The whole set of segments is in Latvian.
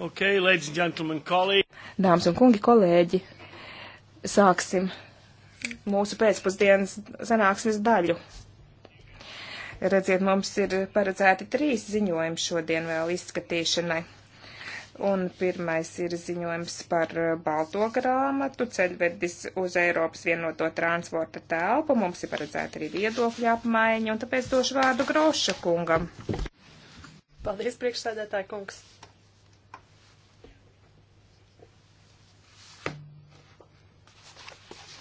Okay, ladies and gentlemen, colleagues. Dāmas un kungi, kolēģi, sāksim mūsu pēcpusdienas sanāksmes daļu. Redziet, mums ir paredzēti trīs ziņojumi šodien vēl izskatīšanai. Un pirmais ir ziņojums par balto grāmatu ceļvedis uz Eiropas vienoto transporta telpu. Mums ir paredzēta arī viedokļa apmaiņa, un tāpēc došu vārdu Groša kungam. Paldies, priekšsēdētāji kungs.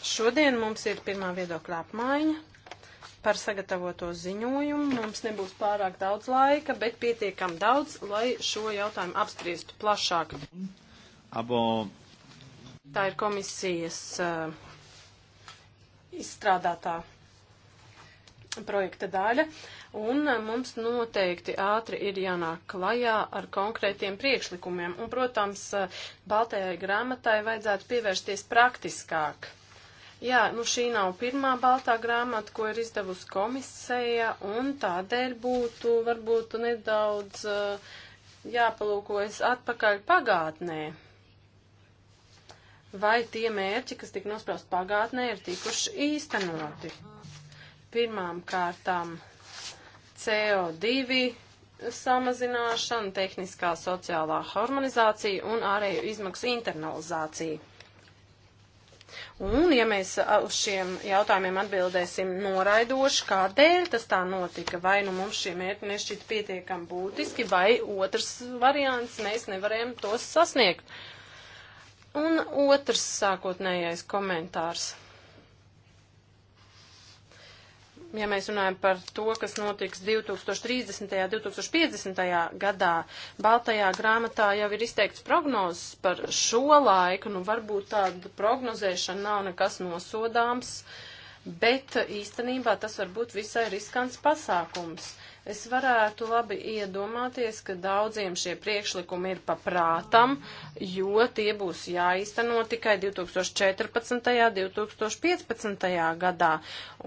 Šodien mums ir pirmā viedokļa apmaiņa par sagatavoto ziņojumu. Mums nebūs pārāk daudz laika, bet pietiekam daudz, lai šo jautājumu apspriestu plašāk. Abo. Tā ir komisijas uh, izstrādātā projekta daļa, un mums noteikti ātri ir jānāk klajā ar konkrētiem priekšlikumiem. Un, protams, uh, Baltajai grāmatai vajadzētu pievērsties praktiskāk. Jā, nu šī nav pirmā baltā grāmata, ko ir izdevusi komisija, un tādēļ būtu varbūt nedaudz eh, jāpalūkojas atpakaļ pagātnē. Vai tie mērķi, kas tika nospraust pagātnē, ir tikuši īstenoti? Pirmām kārtām CO2 samazināšana, tehniskā sociālā harmonizācija un ārēju izmaksu internalizācija. Un, ja mēs uz šiem jautājumiem atbildēsim noraidoši, kādēļ tas tā notika, vai nu mums šie mērķi nešķiet pietiekami būtiski, vai otrs variants mēs nevarējam tos sasniegt. Un otrs sākotnējais komentārs ja mēs runājam par to, kas notiks 2030. un 2050. gadā, Baltajā grāmatā jau ir izteikts prognozes par šo laiku, nu varbūt tāda prognozēšana nav nekas nosodāms, bet īstenībā tas var būt visai riskants pasākums. Es varētu labi iedomāties, ka daudziem šie priekšlikumi ir paprātam, jo tie būs jāīsteno tikai 2014. un 2015. gadā.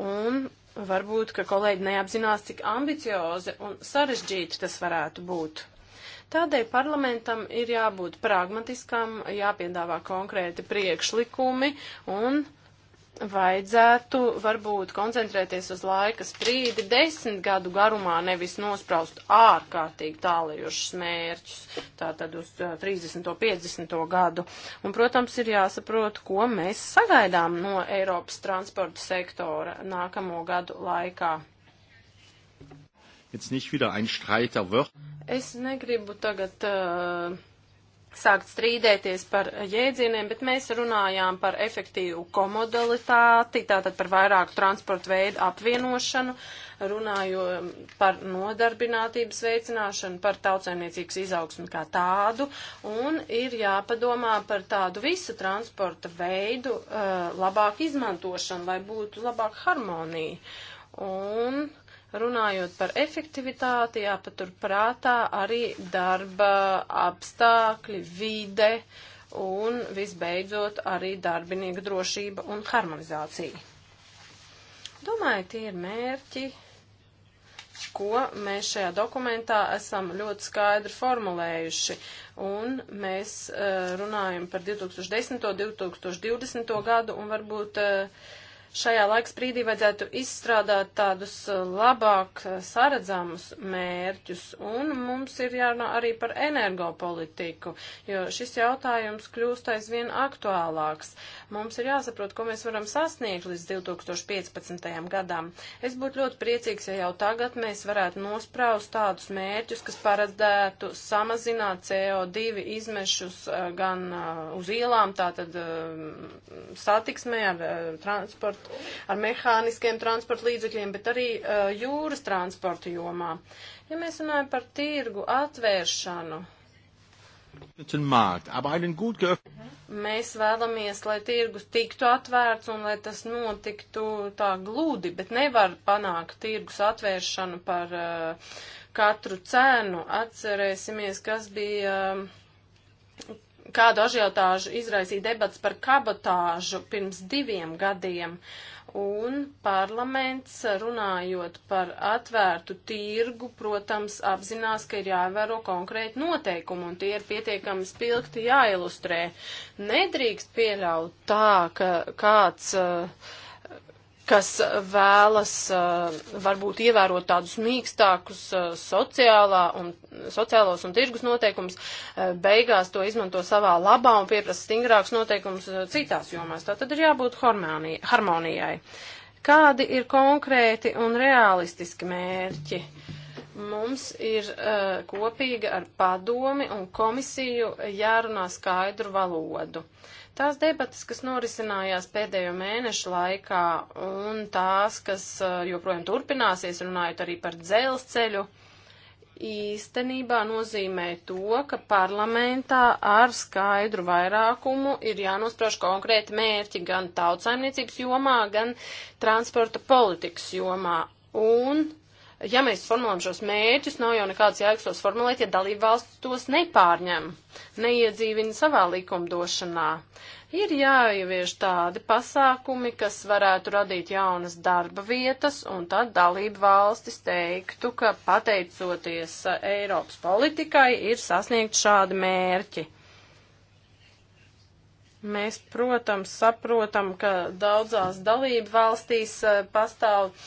Un Varbūt, ka kolēģi neapzinās, cik ambiciozi un sarežģīti tas varētu būt. Tādēļ parlamentam ir jābūt pragmatiskam, jāpiedāvā konkrēti priekšlikumi un uh, vajadzētu varbūt koncentrēties uz laika sprīdi desmit gadu garumā, nevis nospraust ārkārtīgi tālajošus mērķus, tātad uz 30. 50. gadu. Un, protams, ir jāsaprot, ko mēs sagaidām no Eiropas transporta sektora nākamo gadu laikā. Es negribu tagad. Uh, sākt strīdēties par jēdzieniem, bet mēs runājām par efektīvu komodalitāti, tātad par vairāku transportu veidu apvienošanu, runāju par nodarbinātības veicināšanu, par tautsēmniecības izaugsmu kā tādu, un ir jāpadomā par tādu visu transporta veidu uh, labāku izmantošanu, lai būtu labāka harmonija. Un Runājot par efektivitāti, jāpatur prātā arī darba apstākļi, vide un visbeidzot arī darbinieka drošība un harmonizācija. Domāju, tie ir mērķi, ko mēs šajā dokumentā esam ļoti skaidri formulējuši. Un mēs uh, runājam par 2010. un 2020. gadu, un varbūt uh, Šajā laiksprīdī vajadzētu izstrādāt tādus uh, labāk uh, saredzamus mērķus, un mums ir jārunā arī par energopolitiku, jo šis jautājums kļūst aizvien aktuālāks. Uh, Mums ir jāsaprot, ko mēs varam sasniegt līdz 2015. gadam. Es būtu ļoti priecīgs, ja jau tagad mēs varētu nospraust tādus mērķus, kas paredzētu samazināt CO2 izmešus eh, gan eh, uz ielām, tātad eh, satiksmē ar transportu, ar mehāniskiem transporta līdzekļiem, bet arī jūras transporta jomā. Ja mēs runājam par tirgu atvēršanu, Mēs vēlamies, lai tirgus tiktu atvērts un lai tas notiktu tā glūdi, bet nevar panākt tirgus atvēršanu par uh, katru cenu. Atcerēsimies, kas bija. Uh, Kādu ažiotāžu izraisīja debats par kabotāžu pirms diviem gadiem. Uh, Un parlaments, runājot par atvērtu tirgu, protams, apzinās, ka ir jāievēro konkrēti noteikumi, un tie ir pietiekami spilgti jāilustrē. Nedrīkst pieļaut tā, ka kāds uh, kas vēlas eh, varbūt ievērot tādus mīkstākus eh, sociālā un, sociālos un tirgus noteikumus, eh, beigās to izmanto savā labā un pieprasa stingrākus noteikumus citās jomās. Tā tad ir jābūt harmonijai. Kādi ir konkrēti un realistiski mērķi? Mums ir uh, kopīgi ar padomi un komisiju jārunā skaidru valodu. Uh, Tās debatas, kas norisinājās pēdējo mēnešu laikā un tās, kas eh, joprojām turpināsies, runājot arī par dzelzceļu, īstenībā nozīmē to, ka parlamentā ar skaidru vairākumu ir jānosprauž konkrēti mērķi gan tautsaimniecības jomā, gan transporta politikas jomā. Un ja mēs formulējam šos mērķus, nav jau nekāds jēgas tos formulēt, ja dalībvalsts tos nepārņem, neiedzīvina savā likumdošanā. Ir jāievieš tādi pasākumi, kas varētu radīt jaunas darba vietas, un tad dalība valstis teiktu, ka pateicoties Eiropas politikai ir sasniegt šādi mērķi. Mēs, protams, saprotam, ka daudzās dalību valstīs pastāv uh,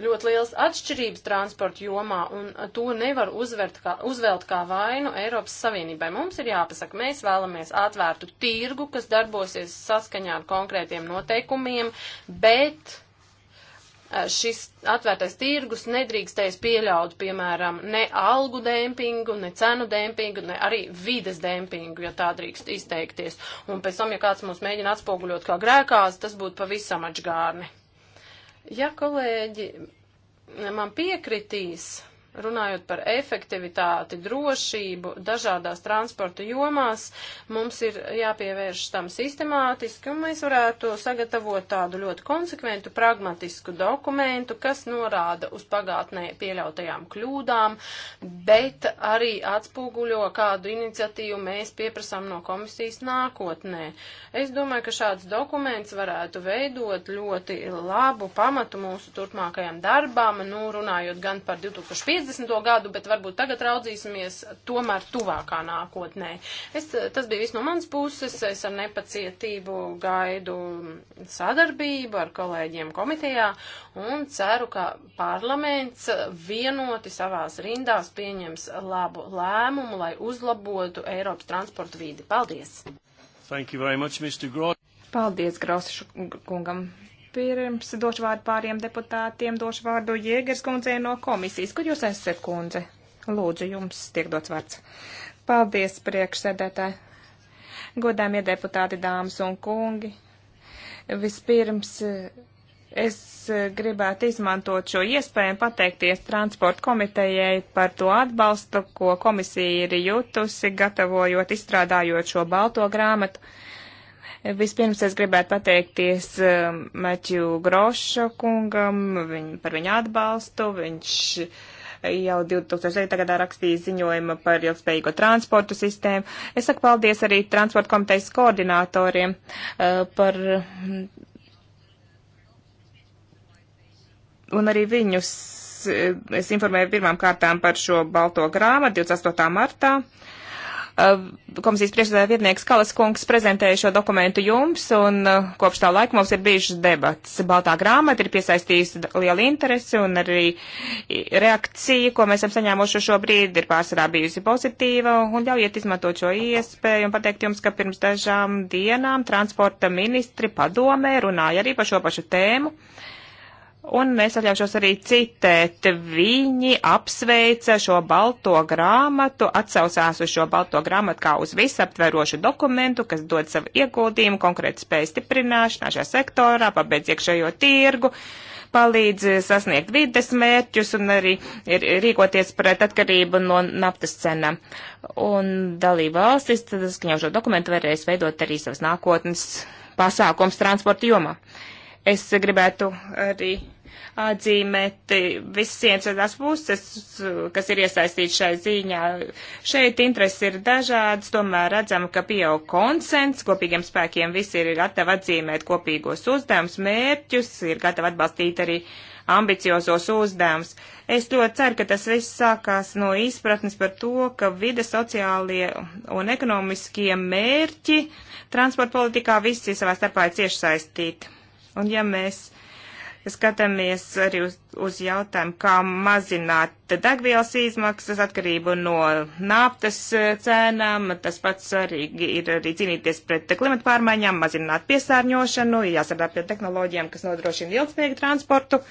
ļoti liels atšķirības transporta jomā, un to nevar uzvert kā, uzvelt kā vainu Eiropas Savienībai. Mums ir jāpasaka, mēs vēlamies atvērtu tirgu, kas darbosies saskaņā ar konkrētiem noteikumiem, bet eh, šis atvērtais tirgus nedrīkstēs pieļaut, piemēram, ne algu dempingu, ne cenu dempingu, ne arī vides dempingu, ja tā drīkst izteikties. Un pēc tam, ja kāds mūs mēģina atspoguļot kā grēkās, tas būtu pavisam atžgārni. Ja kolēģi man piekritīs, runājot par efektivitāti, drošību dažādās transporta jomās, mums ir jāpievērš tam sistemātiski, un mēs varētu sagatavot tādu ļoti konsekventu, pragmatisku dokumentu, kas norāda uz pagātnē pieļautajām kļūdām, bet arī atspūguļo, kādu iniciatīvu mēs pieprasām no komisijas nākotnē. Es domāju, ka šāds dokuments varētu veidot ļoti labu pamatu mūsu turpmākajam darbam, nu, runājot gan par 2005. 50. gadu, bet varbūt tagad raudzīsimies tomēr tuvākā nākotnē. Es, tas bija viss no manas puses. Es ar nepacietību gaidu sadarbību ar kolēģiem komitejā un ceru, ka parlaments vienoti savās rindās pieņems labu lēmumu, lai uzlabotu Eiropas transportu vīdi. Paldies! Thank you very much, Mr. Grod. Paldies, Grausišu kungam. Pirms došu vārdu pāriem deputātiem, došu vārdu Jēgers kundzei no komisijas. Kur jūs esat, kundze? Lūdzu, jums tiek dots vārds. Paldies, priekšsēdētāji. Godāmie deputāti, dāmas un kungi. Vispirms eh, es eh, gribētu izmantot šo iespēju un pateikties transporta komitejai par to atbalstu, ko komisija ir jutusi, gatavojot, izstrādājot šo balto grāmatu. Uh, Vispirms es gribētu pateikties eh, Maķu Groša kungam viņ, par viņa atbalstu. Viņš jau 2009. gadā rakstīja ziņojumu par ilgspējīgo transportu sistēmu. Es saku paldies arī transporta komitejas koordinatoriem eh, par. Un arī viņus eh, es informēju pirmām kārtām par šo balto grāmatu 28. martā. Uh, Eh, komisijas priekšsēdētāja vietnieks Kalas kungs prezentēja šo dokumentu jums, un eh, kopš tā laika mums ir bijušas debats. Baltā grāmata ir piesaistījusi lielu interesi, un arī reakcija, ko mēs esam saņēmuši šobrīd, ir pārsvarā bijusi pozitīva, un ļaujiet izmantot šo iespēju un pateikt jums, ka pirms dažām dienām transporta ministri padomē runāja arī par šo pašu tēmu. Uh, Un es atļaušos arī citēt, viņi apsveica šo balto grāmatu, atsaucās uz šo balto grāmatu kā uz visaptverošu dokumentu, kas dod savu ieguldījumu konkrēti spēju stiprināšanā šajā sektorā, pabeidz iekšējo tirgu, palīdz sasniegt vides mērķus un arī rīkoties pret atkarību no naftas cenām. Un dalība valstis, tad skaņā šo dokumentu varēs veidot arī savas nākotnes pasākums transporta jomā. Uh, Es gribētu arī atzīmēt visiem tās puses, kas ir iesaistīts šai ziņā. Šeit intereses ir dažādas, tomēr redzam, ka pieaug konsens, kopīgiem spēkiem visi ir gatavi atzīmēt kopīgos uzdevumus, mērķus, ir gatavi atbalstīt arī ambiciozos uzdevumus. Es ļoti ceru, ka tas viss sākās no izpratnes par to, ka vide sociālie un ekonomiskie mērķi transporta politikā visi savā starpā ir cieši saistīti Un ja mēs skatāmies arī uz, uz jautājumu, kā mazināt degvielas izmaksas atkarību no naftas eh, cenām. Tas pats svarīgi ir arī cīnīties pret klimatu pārmaiņām, mazināt piesārņošanu, jāsadā pie tehnoloģijām, kas nodrošina ilgspējīgu transportu.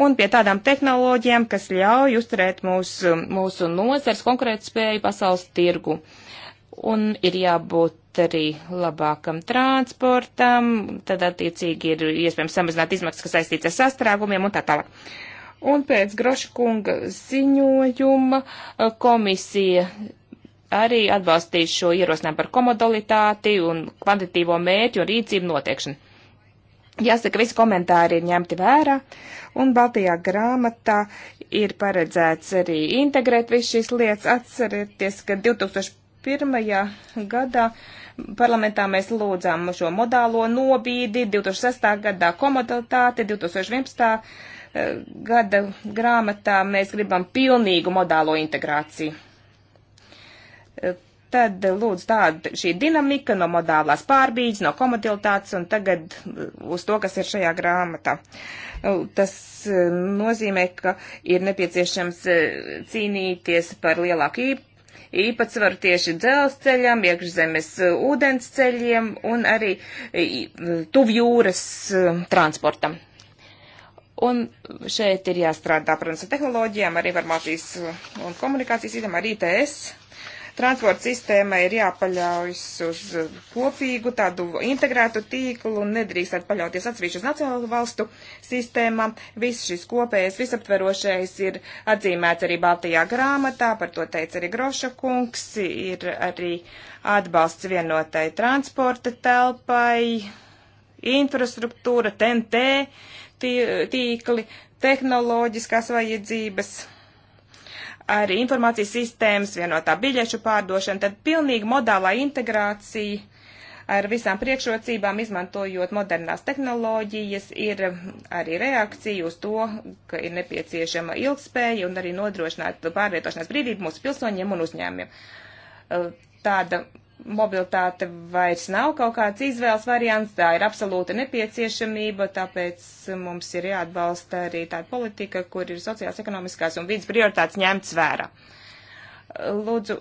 Un pie tādām tehnoloģijām, kas ļauj uzturēt mūsu, mūsu nozars konkurētspēju pasaules tirgu. Uh, un ir jābūt arī labākam transportam, tad attiecīgi ir iespējams samazināt izmaksas, kas saistīts ar sastrēgumiem un tā tālāk. Un pēc Groša kunga ziņojuma eh, komisija arī atbalstīs šo ierosinājumu par komodalitāti un kvantitīvo mērķu un rīcību noteikšanu. Jāsaka, visi komentāri ir ņemti vērā, un Baltijā grāmatā ir paredzēts arī integrēt visu šīs lietas. Atcerieties, ka 2000 2001. gadā parlamentā mēs lūdzām šo modālo nobīdi, 2006. gadā komodalitāti, 2011. Eh, gada grāmatā mēs gribam pilnīgu modālo integrāciju. Eh, tad lūdzu tāda šī dinamika no modālās pārbīdes, no komodalitātes un tagad eh, uz to, kas ir šajā grāmatā. Tas nozīmē, ka ir nepieciešams cīnīties par lielāku īpašumu īpatsvaru tieši dzelzceļam, iekšzemes uh, ūdensceļiem un arī tuvjūras um, transportam. Un šeit ir jāstrādā, protams, ar tehnoloģijām, arī informācijas uh, un komunikācijas sistēmām, ar ITS Transporta sistēmai ir jāpaļaujas uz uh, kopīgu, tādu integrētu tīklu un nedrīkst paļauties atsevišķu uz nacionālu valstu sistēmām. Viss šis kopējais, visaptverošais ir atzīmēts arī Baltijā grāmatā, par to teica arī Groša kungs, ir arī atbalsts vienotai transporta telpai, infrastruktūra, TNT tī, tīkli, tehnoloģiskās vajadzības arī informācijas sistēmas, vienotā biļešu pārdošana, tad pilnīgi modālā integrācija ar visām priekšrocībām, izmantojot modernās tehnoloģijas, ir arī reakcija uz to, ka ir nepieciešama ilgspēja un arī nodrošināt pārvietošanās brīvību mūsu pilsoņiem un uzņēmiem. Tāda mobilitāte vairs nav kaut kāds izvēles variants, tā ir absolūta nepieciešamība, tāpēc mums ir jāatbalsta arī tāda politika, kur ir sociālās, ekonomiskās un vidas prioritātes ņemts vērā. Lūdzu,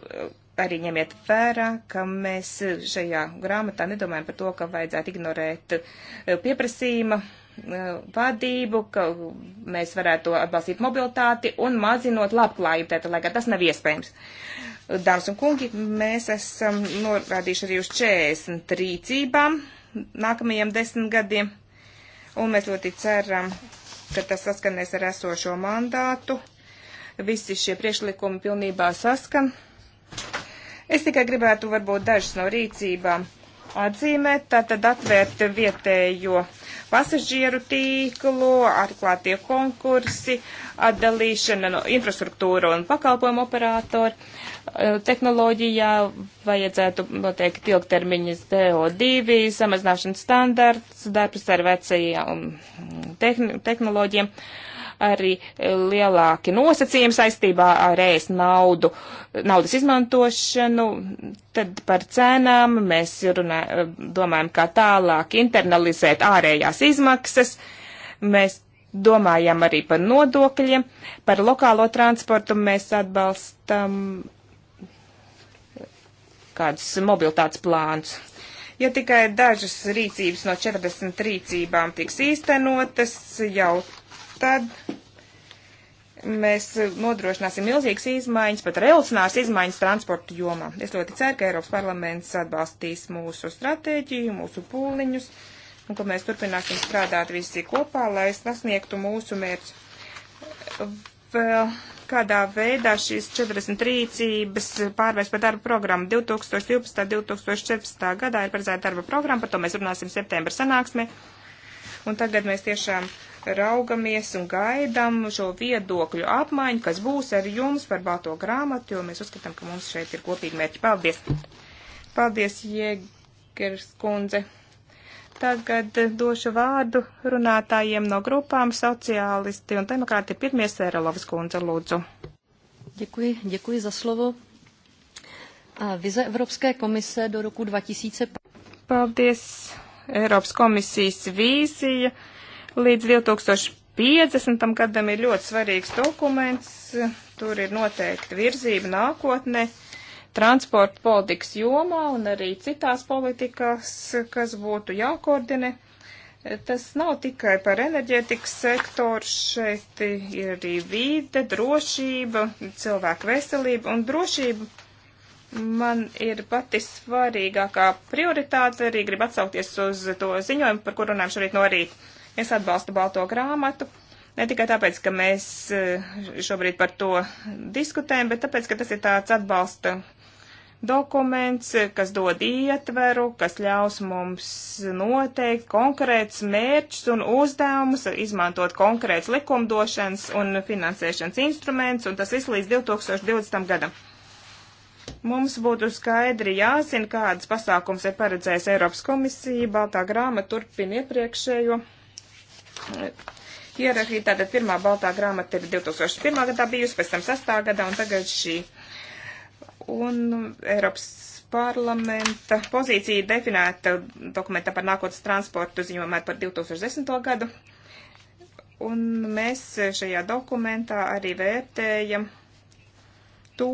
arī ņemiet vērā, ka mēs šajā grāmatā nedomājam par to, ka vajadzētu ignorēt pieprasījuma eh, vadību, ka mēs varētu atbalstīt mobilitāti un mazinot labklājību, tātad, lai gan tas nav iespējams. Uh, Dāmas un kungi, mēs esam norādījuši arī uz 40 rīcībām nākamajiem desmit gadiem, un mēs ļoti ceram, ka tas saskanēs ar esošo mandātu. Visi šie priekšlikumi pilnībā saskan. Es tikai gribētu varbūt dažas no rīcībām atzīmēt, tātad atvērt vietējo pasažieru tīklu, atklātie konkursi, atdalīšana no infrastruktūra un pakalpojumu operātori. Eh, tehnoloģijā vajadzētu noteikti ilgtermiņas CO2, samazināšanas standarts, darbs ar vecajām tehn tehnoloģijām. Tehn arī lielāki nosacījumi saistībā ar ēst naudu, naudas izmantošanu, tad par cenām mēs runā, domājam, kā tālāk internalizēt ārējās izmaksas. Mēs domājam arī par nodokļiem, par lokālo transportu mēs atbalstam kādus mobilitātes plānus. Ja tikai dažas rīcības no 40 rīcībām tiks īstenotas, jau tad mēs nodrošināsim milzīgas izmaiņas, pat revolucionāras izmaiņas transporta jomā. Es ļoti ceru, ka Eiropas parlaments atbalstīs mūsu stratēģiju, mūsu pūliņus, un ka mēs turpināsim strādāt visi kopā, lai sasniegtu mūsu mērķu. Vēl kādā veidā šīs 40 rīcības pārvērst par darba programmu 2012. 2014. gadā ir paredzēta darba programma, par to mēs runāsim septembra sanāksmē. Un tagad mēs tiešām raugamies un gaidām šo viedokļu apmaiņu, kas būs ar jums par balto grāmatu, jo mēs uzskatām, ka mums šeit ir kopīgi mērķi. Paldies! Paldies, Jēgers kundze! Tagad došu vārdu runātājiem no grupām sociālisti un demokrāti pirmie Sēralovas kundze, lūdzu. Děkuji, děkuji za slovo. Vize Evropské komise do roku 2000. Paldies, Eiropas komisijas vīzija. Uh, Līdz 2050. gadam ir ļoti svarīgs dokuments, tur ir noteikti virzība nākotne transporta politikas jomā un arī citās politikās, kas būtu jākoordinē. Tas nav tikai par enerģētikas sektoru, šeit ir arī vīde, drošība, cilvēku veselība un drošība. Man ir pati svarīgākā prioritāte, arī grib atsaukties uz to ziņojumu, par kuru runājam šorīt no rīta. Es atbalstu balto grāmatu. Ne tikai tāpēc, ka mēs eh, šobrīd par to diskutējam, bet tāpēc, ka tas ir tāds atbalsta dokuments, kas dod ietveru, kas ļaus mums noteikt konkrēts mērķus un uzdevumus, izmantot konkrēts likumdošanas un finansēšanas instruments, un tas viss līdz 2020. gadam mums būtu skaidri jāzina, kādas pasākums ir paredzējis Eiropas komisija. Baltā grāmata turpina iepriekšējo hierarhija. Tātad pirmā baltā grāmata ir 2001. gadā bijusi, pēc tam 6. gadā un tagad šī. Un Eiropas parlamenta pozīcija definēta dokumentā par nākotnes transportu ziņojumā par 2010. gadu. Un mēs šajā dokumentā arī vērtējam to,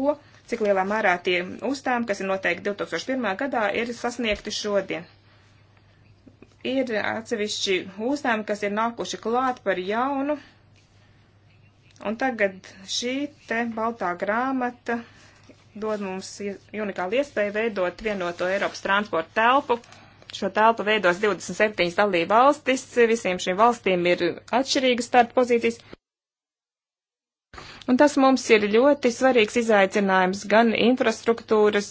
cik lielā mērā tie uzstājumi, kas ir noteikti 2001. gadā, ir sasniegti šodien ir atsevišķi uzņēmumi, kas ir nākuši klāt par jaunu. Un tagad šī te baltā grāmata dod mums unikālu iespēju veidot vienoto Eiropas transporta telpu. Šo telpu veidos 27 dalību valstis. Visiem šīm valstīm ir atšķirīgas starta pozīcijas. Un tas mums ir ļoti svarīgs izaicinājums gan infrastruktūras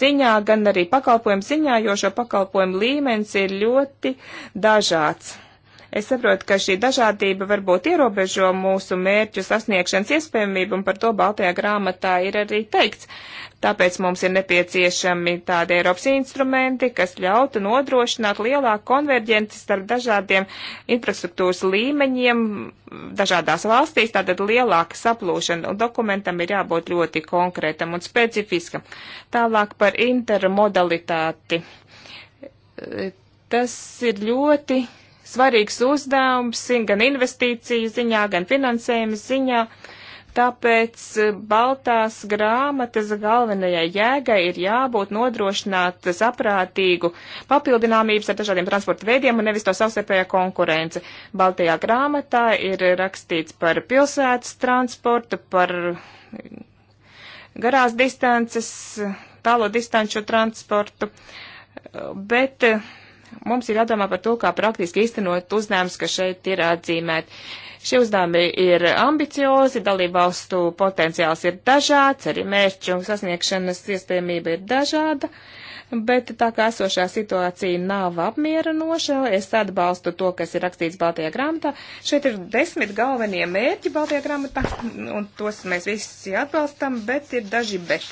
ziņā, gan arī pakalpojumu ziņā, jo šo pakalpojumu līmenis ir ļoti dažāds. Es saprotu, ka šī dažādība varbūt ierobežo mūsu mērķu sasniegšanas iespējamību, un par to Baltajā grāmatā ir arī teikts. Tāpēc mums ir nepieciešami tādi Eiropas instrumenti, kas ļautu nodrošināt lielāku konverģenci starp dažādiem infrastruktūras līmeņiem dažādās valstīs, tātad lielāka saplūšana, un dokumentam ir jābūt ļoti konkrētam un specifiskam. Tālāk par intermodalitāti. Tas ir ļoti svarīgs uzdevums gan investīciju ziņā, gan finansējuma ziņā. Tāpēc eh, Baltās grāmatas galvenajai jēgai ir jābūt nodrošināt saprātīgu papildināmības ar dažādiem transporta veidiem un nevis to savstarpējā konkurence. Baltajā grāmatā ir rakstīts par pilsētas transportu, par garās distances, tālo distanču transportu, bet eh, Mums ir jādomā par to, kā praktiski īstenot uzņēmums, kas šeit ir atzīmēt. Šie uzdevumi ir ambiciozi, dalībvalstu potenciāls ir dažāds, arī mērķu un sasniegšanas iespējamība ir dažāda, bet tā kā esošā situācija nav apmierinoša, es atbalstu to, kas ir rakstīts Baltijā grāmatā. Šeit ir desmit galvenie mērķi Baltijā grāmatā, un tos mēs visi atbalstam, bet ir daži bet.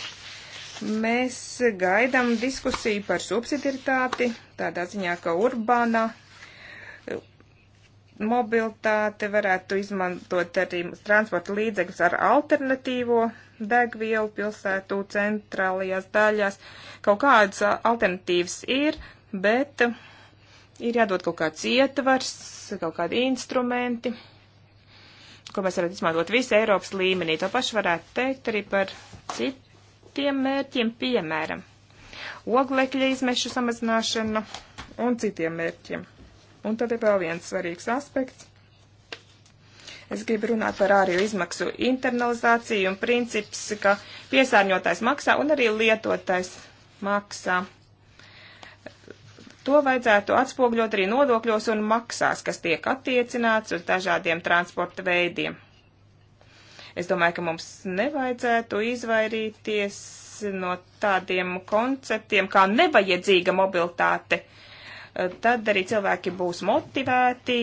Mēs gaidām diskusiju par subsidiaritāti, tādā ziņā, ka urbāna e, mobilitāte varētu izmantot arī transporta līdzekļus ar alternatīvo degvielu pilsētu centrālajās daļās. Kaut kādas alternatīvas ir, bet e, ir jādod kaut kāds ietvars, kaut kādi instrumenti, ko mēs varētu izmantot visu Eiropas līmenī. To pašu varētu teikt arī par citiem mērķiem, piemēram oglekļa izmešu samazināšanu un citiem mērķiem. Un tad ir vēl viens svarīgs aspekts. Es gribu runāt par ārēju izmaksu internalizāciju un princips, ka piesārņotājs maksā un arī lietotājs maksā. To vajadzētu atspogļot arī nodokļos un maksās, kas tiek attiecināts uz dažādiem transporta veidiem. Es domāju, ka mums nevajadzētu izvairīties no tādiem konceptiem kā nevajadzīga mobilitāte, eh, tad arī cilvēki būs motivēti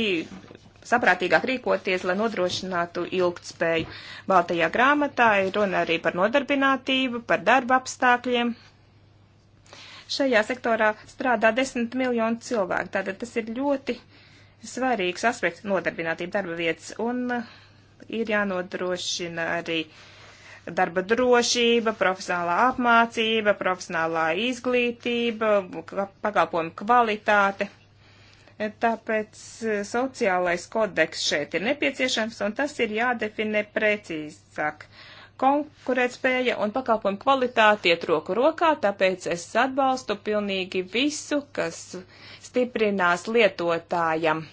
saprātīgāk rīkoties, lai nodrošinātu ilgtspēju. Baltajā grāmatā ir runa arī par nodarbinātību, par darba apstākļiem. Šajā sektorā strādā desmit miljonu cilvēku, tātad tas ir ļoti svarīgs aspekts nodarbinātība darba vietas un eh, ir jānodrošina arī uh, darba drošība, profesionālā apmācība, profesionālā izglītība, pakalpojumu kvalitāte. Tāpēc eh, sociālais kodeks šeit ir nepieciešams, un tas ir jādefinē precīzāk. Konkurētspēja un pakalpojumu kvalitāte iet roku rokā, tāpēc es atbalstu pilnīgi visu, kas stiprinās lietotājam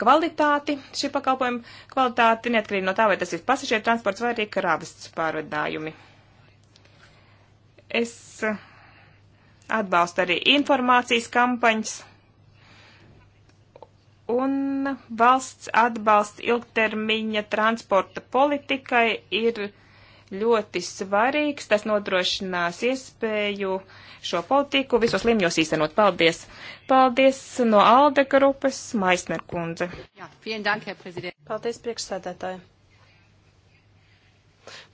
kvalitāti, šī pakalpojuma kvalitāti, neatkarīgi no tā, vai tas ir pasažieru transports vai arī kravas pārvedājumi. Es eh, atbalstu arī informācijas kampaņas un valsts atbalsts ilgtermiņa transporta politikai ir ļoti svarīgs. Tas nodrošinās iespēju šo politiku visos limjos īstenot. Paldies! Paldies no Alde grupas, Maisner kundze. Jā, dank, Paldies, priekšsēdētāji!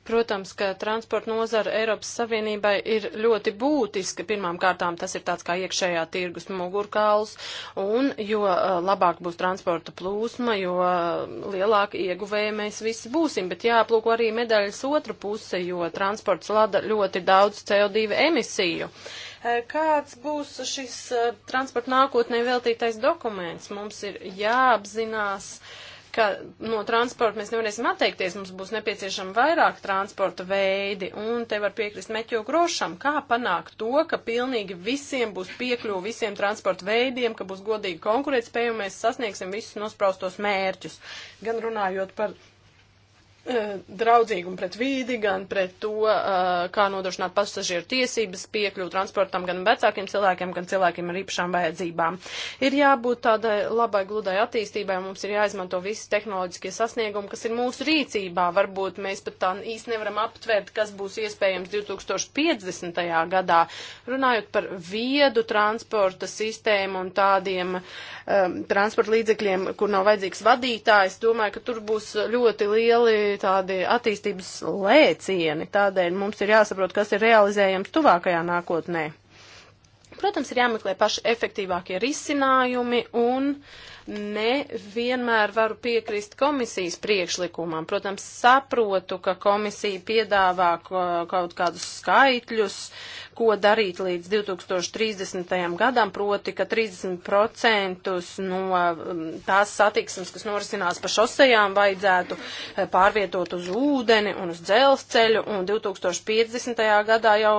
Protams, ka transporta nozara Eiropas Savienībai ir ļoti būtiska. Pirmām kārtām tas ir tāds kā iekšējā tirgus mugurkauls, un jo labāk būs transporta plūsma, jo lielāk ieguvēja mēs visi būsim. Bet jāplūko arī medaļas otra puse, jo transports lada ļoti daudz CO2 emisiju. Kāds būs šis transporta nākotnē veltītais dokuments? Mums ir jāapzinās. Uh, ka no transporta mēs nevarēsim atteikties, mums būs nepieciešama vairāk transporta veidi, un te var piekrist Meķo Grošam, kā panākt to, ka pilnīgi visiem būs piekļuva visiem transporta veidiem, ka būs godīga konkurētspēja, un mēs sasniegsim visus nospraustos mērķus. Gan runājot par Eh, draudzīgumu pret vīdi, gan pret to, eh, kā nodrošināt pasažieru tiesības piekļūt transportam gan vecākiem cilvēkiem, gan cilvēkiem ar īpašām vajadzībām. Ir jābūt tādai labai gludai attīstībai, mums ir jāizmanto visi tehnoloģiskie sasniegumi, kas ir mūsu rīcībā. Varbūt mēs pat tā īsti nevaram aptvert, kas būs iespējams 2050. gadā. Runājot par viedu transporta sistēmu un tādiem um, eh, transporta līdzekļiem, kur nav vajadzīgs vadītājs, domāju, ka tur būs ļoti lieli bija tādi attīstības lēcieni, tādēļ mums ir jāsaprot, kas ir realizējams tuvākajā nākotnē. Protams, ir jāmeklē paši efektīvākie risinājumi un uh, nevienmēr varu piekrist komisijas priekšlikumam. Protams, saprotu, ka komisija piedāvā kaut kādus skaitļus, ko darīt līdz 2030. gadam, proti, ka 30% no um, tās satiksmes, kas norisinās pa šosejām, vajadzētu eh, pārvietot uz ūdeni un uz dzelzceļu, un 2050. gadā jau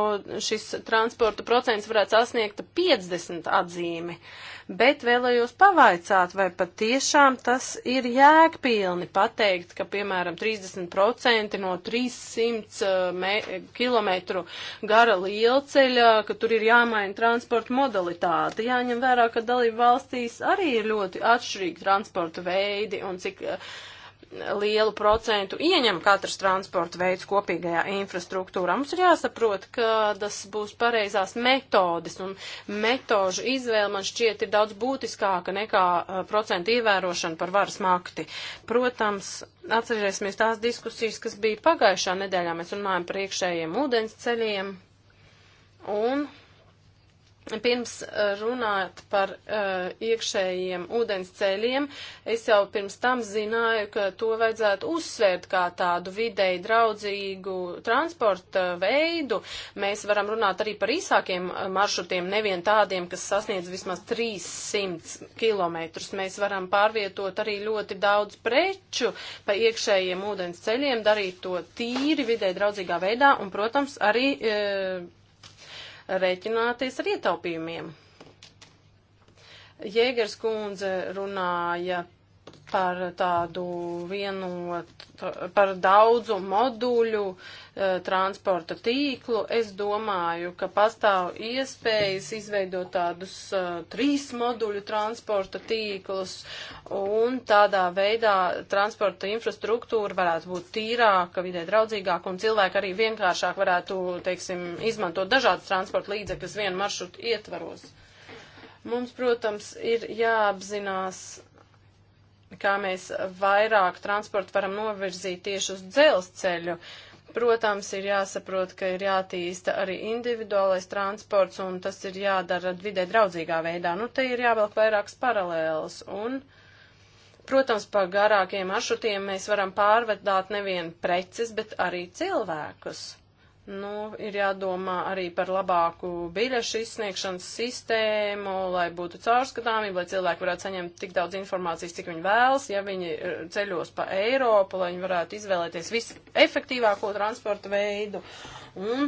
šis transporta procents varētu sasniegt 50 atzīmi. Uh, bet vēlējos pavaicāt, vai patiešām tas ir jēgpilni pateikt, ka, piemēram, 30% no 300 uh, km gara lielceļa, ka tur ir jāmaina transporta modalitāte. Jāņem vērā, ka dalību valstīs arī ir ļoti atšķirīgi transporta veidi un cik. Uh, lielu procentu ieņem katrs transporta veids kopīgajā infrastruktūrā. Mums ir jāsaprot, ka tas būs pareizās metodes, un metožu izvēle man šķiet ir daudz būtiskāka nekā uh, procentu ievērošana par varas makti. Protams, atcerēsimies tās diskusijas, kas bija pagājušā nedēļā. Mēs runājam par iekšējiem ūdens ceļiem, un Pirms eh, runāt par uh, iekšējiem ūdens ceļiem, es jau pirms tam zināju, ka to vajadzētu uzsvērt kā tādu videi draudzīgu transporta veidu. Mēs varam runāt arī par īsākiem eh, maršrutiem, nevien tādiem, kas sasniedz vismaz 300 km. Mēs varam pārvietot arī ļoti daudz preču pa iekšējiem ūdens ceļiem, darīt to tīri videi draudzīgā veidā un, protams, arī. Uh, rēķināties ar ietaupījumiem. Jēgers kundze runāja par tādu vienotu, par daudzu moduļu uh, Eh, transporta tīklu, es domāju, ka pastāv iespējas izveidot tādus uh, trīs moduļu transporta tīklus, un tādā veidā transporta infrastruktūra varētu būt tīrāka, vidē draudzīgāka, un cilvēki arī vienkāršāk varētu, teiksim, izmantot dažādas transporta līdzekļus vienu maršrutu ietvaros. Mums, protams, ir jāapzinās kā mēs vairāk transportu varam novirzīt tieši uz dzelzceļu, uh, protams, ir jāsaprot, ka ir jātīsta arī individuālais transports, un tas ir jādara vidē draudzīgā veidā. Nu, te ir jāvelk vairākas paralēlas, un, protams, pa garākiem maršrutiem mēs varam pārvedāt nevien preces, bet arī cilvēkus. Nu, ir jādomā arī par labāku biļešu izsniegšanas sistēmu, lai būtu caurskatāmība, lai cilvēki varētu saņemt tik daudz informācijas, cik viņi vēlas. Ja viņi eh, ceļos pa Eiropu, lai viņi varētu izvēlēties visefektīvāko transporta veidu un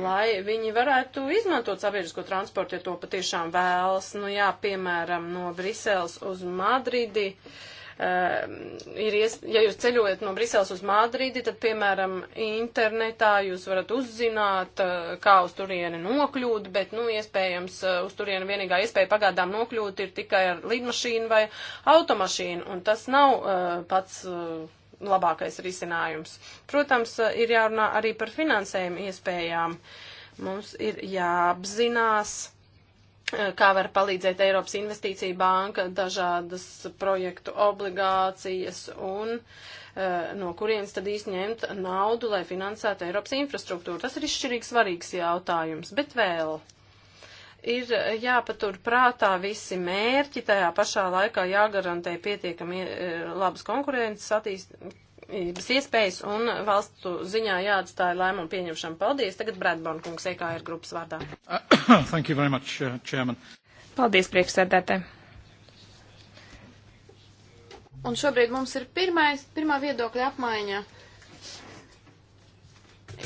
lai viņi varētu izmantot sabiedrisko transportu, ja to patiešām vēlas. Nu, jā, piemēram, no Briseles uz Madridi. Uh, Ehm, ir, ies, ja jūs ceļojat no Briseles uz Madridi, tad, piemēram, internetā jūs varat uzzināt, eh, kā uz turieni nokļūt, bet, nu, iespējams, eh, uz turieni vienīgā iespēja pagādām nokļūt ir tikai ar lidmašīnu vai automašīnu, un tas nav eh, pats labākais risinājums. Protams, ir jārunā arī par finansējumu iespējām. Mums ir jāapzinās, kā var palīdzēt Eiropas Investīcija banka, dažādas projektu obligācijas un eh, no kurienes tad īsti ņemt naudu, lai finansētu Eiropas infrastruktūru. Tas ir izšķirīgi svarīgs jautājums, bet vēl ir jāpatur prātā visi mērķi, tajā pašā laikā jāgarantē pietiekami eh, labas konkurences attīst, iespējas un valstu ziņā jāatstāja lēmumu pieņemšanu. Paldies. Tagad Bradborn kungs EKR grupas vārdā. Thank you very much, uh, Chairman. Paldies, priekšsēdētāji. Un šobrīd mums ir pirmais, pirmā viedokļa apmaiņa.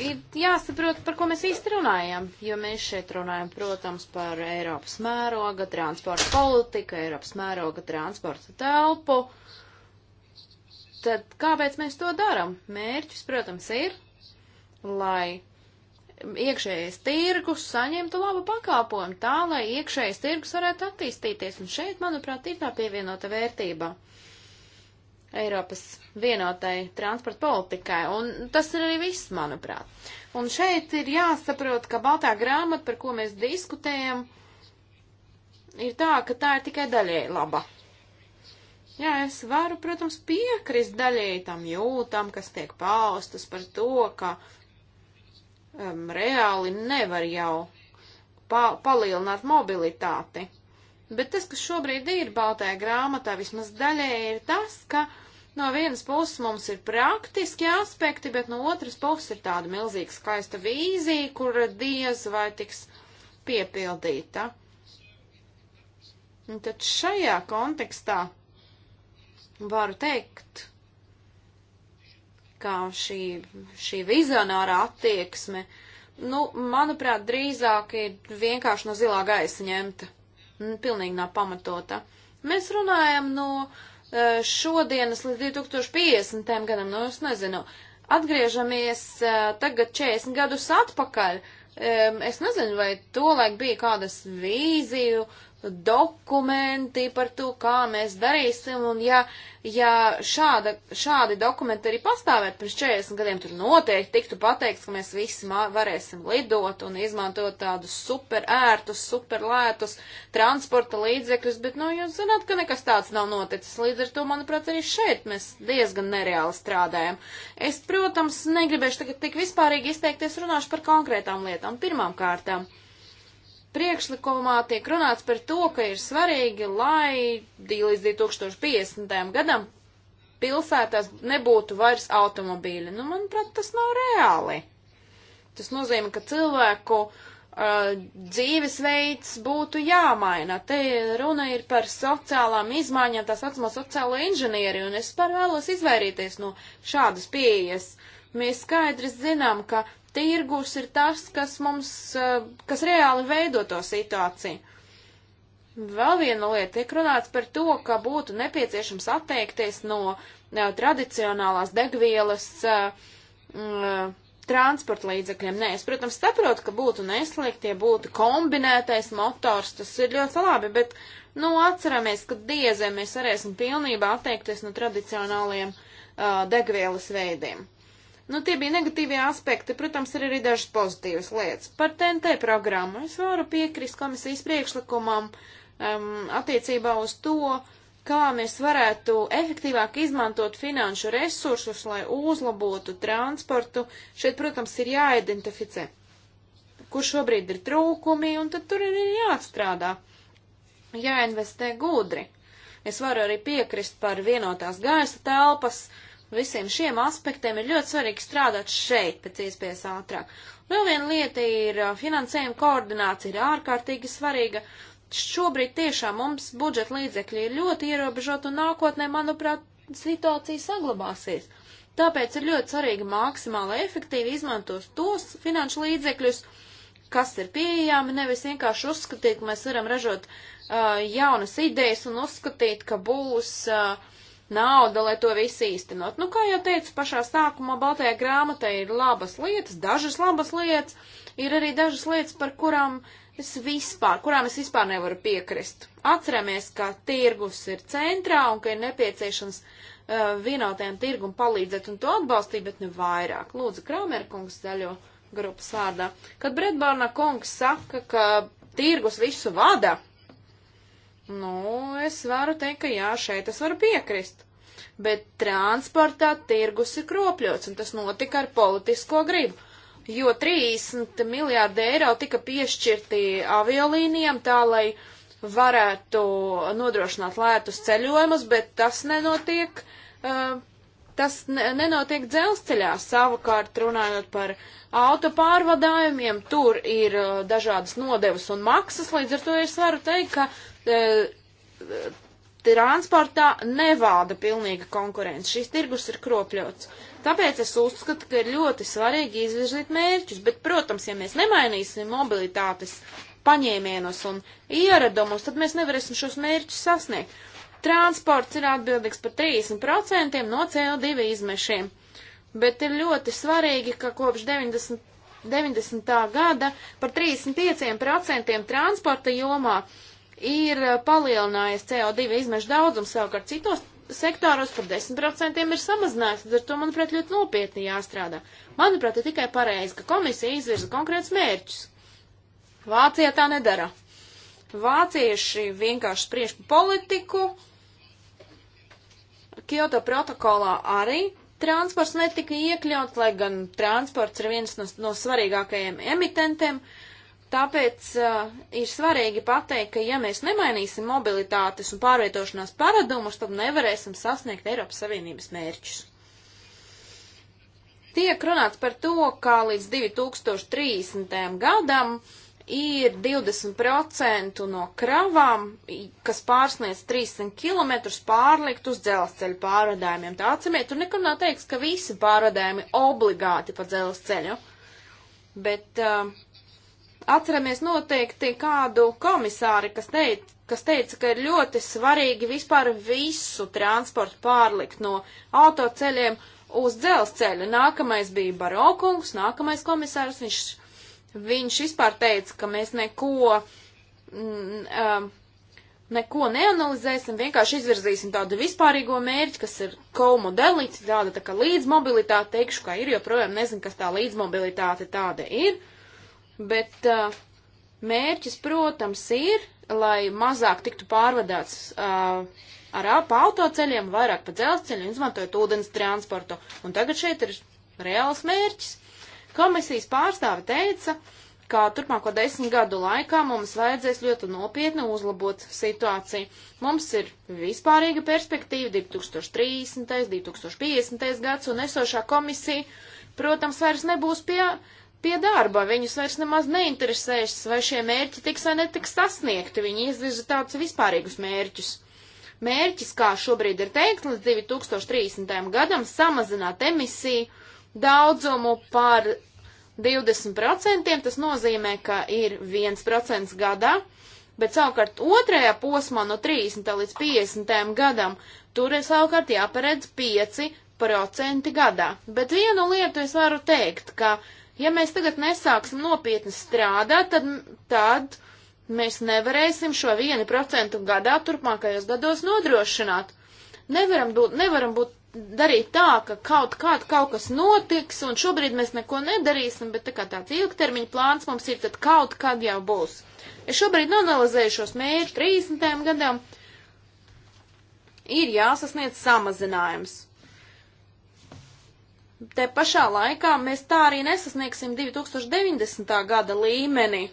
Ir jāsaprot, par ko mēs īsti runājam, jo mēs šeit runājam, protams, par Eiropas mēroga transporta politiku, Eiropas mēroga transporta telpu. Uh, Tad kāpēc mēs to darām? Mērķis, protams, ir, lai iekšējais tirgus saņemtu labu pakāpojumu, tā lai iekšējais tirgus varētu attīstīties. Un šeit, manuprāt, ir tā pievienota vērtība Eiropas vienotai transporta politikai. Un tas ir arī viss, manuprāt. Un šeit ir jāsaprot, ka baltā grāmata, par ko mēs diskutējam, ir tā, ka tā ir tikai daļēji laba. Jā, es varu, protams, piekrist daļēji tam jūtam, kas tiek paustas par to, ka um, reāli nevar jau pa palielināt mobilitāti. Bet tas, kas šobrīd ir Baltajā grāmatā, vismaz daļēji ir tas, ka no vienas puses mums ir praktiski aspekti, bet no otras puses ir tāda milzīga skaista vīzija, kur diez vai tiks piepildīta. Un tad šajā kontekstā varu teikt, kā šī, šī vizionārā attieksme, nu, manuprāt, drīzāk ir vienkārši no zilā gaisa ņemta. Pilnīgi nav pamatota. Mēs runājam no e, šodienas līdz 2050. gadam, nu, es nezinu, atgriežamies e, tagad 40 gadus atpakaļ. E, es nezinu, vai tolaik bija kādas vīziju dokumenti par to, kā mēs darīsim, un ja, ja šāda, šādi dokumenti arī pastāvētu pirms 40 gadiem, tad noteikti tiktu pateikts, ka mēs visi varēsim lidot un izmantot tādus super ērtus, super lētus transporta līdzekļus, bet, nu, jūs zināt, ka nekas tāds nav noticis. Līdz ar to, manuprāt, arī šeit mēs diezgan nereāli strādājam. Es, protams, negribēšu tagad tik vispārīgi izteikties, runāšu par konkrētām lietām. Pirmām kārtām priekšlikumā tiek runāts par to, ka ir svarīgi, lai līdz 2050. gadam pilsētās nebūtu vairs automobīļi. Nu, manuprāt, tas nav reāli. Tas nozīmē, ka cilvēku uh, dzīvesveids būtu jāmaina. Te runa ir par sociālām izmaiņām, tā saucamā sociālo inženieri, un es par vēlos izvairīties no šādas pieejas. Mēs skaidri zinām, ka tirgus ir tas, kas mums, eh, kas reāli veido to situāciju. Vēl viena lieta tiek runāts par to, ka būtu nepieciešams atteikties no ne, eh, tradicionālās degvielas eh, m, transporta līdzekļiem. Nē, es, protams, saprotu, ka būtu neslikti, ja būtu kombinētais motors, tas ir ļoti labi, bet, nu, atceramies, ka diezē mēs varēsim pilnībā atteikties no tradicionāliem uh, degvielas veidiem. Nu, tie bija negatīvie aspekti, protams, ir arī dažas pozitīvas lietas. Par TNT programmu es varu piekrist komisijas priekšlikumam um, attiecībā uz to, kā mēs varētu efektīvāk izmantot finanšu resursus, lai uzlabotu transportu. Šeit, protams, ir jāidentificē, kur šobrīd ir trūkumi, un tad tur ir jāatstrādā, jāinvestē gudri. Es varu arī piekrist par vienotās gaisa telpas. Uh, visiem šiem aspektiem ir ļoti svarīgi strādāt šeit pēc iespējas ātrāk. Vēl viena lieta ir finansējuma koordinācija ir ārkārtīgi svarīga. Šobrīd tiešām mums budžeta līdzekļi ir ļoti ierobežot un nākotnē, manuprāt, situācija saglabāsies. Tāpēc ir ļoti svarīgi maksimāli efektīvi izmantot tos finanšu līdzekļus, kas ir pieejami, nevis vienkārši uzskatīt, ka mēs varam ražot uh, jaunas idejas un uzskatīt, ka būs uh, nauda, lai to visu īstenot. Nu, kā jau teicu, pašā sākumā Baltajā grāmatā ir labas lietas, dažas labas lietas, ir arī dažas lietas, par kurām es vispār, kurām es vispār nevaru piekrist. Atceramies, ka tirgus ir centrā un ka ir nepieciešams uh, vienotajam tirgum palīdzēt un to atbalstīt, bet ne vairāk. Lūdzu, Kramerkungs zaļo grupas vārdā. Kad Bredbārna kungs saka, ka tirgus visu vada, Nu, es varu teikt, ka jā, šeit es varu piekrist. Bet transportā tirgus ir kropļots, un tas notika ar politisko gribu. Jo 30 miljārdi eiro tika piešķirti aviolīnijām tā, lai varētu nodrošināt lētus ceļojumus, bet tas nenotiek uh, Tas nenotiek dzelzceļā. Savukārt, runājot par autopārvadājumiem, tur ir uh, dažādas nodevas un maksas, līdz ar to es varu teikt, ka uh, transportā nevāda pilnīga konkurence. Šis tirgus ir kropļots. Tāpēc es uzskatu, ka ir ļoti svarīgi izvirzīt mērķus, bet, protams, ja mēs nemainīsim mobilitātes paņēmienus un ieradumus, tad mēs nevarēsim šos mērķus sasniegt. Transports ir atbildīgs par 30% no CO2 izmešiem, bet ir ļoti svarīgi, ka kopš 90, 90. gada par 35% transporta jomā ir eh, palielinājies CO2 izmešu daudzums, savukārt citos sektoros par 10% ir samazinājies, tad ar to, manuprāt, ļoti nopietni jāstrādā. Manuprāt, ir tikai pareizi, ka komisija izvirza konkrēts mērķus. Vācija tā nedara. Vācieši vienkārši spriež pa politiku, Kyoto protokolā arī transports netika iekļauts, lai gan transports ir viens no, no svarīgākajiem emitentiem. Tāpēc uh, ir svarīgi pateikt, ka ja mēs nemainīsim mobilitātes un pārvietošanās paradumus, tad nevarēsim sasniegt Eiropas Savienības mērķus. Tiek runāts par to, kā līdz 2030. gadam uh, ir 20% no kravām, kas pārsniedz 300 km, pārlikt uz dzelzceļa pārvadājumiem. Tā atcemiet, tur nekur nav teiks, ka visi pārvadājumi obligāti pa dzelzceļu, bet uh, atceramies noteikti kādu komisāri, kas teica, kas teica, ka ir ļoti svarīgi vispār visu transportu pārlikt no autoceļiem uz dzelzceļu. Nākamais bija Barokungs, nākamais komisārs, viņš Viņš vispār teica, ka mēs neko, mm, um, neko neanalizēsim, vienkārši izvirzīsim tādu vispārīgo mērķi, kas ir komodelīts, tāda tā kā līdzmobilitāte, teikšu, ka ir, joprojām nezinu, kas tā līdzmobilitāte tāda ir, bet uh, mērķis, protams, ir, lai mazāk tiktu pārvadāts uh, ar pa autoceļiem, vairāk pa dzelzceļu, izmantojot ūdens transportu. Un tagad šeit ir reāls mērķis. Komisijas pārstāve teica, ka turpmāko desmit gadu laikā mums vajadzēs ļoti nopietni uzlabot situāciju. Mums ir vispārīga perspektīva 2030. 2050. gads un esošā komisija, protams, vairs nebūs pie, pie darba. Viņus vairs nemaz neinteresēs, vai šie mērķi tiks vai netiks sasniegti. Viņi izvirza tādus vispārīgus mērķus. Mērķis, kā šobrīd ir teikts, līdz 2030. gadam samazināt emisiju daudzumu par 20%, tas nozīmē, ka ir 1% gadā, bet savukārt otrajā posmā no 30. līdz 50. gadam tur ir savukārt jāparedz 5% gadā. Bet vienu lietu es varu teikt, ka ja mēs tagad nesāksim nopietni strādāt, tad, tad mēs nevarēsim šo 1% gadā turpmākajos gados nodrošināt. Nevaram būt, nevaram būt darīt tā, ka kaut kād kaut kas notiks, un šobrīd mēs neko nedarīsim, bet tā kā tāds ilgtermiņa plāns mums ir, tad kaut kad jau būs. Es šobrīd analizēju šos mērķus 30. gadam, ir jāsasniedz samazinājums. Te pašā laikā mēs tā arī nesasniegsim 2090. gada līmeni,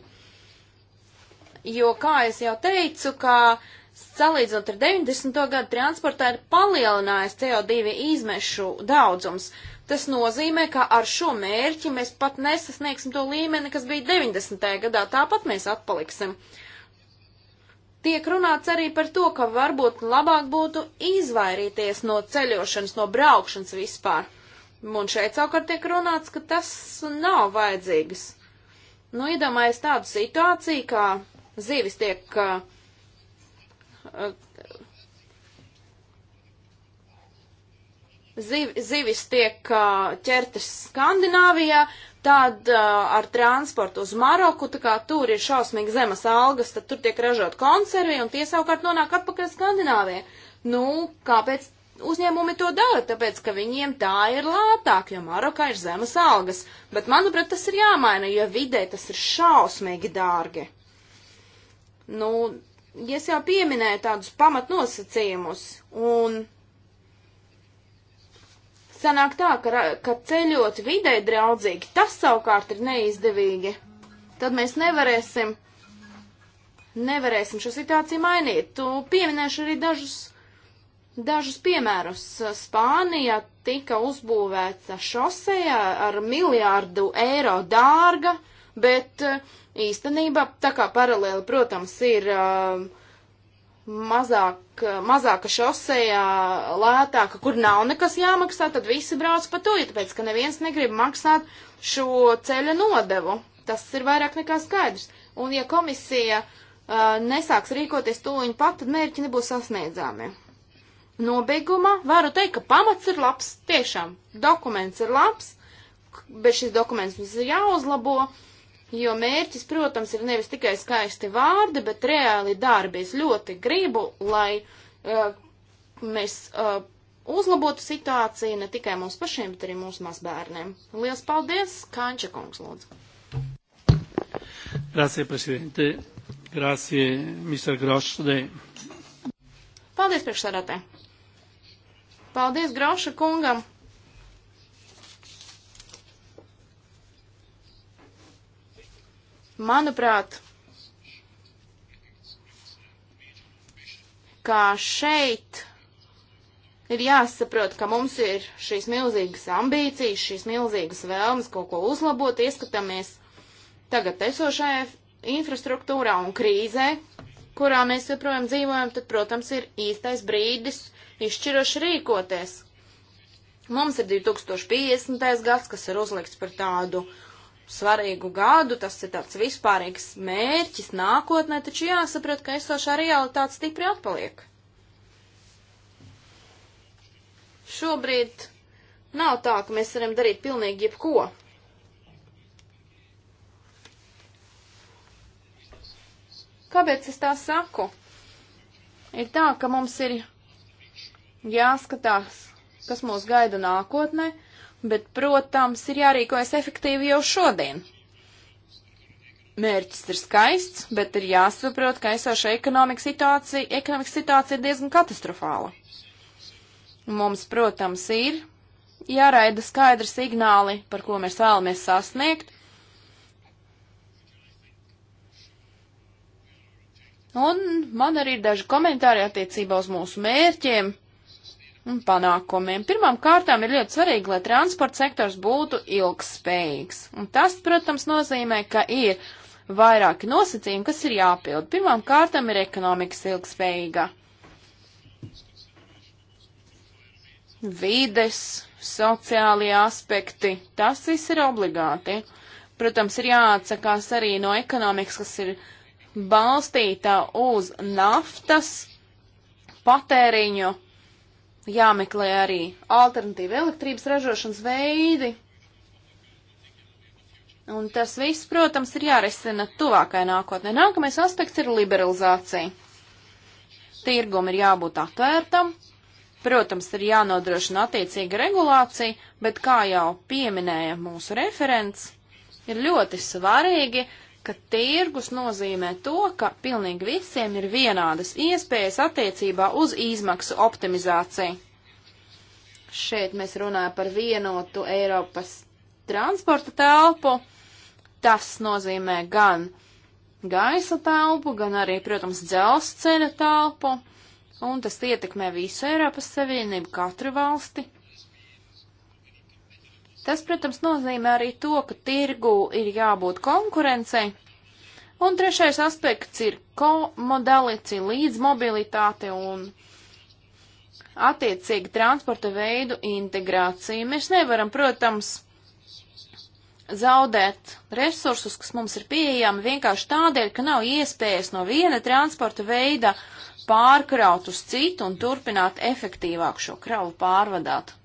jo, kā es jau teicu, ka uh, salīdzinot ar 90. gadu transportā ir palielinājies CO2 izmešu daudzums. Tas nozīmē, ka ar šo mērķi mēs pat nesasniegsim to līmeni, kas bija 90. gadā, tāpat mēs atpaliksim. Tiek runāts arī par to, ka varbūt labāk būtu izvairīties no ceļošanas, no braukšanas vispār. Un šeit savukārt tiek runāts, ka tas nav vajadzīgs. Nu, iedomājies tādu situāciju, kā zivis tiek uh, ziv, zivis tiek ķertas Skandināvijā, tad ar transportu uz Maroku, tā kā tur ir šausmīgi zemas algas, tad tur tiek ražot konservi un tie savukārt nonāk atpakaļ Skandināvijā. Nu, kāpēc uzņēmumi to dara, tāpēc, ka viņiem tā ir lētāk, jo Marokā ir zemas algas. Bet, manuprāt, tas ir jāmaina, jo vidē tas ir šausmīgi dārgi. Nu, es jau pieminēju tādus pamatnosacījumus, un sanāk tā, ka, ka ceļot vidē draudzīgi, tas savukārt ir neizdevīgi. Tad mēs nevarēsim, nevarēsim šo situāciju mainīt. Tu pieminēšu arī dažus, dažus piemērus. Spānijā tika uzbūvēta šoseja ar miljārdu eiro dārga, bet uh, īstenībā, tā kā paralēli, protams, ir um, uh, mazāk, mazāka šosejā, lētāka, kur nav nekas jāmaksā, tad visi brauc pa to, jo tāpēc, ka neviens negrib maksāt šo ceļa nodevu. Tas ir vairāk nekā skaidrs. Un ja komisija uh, nesāks rīkoties tūliņ pat, tad mērķi nebūs sasniedzāmi. Nobeigumā varu teikt, ka pamats ir labs, tiešām dokuments ir labs, bet šis dokuments mums ir jāuzlabo. Uh, Jo mērķis, protams, ir nevis tikai skaisti vārdi, bet reāli darbi. Es ļoti gribu, lai uh, mēs uh, uzlabotu situāciju ne tikai mums pašiem, bet arī mūsu mazbērniem. Lielas paldies, Kanča kungs, lūdzu. Grazie, prezidente. Grazie, Mr. Grošs. Paldies, priekšsādātē. Paldies Groša kungam Manuprāt, kā šeit ir jāsaprot, ka mums ir šīs milzīgas ambīcijas, šīs milzīgas vēlmes kaut ko uzlabot, ieskatāmies tagad esošajā infrastruktūrā un krīzē, kurā mēs joprojām dzīvojam, tad, protams, ir īstais brīdis izšķiroši rīkoties. Mums ir 2050. gads, kas ir uzlikts par tādu svarīgu gadu, tas ir tāds vispārīgs mērķis nākotnē, taču jāsaprot, ka esošā realitāte stipri atpaliek. Šobrīd nav tā, ka mēs varam darīt pilnīgi jebko. Kāpēc es tā saku? Ir tā, ka mums ir jāskatās, kas mūs gaida nākotnē, bet, protams, ir jārīkojas efektīvi jau šodien. Mērķis ir skaists, bet ir jāsaprot, ka esoša ekonomikas situācija, ekonomikas situācija ir diezgan katastrofāla. Mums, protams, ir jāraida skaidri signāli, par ko mēs vēlamies sasniegt, Un man arī ir daži komentāri attiecībā uz mūsu mērķiem un panākumiem. Pirmām kārtām ir ļoti svarīgi, lai transporta sektors būtu ilgspējīgs. Un tas, protams, nozīmē, ka ir vairāki nosacījumi, kas ir jāpild. Pirmām kārtām ir ekonomikas ilgspējīga. Vides, sociālie aspekti, tas viss ir obligāti. Protams, ir jāatsakās arī no ekonomikas, kas ir balstītā uz naftas patēriņu jāmeklē arī alternatīva elektrības ražošanas veidi. Un tas viss, protams, ir jārisina tuvākai nākotnē. Nākamais aspekts ir liberalizācija. Tirgum ir jābūt atvērtam, protams, ir jānodrošina attiecīga regulācija, bet, kā jau pieminēja mūsu referents, ir ļoti svarīgi ka tirgus nozīmē to, ka pilnīgi visiem ir vienādas iespējas attiecībā uz izmaksu optimizāciju. Šeit mēs runājam par vienotu Eiropas transporta telpu. Tas nozīmē gan gaisa telpu, gan arī, protams, dzelzceļa telpu, un tas ietekmē visu Eiropas Savienību, katru valsti. Tas, protams, nozīmē arī to, ka tirgu ir jābūt konkurencei. Un trešais aspekts ir komodalici līdzmobilitāte un attiecīgi transporta veidu integrācija. Mēs nevaram, protams, zaudēt resursus, kas mums ir pieejami vienkārši tādēļ, ka nav iespējas no viena transporta veida pārkraut uz citu un turpināt efektīvāk šo kravu pārvadāt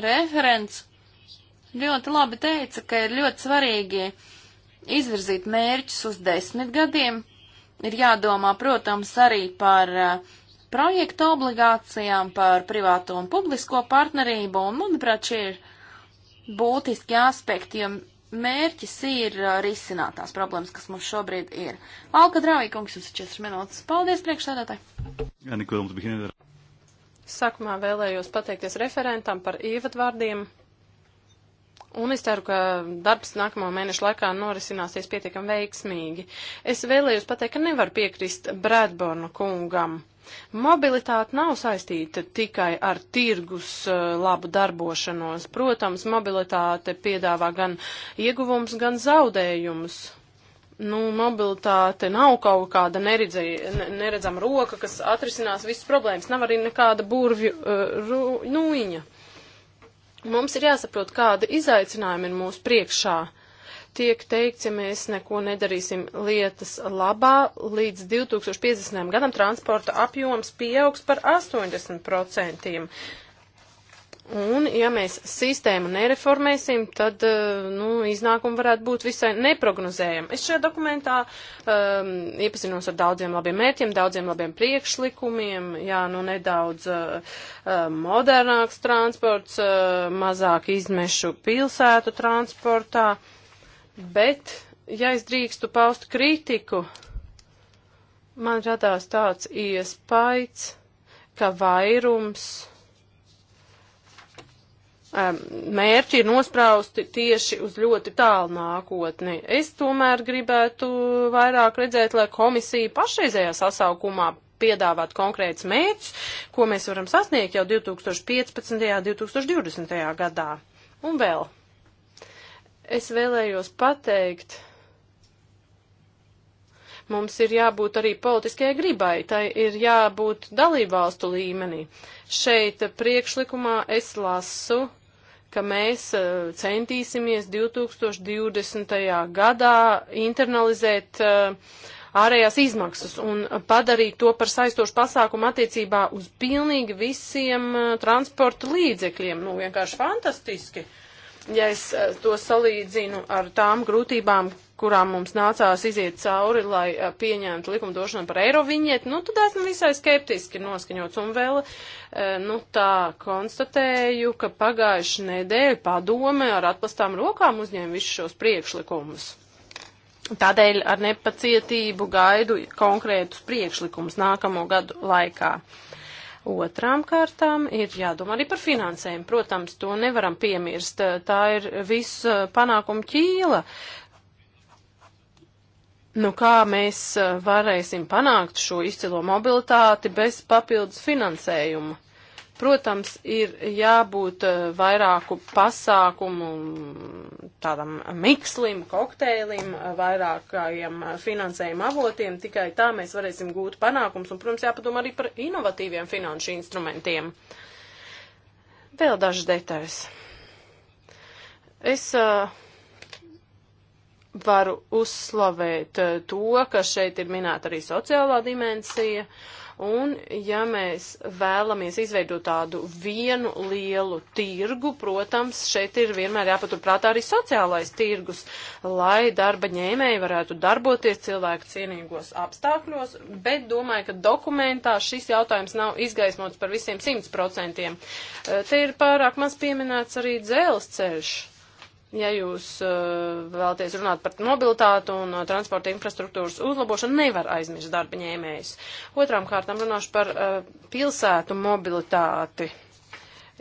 referents ļoti labi teica, ka ir ļoti svarīgi izvirzīt mērķus uz desmit gadiem. Ir jādomā, protams, arī par uh, projektu obligācijām, par privāto un publisko partnerību, un, manuprāt, šie ir būtiski aspekti, jo mērķis ir uh, risināt tās problēmas, kas mums šobrīd ir. Alka Drāvīkungs, jums ir 4 minūtes. Paldies, priekšsēdētāji! Ja, Sākumā vēlējos pateikties referentam par ievadvārdiem. Un es ceru, ka darbs nākamo mēnešu laikā norisināsies pietiekami veiksmīgi. Es vēlējos pateikt, ka nevar piekrist Bradborna kungam. Mobilitāte nav saistīta tikai ar tirgus eh, labu darbošanos. Protams, mobilitāte piedāvā gan ieguvums, gan zaudējumus nu, mobilitāte nav kaut kāda neredzē, neredzama roka, kas atrisinās visas problēmas. Nav arī nekāda burvju uh, nūjiņa. Mums ir jāsaprot, kāda izaicinājuma ir mūsu priekšā. Tiek teikts, ja mēs neko nedarīsim lietas labā, līdz 2050. gadam transporta apjoms pieaugs par 80%. Un, ja mēs sistēmu nereformēsim, tad, eh, nu, iznākumi varētu būt visai neprognozējami. Es šajā dokumentā um, iepazinos ar daudziem labiem mērķiem, daudziem labiem priekšlikumiem, jā, nu, nedaudz uh, modernāks transports, uh, mazāk izmešu pilsētu transportā, bet, ja es drīkstu paust kritiku, man radās tāds iespējas, ka vairums mērķi ir nosprausti tieši uz ļoti tālu nākotni. Es tomēr gribētu vairāk redzēt, lai komisija pašreizējā sasaukumā piedāvāt konkrēts mērķis, ko mēs varam sasniegt jau 2015. un 2020. gadā. Un vēl. Es vēlējos pateikt, mums ir jābūt arī politiskajai gribai, tai ir jābūt dalībvalstu līmenī. Šeit priekšlikumā es lasu, ka mēs e, centīsimies 2020. gadā internalizēt e, ārējās izmaksas un padarīt to par saistošu pasākumu attiecībā uz pilnīgi visiem e, transporta līdzekļiem. Nu, vienkārši fantastiski. Ja es to salīdzinu ar tām grūtībām, kurām mums nācās iziet cauri, lai pieņemtu likumdošanu par eiro viņietu, nu, tad esmu visai skeptiski noskaņots un vēl, nu, tā konstatēju, ka pagājuši nedēļa padome ar atplastām rokām uzņēma visus šos priekšlikumus. Tādēļ ar nepacietību gaidu konkrētus priekšlikumus nākamo gadu laikā. Otrām kārtām ir jādomā arī par finansējumu. Protams, to nevaram piemirst. Tā ir viss panākuma ķīla. Uh, Nu, kā mēs eh, varēsim panākt šo izcilo mobilitāti bez papildus finansējuma? Protams, ir jābūt eh, vairāku pasākumu, tādam mikslim, kokteilim, vairākajiem eh, finansējuma avotiem. Tikai tā mēs varēsim gūt panākums. Un, protams, jāpadomā arī par inovatīviem finanšu instrumentiem. Vēl dažas detaļas. Es uh, varu uzslavēt eh, to, ka šeit ir minēta arī sociālā dimensija. Un, ja mēs vēlamies izveidot tādu vienu lielu tirgu, protams, šeit ir vienmēr jāpaturprātā arī sociālais tirgus, lai darba ņēmēji varētu darboties cilvēku cienīgos apstākļos, bet domāju, ka dokumentā šis jautājums nav izgaismots par visiem simt procentiem. Eh, Te ir pārāk maz pieminēts arī dzelzceļš Ja jūs uh, vēlaties runāt par mobilitātu un uh, transporta infrastruktūras uzlabošanu, nevar aizmirst darba ņēmējus. Otrām kārtām runāšu par uh, pilsētu mobilitāti.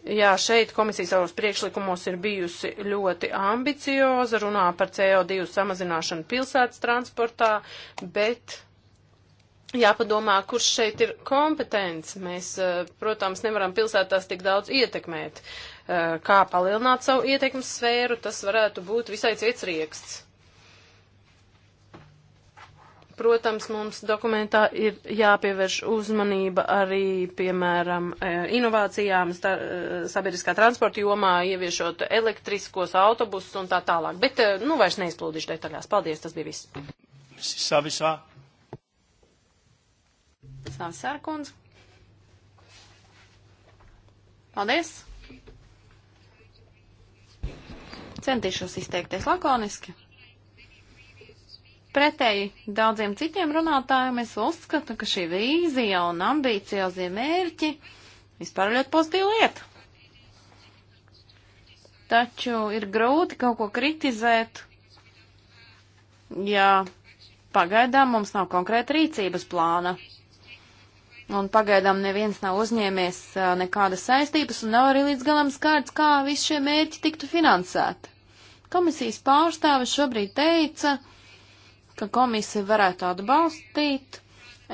Jā, šeit komisija savos priekšlikumos ir bijusi ļoti ambicioza, runā par CO2 samazināšanu pilsētas transportā, bet jāpadomā, kurš šeit ir kompetents. Mēs, protams, nevaram pilsētās tik daudz ietekmēt. Eh, kā palielināt savu ietekmes sfēru, tas varētu būt visai cits rieksts. Protams, mums dokumentā ir jāpievērš uzmanība arī, piemēram, eh, inovācijām eh, sabiedriskā transporta jomā, ieviešot elektriskos autobusus un tā tālāk. Bet, nu, vairs neizplūdīšu detaļās. Paldies, tas bija viss. Savisā. Savisā, kundze. Paldies. Centīšos izteikties lakoniski. Pretēji daudziem citiem runātājiem es uzskatu, ka šī vīzija un ambīciozie mērķi vispār ļoti pozitīva lieta. Taču ir grūti kaut ko kritizēt, ja pagaidām mums nav konkrēta rīcības plāna. Un pagaidām neviens nav uzņēmies nekādas saistības un nav arī līdz galam skārts, kā visi šie mērķi tiktu finansēti. Komisijas pārstāve šobrīd teica, ka komisija varētu atbalstīt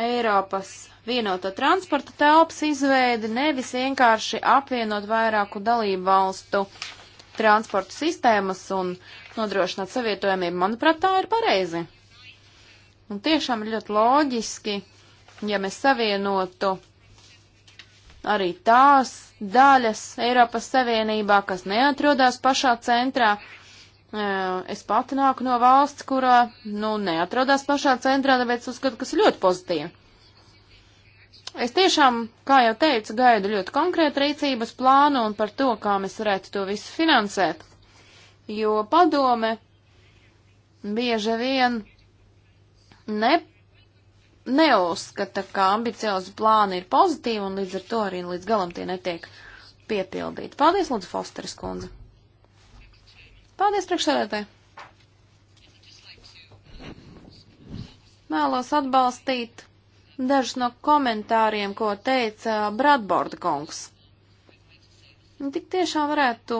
Eiropas vienoto transporta telpas izveidi, nevis vienkārši apvienot vairāku dalību valstu transporta sistēmas un nodrošināt savietojamību. Manuprāt, tā ir pareizi. Un tiešām ir ļoti loģiski, ja mēs savienotu arī tās daļas Eiropas Savienībā, kas neatrodās pašā centrā, Es pati nāku no valsts, kurā, nu, neatrodās pašā centrā, tāpēc uzskatu, kas ir ļoti pozitīvi. Es tiešām, kā jau teicu, gaidu ļoti konkrētu rīcības plānu un par to, kā mēs varētu to visu finansēt. Jo padome bieži vien ne, neuzskata, ka ambiciozi plāni ir pozitīvi un līdz ar to arī līdz galam tie netiek piepildīti. Paldies, Lūdzu, Fosteris kundze! Paldies, priekšsēdētāji! Mēlos atbalstīt dažus no komentāriem, ko teica Bradborda kungs. Tik tiešām varētu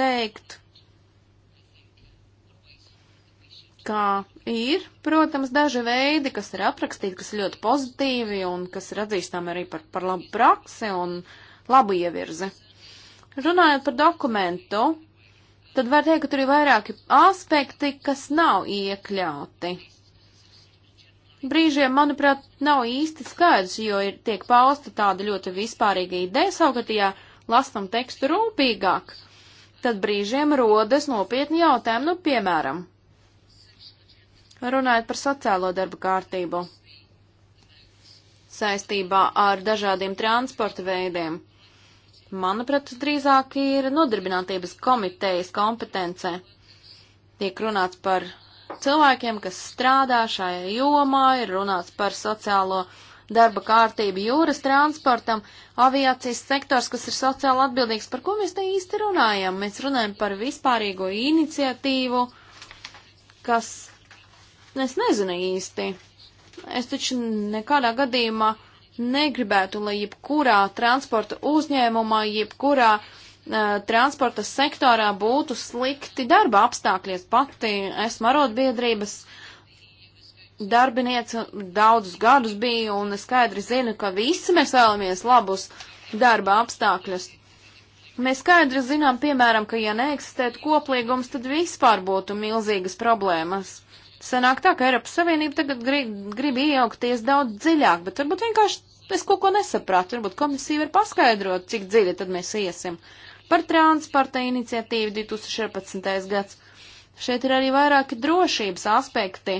teikt, ka ir, protams, daži veidi, kas ir aprakstīti, kas ir ļoti pozitīvi un kas ir atzīstami arī par, par labu praksi un labu ievirzi. Runājot par dokumentu, tad var teikt, ka tur ir vairāki aspekti, kas nav iekļauti. Brīžiem, manuprāt, nav īsti skaidrs, jo ir tiek pausta tāda ļoti vispārīga ideja, savukārt, ja lasam tekstu rūpīgāk, tad brīžiem rodas nopietni jautājumi, nu, piemēram, runājot par sociālo darba kārtību saistībā ar dažādiem transporta veidiem. Manuprāt, tas drīzāk ir nodarbinātības komitejas kompetence. Tiek runāts par cilvēkiem, kas strādā šajā jomā, ir runāts par sociālo darba kārtību jūras transportam, aviācijas sektors, kas ir sociāli atbildīgs. Par ko mēs te īsti runājam? Mēs runājam par vispārīgo iniciatīvu, kas, es nezinu īsti. Es taču nekādā gadījumā negribētu, lai jebkurā transporta uzņēmumā, jebkurā uh, transporta sektorā būtu slikti darba apstākļies. Pati esmu arotbiedrības darbiniece daudzus gadus biju un es skaidri zinu, ka visi mēs vēlamies labus darba apstākļus. Mēs skaidri zinām, piemēram, ka ja neeksistētu koplīgums, tad vispār būtu milzīgas problēmas. Sanāk tā, ka Eiropas Savienība tagad grib, grib iejaukties daudz dziļāk, bet varbūt vienkārši es kaut ko nesapratu, varbūt komisija var paskaidrot, cik dziļi tad mēs iesim. Par transporta iniciatīvu 2014. gads. Šeit ir arī vairāki drošības aspekti.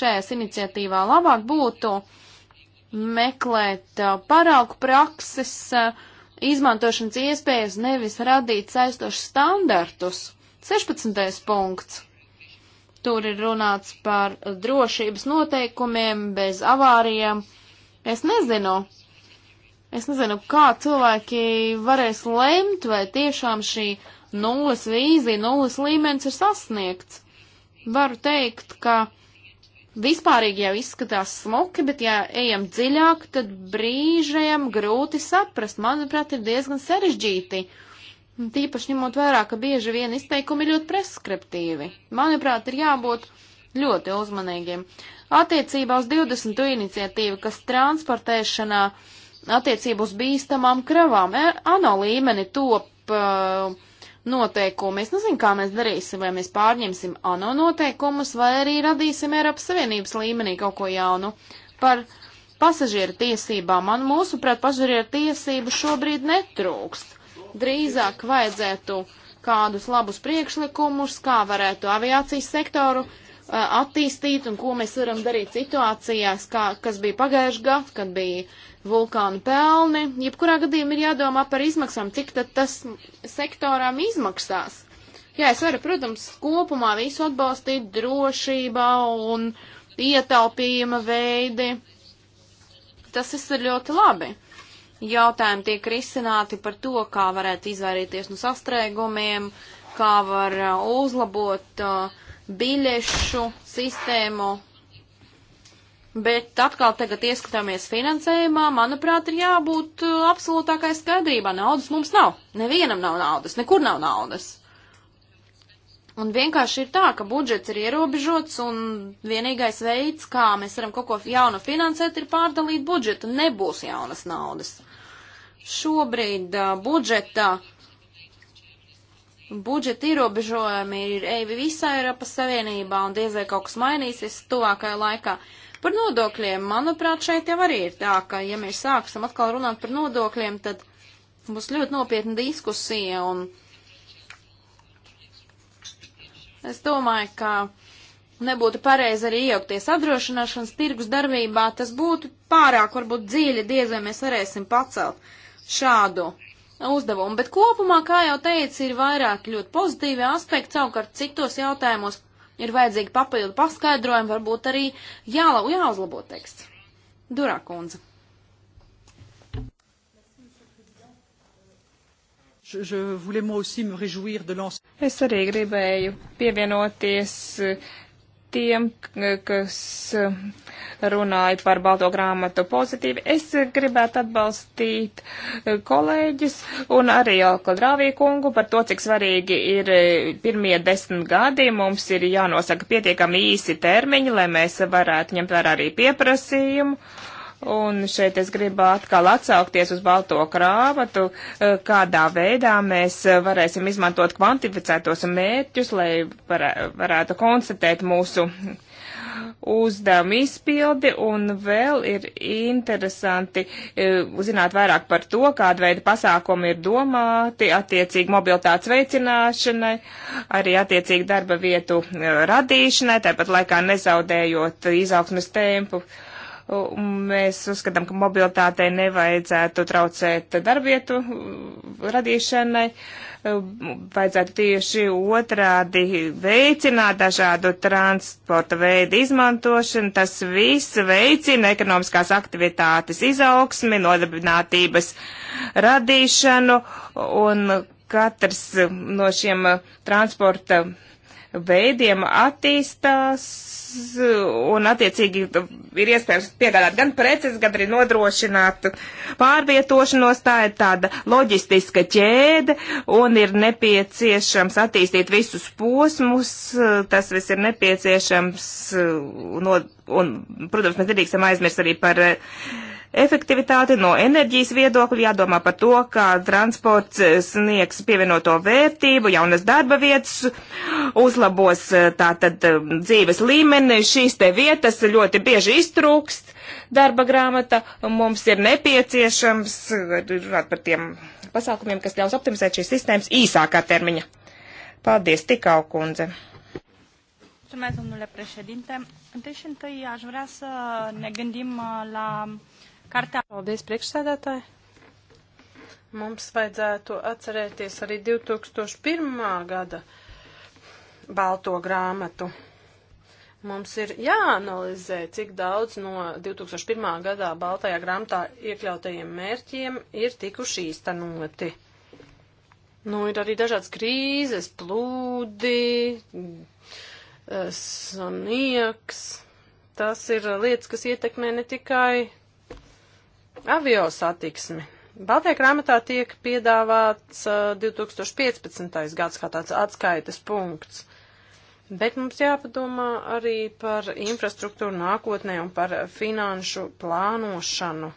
Šajās iniciatīvā labāk būtu meklēt uh, paraugu prakses uh, izmantošanas iespējas, nevis radīt saistošus standartus. 16. punkts. Tur ir runāts par drošības noteikumiem, bez avārijām. Es nezinu, es nezinu, kā cilvēki varēs lemt, vai tiešām šī nulles vīzija, nulles līmenis ir sasniegts. Varu teikt, ka vispārīgi jau izskatās smuki, bet ja ejam dziļāk, tad brīžiem grūti saprast. Manuprāt, ir diezgan sarežģīti uh, Un tīpaši ņemot vērā, ka bieži vien izteikumi ir ļoti preskriptīvi. Manuprāt, ir jābūt ļoti uzmanīgiem. Attiecībā uz 20. iniciatīvu, kas transportēšanā attiecību uz bīstamām kravām, e, ANO līmeni top uh, noteikumi. Es nezinu, kā mēs darīsim, vai mēs pārņemsim ANO noteikumus, vai arī radīsim Eiropas Savienības līmenī kaut ko jaunu par pasažieru tiesībām. Man, mūsuprāt, pasažieru tiesību šobrīd netrūkst drīzāk vajadzētu kādus labus priekšlikumus, kā varētu aviācijas sektoru uh, attīstīt un ko mēs varam darīt situācijās, kā, kas bija pagājuši gadu, kad bija vulkānu pelni. Jebkurā gadījumā ir jādomā par izmaksām, cik tad tas sektorām izmaksās. Jā, es varu, protams, kopumā visu atbalstīt drošībā un ietaupījuma veidi. Tas viss ir ļoti labi jautājumi tiek risināti par to, kā varētu izvairīties no sastrēgumiem, kā var uh, uzlabot uh, biļešu sistēmu. Bet atkal tagad ieskatāmies finansējumā, manuprāt, ir jābūt uh, absolūtākai skaidrībā. Naudas mums nav. Nevienam nav naudas, nekur nav naudas. Un vienkārši ir tā, ka budžets ir ierobežots un vienīgais veids, kā mēs varam kaut ko jaunu finansēt, ir pārdalīt budžetu. Nebūs jaunas naudas šobrīd uh, budžetā budžeta ierobežojumi ir evi visā Eiropas Savienībā un diez vai kaut kas mainīsies tuvākajā laikā. Par nodokļiem, manuprāt, šeit jau arī ir tā, ka ja mēs sāksim atkal runāt par nodokļiem, tad būs ļoti nopietna diskusija un es domāju, ka nebūtu pareizi arī iejaukties apdrošināšanas tirgus darbībā, tas būtu pārāk varbūt dziļi, diez vai mēs varēsim pacelt. Uh, šādu uzdevumu. Bet kopumā, kā jau teicu, ir vairāk ļoti pozitīvi aspekti, savukārt citos jautājumos ir vajadzīgi papildu paskaidrojumi, varbūt arī jāla, jāuzlabo teksts. Durā kundze. Es arī gribēju pievienoties uh, tiem, kas eh, runāja par balto grāmatu pozitīvi. Es gribētu atbalstīt eh, kolēģis un arī Alkladrāvī kungu par to, cik svarīgi ir eh, pirmie desmit gadi. Mums ir jānosaka pietiekami īsi termiņi, lai mēs varētu ņemt vērā arī pieprasījumu Un šeit es gribu atkal atsaukties uz balto krāmatu, eh, kādā veidā mēs eh, varēsim izmantot kvantificētos mērķus, lai varētu konstatēt mūsu uzdevumu izpildi, un vēl ir interesanti eh, uzzināt vairāk par to, kāda veida pasākumi ir domāti, attiecīgi mobilitātes veicināšanai, arī attiecīgi darba vietu radīšanai, tāpat laikā nezaudējot izaugsmes tempu. Uh, Mēs uzskatām, ka mobilitātei nevajadzētu traucēt darbietu radīšanai, vajadzētu tieši otrādi veicināt dažādu transporta veidu izmantošanu. Tas viss veicina ekonomiskās aktivitātes izaugsmi, nodarbinātības radīšanu un katrs no šiem transporta veidiem attīstās, un attiecīgi ir iespējams piegādāt gan preces, gan arī nodrošināt pārvietošanos. Tā ir tāda loģistiska ķēde, un ir nepieciešams attīstīt visus posmus. Tas viss ir nepieciešams, un, un protams, mēs nedrīkstam aizmirst arī par uh, efektivitāti, no enerģijas viedokļa, jādomā par to, kā transports eh, sniegs pievienoto vērtību, jaunas darba vietas, uzlabos eh, tātad eh, dzīves līmeni, šīs te vietas ļoti bieži iztrūkst. Darba grāmata mums ir nepieciešams runāt par tiem pasākumiem, kas ļaus optimizēt šīs sistēmas īsākā termiņa. Paldies, Tikau kundze! Mulțumesc, domnule președinte. Întâi și întâi aș vrea să ne gândim uh, la uh, kartā. Paldies, priekšsēdētāji. Mums vajadzētu atcerēties arī 2001. gada balto grāmatu. Mums ir jāanalizē, cik daudz no 2001. gadā Baltajā grāmatā iekļautajiem mērķiem ir tikuši īstenoti. Nu, ir arī dažādas krīzes, plūdi, eh, snieks. Tas ir lietas, kas ietekmē ne tikai Avio satiksmi. Baltajā grāmatā tiek piedāvāts 2015. gads kā tāds atskaites punkts. Bet mums jāpadomā arī par infrastruktūru nākotnē un par finanšu plānošanu.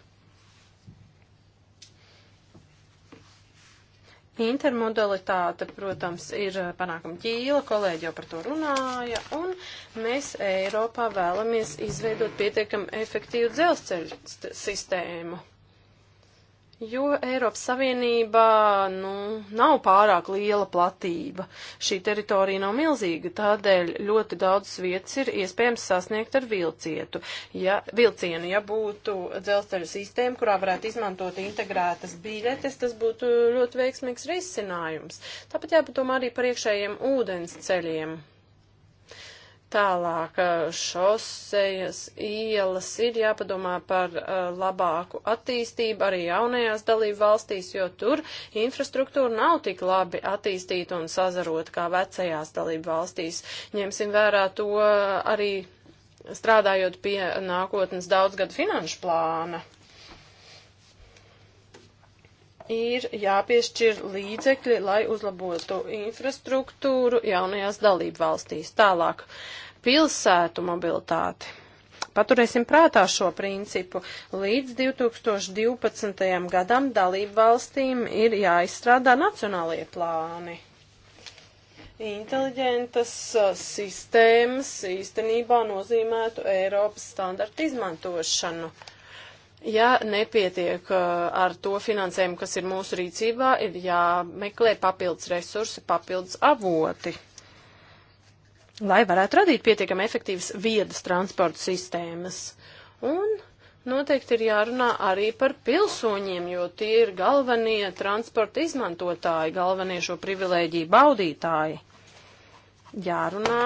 Intermodalitāte, protams, ir eh, panākuma ķīla, kolēģi jau par to runāja, un mēs Eiropā vēlamies izveidot pietiekami efektīvu dzelzceļu sistēmu jo Eiropas Savienībā nu, nav pārāk liela platība. Šī teritorija nav milzīga, tādēļ ļoti daudz vietas ir iespējams sasniegt ar vilcietu. Ja, vilcienu, ja būtu dzelzceļa sistēma, kurā varētu izmantot integrētas biļetes, tas būtu ļoti veiksmīgs risinājums. Tāpat jāpadomā arī par iekšējiem ūdens ceļiem. Tālāk šosejas ielas ir jāpadomā par uh, labāku attīstību arī jaunajās dalību valstīs, jo tur infrastruktūra nav tik labi attīstīta un sazarota kā vecajās dalību valstīs. Ņemsim vērā to arī strādājot pie nākotnes daudzgadu finanšu plāna ir jāpiešķir līdzekļi, lai uzlabotu infrastruktūru jaunajās dalību valstīs. Tālāk pilsētu mobilitāti. Paturēsim prātā šo principu. Līdz 2012. gadam dalību valstīm ir jāizstrādā nacionālie plāni. Inteliģentas sistēmas īstenībā nozīmētu Eiropas standartu izmantošanu. Uh, Ja nepietiek uh, ar to finansējumu, kas ir mūsu rīcībā, ir jāmeklē papildus resursi, papildus avoti, lai varētu radīt pietiekami efektīvas viedas transporta sistēmas. Un noteikti ir jārunā arī par pilsoņiem, jo tie ir galvenie transporta izmantotāji, galvenie šo privilēģiju baudītāji. Jārunā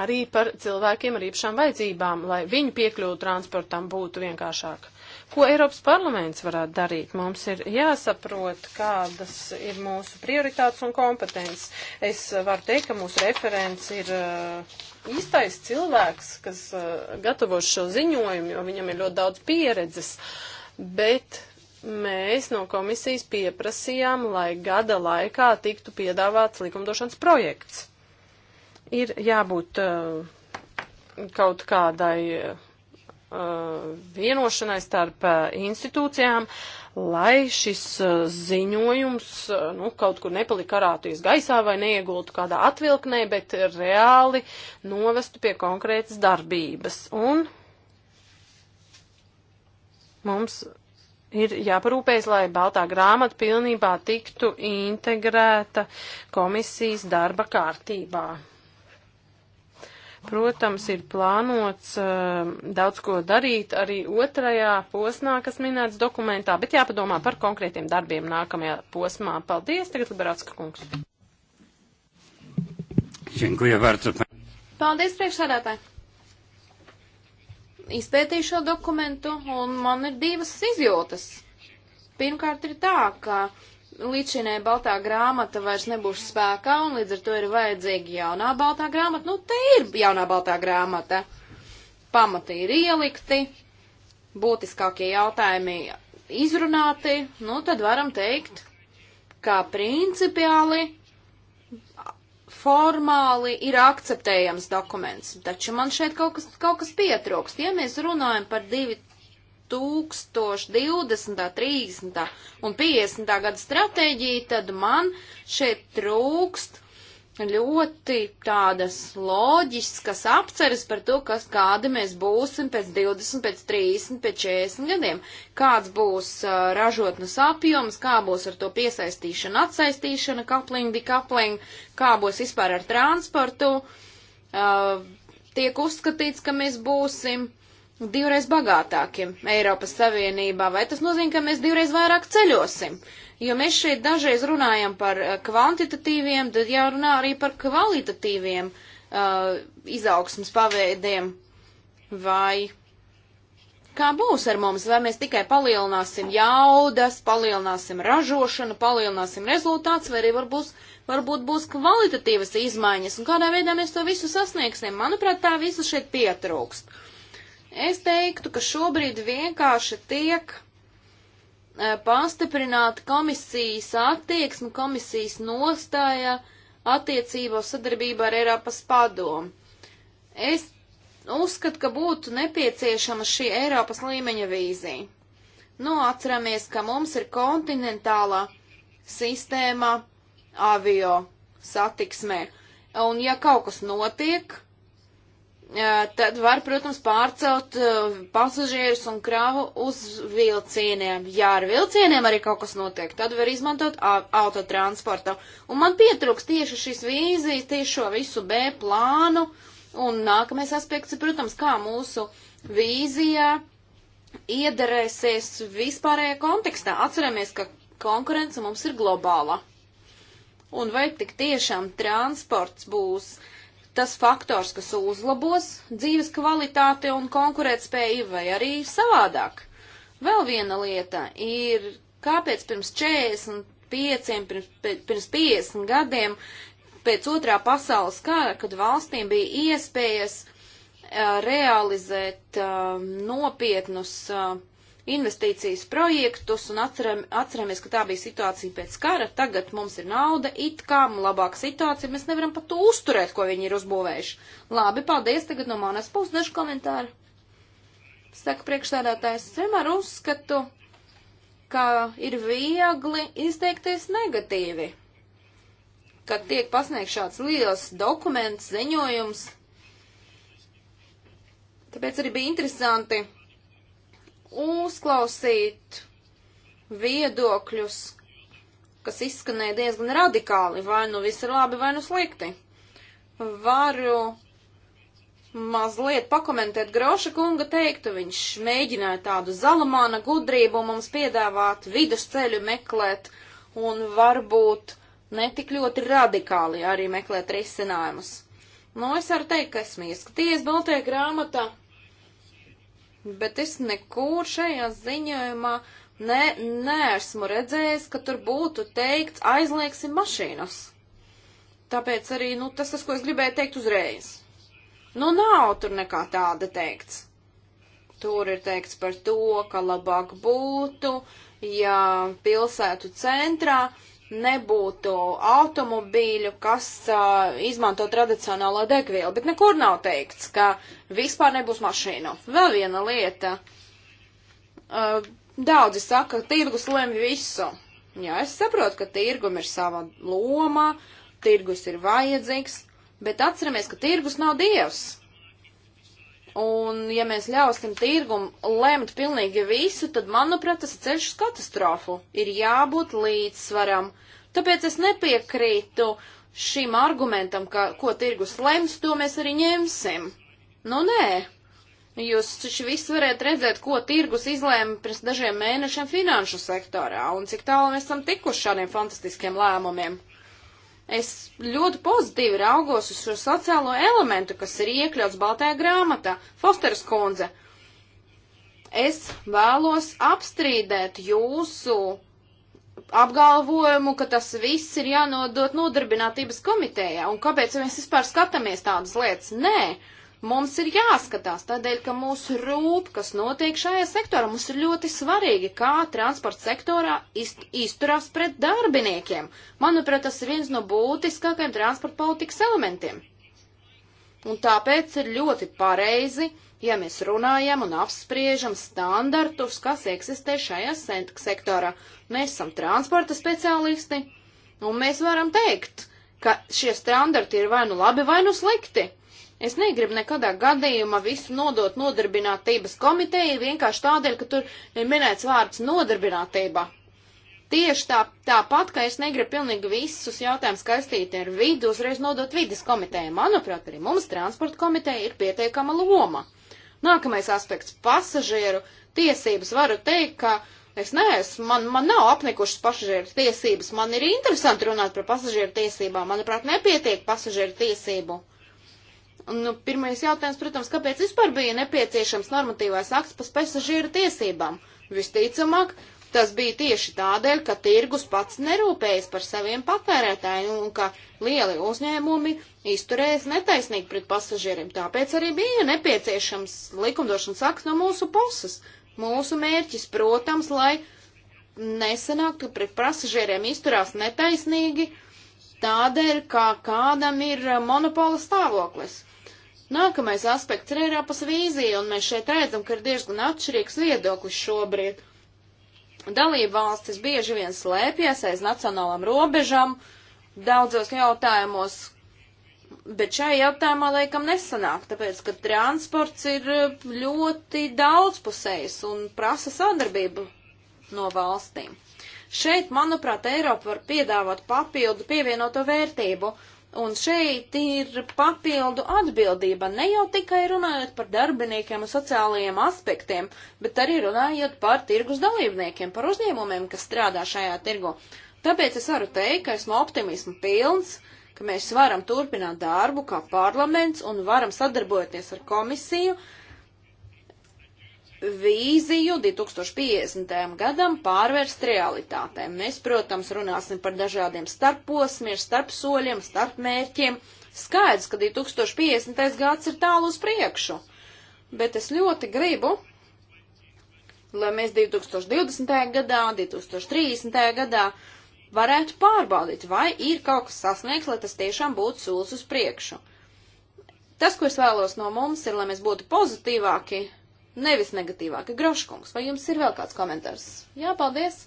arī par cilvēkiem ar īpašām vajadzībām, lai viņu piekļuvu transportam būtu vienkāršāk. Ko Eiropas parlaments varētu darīt? Mums ir jāsaprot, kādas ir mūsu prioritātes un kompetences. Es varu teikt, ka mūsu referents ir uh, īstais cilvēks, kas uh, gatavo šo ziņojumu, jo viņam ir ļoti daudz pieredzes. Bet mēs no komisijas pieprasījām, lai gada laikā tiktu piedāvāts likumdošanas projekts. Ir jābūt eh, kaut kādai eh, vienošanai starp eh, institūcijām, lai šis ziņojums nu, kaut kur nepalika karāties gaisā vai neiegultu kādā atvilknē, bet reāli novestu pie konkrētas darbības. Un mums ir jāparūpējas, lai Baltā grāmata pilnībā tiktu integrēta komisijas darba kārtībā. Protams, ir plānots uh, daudz ko darīt arī otrajā posmā, kas minēts dokumentā, bet jāpadomā par konkrētiem darbiem nākamajā posmā. Paldies, tagad Liberācka kungs. Paldies, priekšsēdētāji. Izpētīju šo dokumentu un man ir divas izjūtas. Pirmkārt ir tā, ka līdšanai baltā grāmata vairs nebūs spēkā, un līdz ar to ir vajadzīga jaunā baltā grāmata. Nu, te ir jaunā baltā grāmata. Pamati ir ielikti, būtiskākie jautājumi izrunāti, nu, tad varam teikt, kā principiāli, formāli ir akceptējams dokuments. Taču man šeit kaut kas, kaut kas pietrūkst. Ja mēs runājam par divi, 2020., 30. un 50. gada stratēģiju, tad man šeit trūkst ļoti tādas loģiskas apceres par to, kas kādi mēs būsim pēc 20, pēc 30, pēc 40 gadiem, kāds būs uh, ražotnes apjoms, kā būs ar to piesaistīšana, atsaistīšana, kapling, dikapling, kā būs vispār ar transportu. Uh, tiek uzskatīts, ka mēs būsim divreiz bagātākiem Eiropas Savienībā, vai tas nozīmē, ka mēs divreiz vairāk ceļosim? Jo mēs šeit dažreiz runājam par eh, kvantitatīviem, tad jārunā arī par kvalitatīviem uh, izaugsmas paveidiem. Vai kā būs ar mums? Vai mēs tikai palielināsim jaudas, palielināsim ražošanu, palielināsim rezultāts, vai arī varbūt, varbūt būs kvalitatīvas izmaiņas, un kādā veidā mēs to visu sasniegsim? Manuprāt, tā visu šeit pietrūkst. Uh, Es teiktu, ka šobrīd vienkārši tiek e, pastiprināta komisijas attieksme, komisijas nostāja attiecībā sadarbībā ar Eiropas padomu. Es uzskatu, ka būtu nepieciešama šī Eiropas līmeņa vīzija. Nu, atceramies, ka mums ir kontinentālā sistēma avio satiksmē. Un ja kaut kas notiek, tad var, protams, pārcelt pasažierus un kravu uz vilcieniem. Ja ar vilcieniem arī kaut kas notiek, tad var izmantot autotransportu. Un man pietrūks tieši šīs vīzijas, tieši šo visu B plānu. Un nākamais aspekts ir, protams, kā mūsu vīzijā iederēsies vispārējā kontekstā. Atceramies, ka konkurence mums ir globāla. Un vai tik tiešām transports būs uh, tas faktors, kas uzlabos dzīves kvalitāti un konkurētspēju, vai arī savādāk. Vēl viena lieta ir, kāpēc pirms 45, pirms, pirms 50 gadiem, pēc otrā pasaules kara, kad valstīm bija iespējas uh, realizēt uh, nopietnus uh, investīcijas projektus un atceram, atceramies, ka tā bija situācija pēc kara, tagad mums ir nauda, it kā labāka situācija, mēs nevaram pat uzturēt, ko viņi ir uzbūvējuši. Labi, paldies, tagad no manas puses dažu komentāru. Saka priekšsēdētājs, es vienmēr uzskatu, ka ir viegli izteikties negatīvi, kad tiek pasniegts šāds liels dokuments, ziņojums. Tāpēc arī bija interesanti uzklausīt viedokļus, kas izskanēja diezgan radikāli, vai nu viss ir labi, vai nu slikti. Varu mazliet pakomentēt Groša kunga teiktu, viņš mēģināja tādu zalamāna gudrību mums piedāvāt, vidusceļu meklēt un varbūt netik ļoti radikāli arī meklēt risinājumus. Nu, es varu teikt, ka esmu ieskaties Baltajā grāmatā bet es nekur šajā ziņojumā ne, neesmu redzējis, ka tur būtu teikts aizliegsim mašīnas. Tāpēc arī, nu, tas tas, ko es gribēju teikt uzreiz. Nu, nav tur nekā tāda teikts. Tur ir teikts par to, ka labāk būtu, ja pilsētu centrā uh, nebūtu automobīļu, kas uh, izmanto tradicionālo degvielu, bet nekur nav teikts, ka vispār nebūs mašīnu. Vēl viena lieta. Uh, daudzi saka, ka tirgus lemj visu. Jā, es saprotu, ka tirgum ir sava loma, tirgus ir vajadzīgs, bet atceramies, ka tirgus nav dievs. Un, ja mēs ļausim tirgum lemt pilnīgi visu, tad, manuprāt, tas ir ceļš uz katastrofu. Ir jābūt līdzsvaram. Tāpēc es nepiekrītu šim argumentam, ka, ko tirgus lems, to mēs arī ņemsim. Nu, nē. Jūs taču visi varētu redzēt, ko tirgus izlēma pirms dažiem mēnešiem finanšu sektorā un cik tālu mēs esam tikuši šādiem fantastiskiem lēmumiem. Es ļoti pozitīvi raugos uz šo sociālo elementu, kas ir iekļauts Baltajā grāmatā. Fosteras kundze, es vēlos apstrīdēt jūsu apgalvojumu, ka tas viss ir jānodot nodarbinātības komitejā, un kāpēc mēs vispār skatāmies tādas lietas? Nē, mums ir jāskatās tādēļ, ka mūs rūp, kas notiek šajā sektorā. Mums ir ļoti svarīgi, kā transporta sektorā izt, izturās pret darbiniekiem. Manuprāt, tas ir viens no būtiskākajiem transporta politikas elementiem. Un tāpēc ir ļoti pareizi, ja mēs runājam un apspriežam standartus, kas eksistē šajā sektorā. Mēs esam transporta speciālisti, un mēs varam teikt, ka šie standarti ir vai nu labi, vai nu slikti. Es negribu nekadā gadījumā visu nodot nodarbinātības komiteja vienkārši tādēļ, ka tur ir minēts vārds nodarbinātība. Tieši tā, tāpat, ka es negribu pilnīgi visus jautājumus kaistīt ar vidu, uzreiz nodot vidas komiteja. Manuprāt, arī mums transporta komiteja ir pietiekama loma. Nākamais aspekts - pasažieru tiesības. Varu teikt, ka es neesmu, man, man nav apnikušas pasažieru tiesības. Man ir interesanti runāt par pasažieru tiesībām. Manuprāt, nepietiek pasažieru tiesību Nu, pirmais jautājums, protams, kāpēc vispār bija nepieciešams normatīvais akts par pasažieru tiesībām? Visticamāk, tas bija tieši tādēļ, ka tirgus pats nerūpējas par saviem patērētājiem un ka lieli uzņēmumi izturējas netaisnīgi pret pasažieriem. Tāpēc arī bija nepieciešams likumdošanas akts no mūsu puses. Mūsu mērķis, protams, lai nesanāk, ka pret pasažieriem izturās netaisnīgi tādēļ, ka kādam ir eh, monopola stāvoklis. Nākamais aspekts ir Eiropas vīzija, un mēs šeit redzam, ka ir diezgan atšķirīgs viedoklis šobrīd. Dalība valstis bieži vien slēpjas aiz nacionālām robežām daudzos jautājumos, bet šai jautājumā laikam nesanāk, tāpēc, ka transports ir eh, ļoti daudzpusējs un prasa sadarbību no valstīm. Šeit, manuprāt, Eiropa var piedāvāt papildu pievienoto vērtību, Un šeit ir papildu atbildība ne jau tikai runājot par darbiniekiem un sociālajiem aspektiem, bet arī runājot par tirgus dalībniekiem, par uzņēmumiem, kas strādā šajā tirgu. Tāpēc es varu teikt, ka esmu optimismu pilns, ka mēs varam turpināt darbu kā parlaments un varam sadarboties ar komisiju, uh, vīziju 2050. gadam pārvērst realitātē. Mēs, protams, runāsim par dažādiem starposmiem, starpsoļiem, starpmērķiem. Skaidrs, ka 2050. gads ir tālu uz priekšu, bet es ļoti gribu, lai mēs 2020. gadā, 2030. gadā varētu pārbaudīt, vai ir kaut kas sasniegts, lai tas tiešām būtu solis uz priekšu. Tas, ko es vēlos no mums, ir, lai mēs būtu pozitīvāki, nevis negatīvāki. Groškungs, vai jums ir vēl kāds komentārs? Jā, paldies!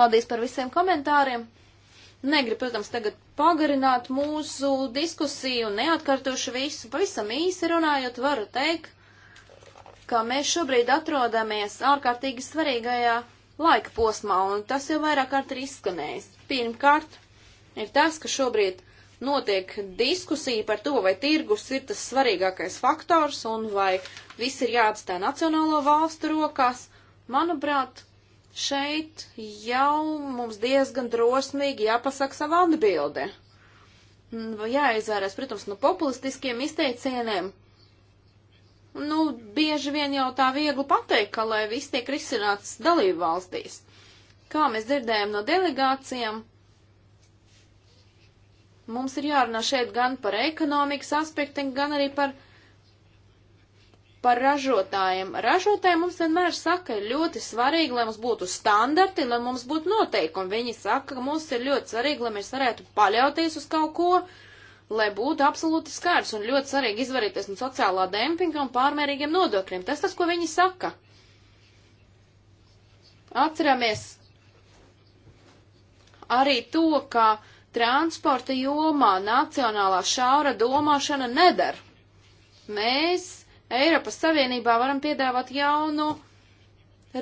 Paldies par visiem komentāriem! Negribu, protams, tagad pagarināt mūsu diskusiju, neatkārtošu visu, pavisam īsi runājot, varu teikt, ka mēs šobrīd atrodamies ārkārtīgi svarīgajā laika posmā, un tas jau vairāk kārt ir izskanējis. Pirmkārt, ir tas, ka šobrīd notiek diskusija par to, vai tirgus ir tas svarīgākais faktors un vai viss ir jāatstāj nacionālo valstu rokās. Manuprāt, šeit jau mums diezgan drosmīgi jāpasaka sava atbilde. Mm, jāizvērās, protams, no populistiskiem izteicieniem. Nu, bieži vien jau tā viegli pateikt, ka lai viss tiek risināts dalību valstīs. Kā mēs dzirdējam no delegācijām, Mums ir jārunā šeit gan par ekonomikas aspektiem, gan arī par, par ražotājiem. Ražotājiem mums vienmēr saka, ir ļoti svarīgi, lai mums būtu standarti, lai mums būtu noteikumi. Viņi saka, ka mums ir ļoti svarīgi, lai mēs varētu paļauties uz kaut ko, lai būtu absolūti skārs un ļoti svarīgi izvarīties no sociālā dempinga un pārmērīgiem nodokļiem. Tas tas, ko viņi saka. Atceramies arī to, ka uh, Transporta jomā nacionālā šaura domāšana neder. Mēs Eiropas Savienībā varam piedāvāt jaunu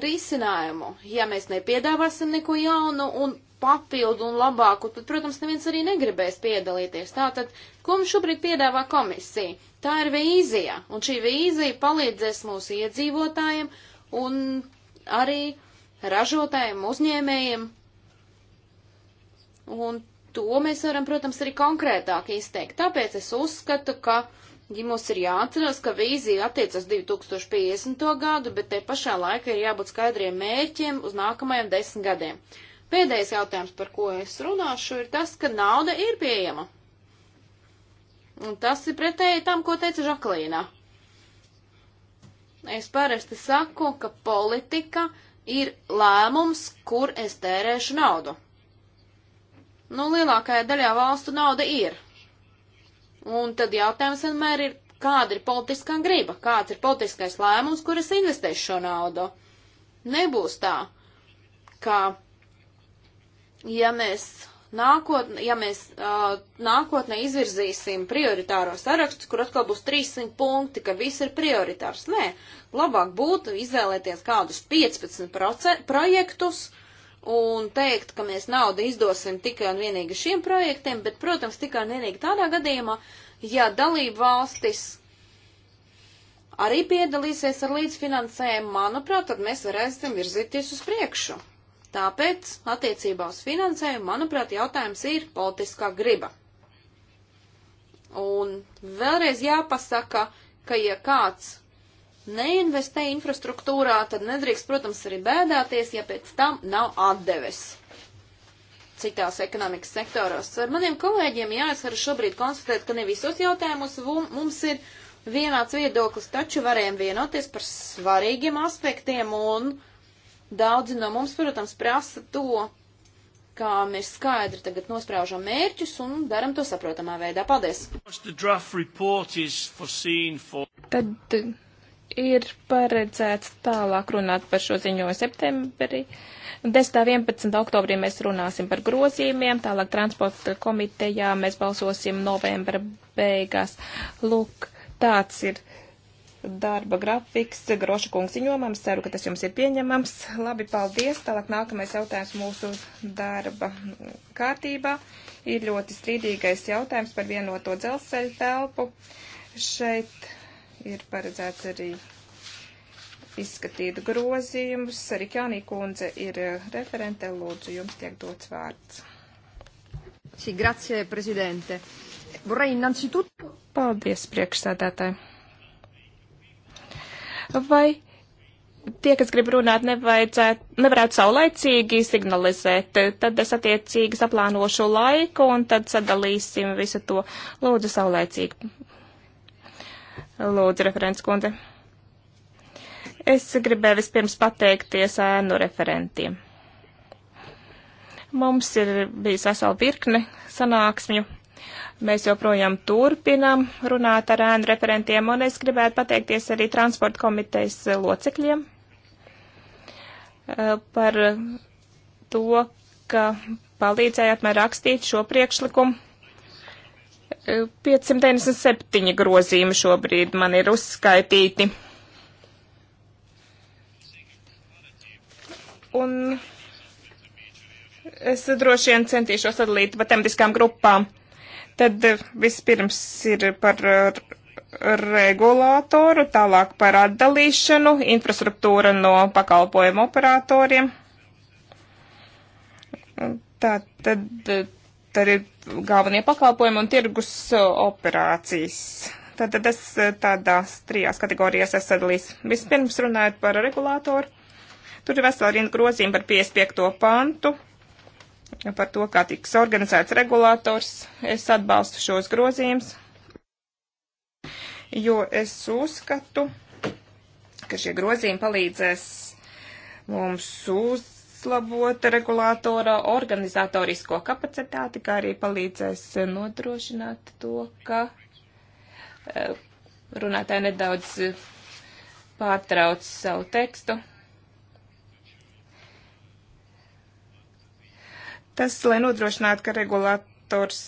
risinājumu. Ja mēs nepiedāvāsim neko jaunu un papildu un labāku, tad, protams, neviens arī negribēs piedalīties. Tātad, ko mums šobrīd piedāvā komisija? Tā ir vīzija, un šī vīzija palīdzēs mūsu iedzīvotājiem un arī ražotājiem, uzņēmējiem. Un to mēs varam, protams, arī konkrētāk izteikt. Tāpēc es uzskatu, ka ja mums ir jāatceras, ka vīzija attiecas 2050. gadu, bet te pašā laikā ir jābūt skaidriem mērķiem uz nākamajiem desmit gadiem. Pēdējais jautājums, par ko es runāšu, ir tas, ka nauda ir pieejama. Un tas ir pretēji tam, ko teica Žaklīna. Es parasti saku, ka politika ir lēmums, kur es tērēšu naudu. Nu, lielākajā daļā valstu nauda ir. Un tad jautājums vienmēr ir, kāda ir politiskā griba, kāds ir politiskais lēmums, kuras investēs šo naudu. Nebūs tā, ka, ja mēs nākotnē, ja mēs uh, nākotnē izvirzīsim prioritāro sarakstu, kur atkal būs 300 punkti, ka viss ir prioritārs. Nē, labāk būtu izvēlēties kādus 15 projektus, un teikt, ka mēs naudu izdosim tikai un vienīgi šiem projektiem, bet, protams, tikai un vienīgi tādā gadījumā, ja dalība valstis arī piedalīsies ar līdzfinansējumu, manuprāt, tad mēs varēsim virzīties uz priekšu. Tāpēc, attiecībā uz finansējumu, manuprāt, jautājums ir politiskā griba. Un vēlreiz jāpasaka, ka ja kāds neinvestē infrastruktūrā, tad nedrīkst, protams, arī bēdāties, ja pēc tam nav atdeves citās ekonomikas sektoros. Ar maniem kolēģiem jāsver šobrīd konstatēt, ka ne visos jautājumos mums ir vienāds viedoklis, taču varējām vienoties par svarīgiem aspektiem un daudzi no mums, protams, prasa to, kā mēs skaidri tagad nospraužam mērķus un daram to saprotamā veidā. Paldies! Tad ir paredzēts tālāk runāt par šo ziņojumu septembrī. 10. 11. oktobrī mēs runāsim par grozījumiem, tālāk transporta komitejā mēs balsosim novembra beigās. Lūk, tāds ir darba grafiks Groša kungs ziņojumam. Ceru, ka tas jums ir pieņemams. Labi, paldies. Tālāk nākamais jautājums mūsu darba kārtībā ir ļoti strīdīgais jautājums par vienoto dzelzceļa telpu. Šeit ir paredzēts arī izskatīt grozījumus. Arī Kjānī kundze ir eh, referente. Lūdzu, jums tiek dots vārds. Sì, grazie, Presidente. Vorrei innanzitutto... Paldies, priekšsādātāji. Vai tie, kas grib runāt, nevarētu saulaicīgi signalizēt, tad es attiecīgi saplānošu laiku un tad sadalīsim visu to. Lūdzu, saulaicīgi Lūdzu, referents kundze. Es gribēju vispirms pateikties ēnu referentiem. Mums ir bijis vesela virkne sanāksmju. Mēs joprojām turpinām runāt ar ēnu referentiem, un es gribētu pateikties arī transporta komitejas locekļiem eh, par to, ka palīdzējāt man rakstīt šo priekšlikumu 597 grozījumi šobrīd man ir uzskaitīti. Un es droši vien centīšos sadalīt pa tematiskām grupām. Tad vispirms ir par regulātoru, tālāk par atdalīšanu, infrastruktūra no pakalpojumu operatoriem. Tā tad Tad ir galvenie pakalpojumi un tirgus uh, operācijas. Tad, tad es uh, tādās trijās kategorijās esmu sadalījis. Vispirms runājot par regulātoru. Tur ir vesela rinda grozījuma par 55. pantu, par to, kā tiks organizēts regulators. Es atbalstu šos grozījumus, jo es uzskatu, ka šie grozījumi palīdzēs mums uz uzlabot regulātora organizatorisko kapacitāti, kā arī palīdzēs nodrošināt to, ka e, runātāji nedaudz pārtrauc savu tekstu. Tas, lai nodrošinātu, ka regulators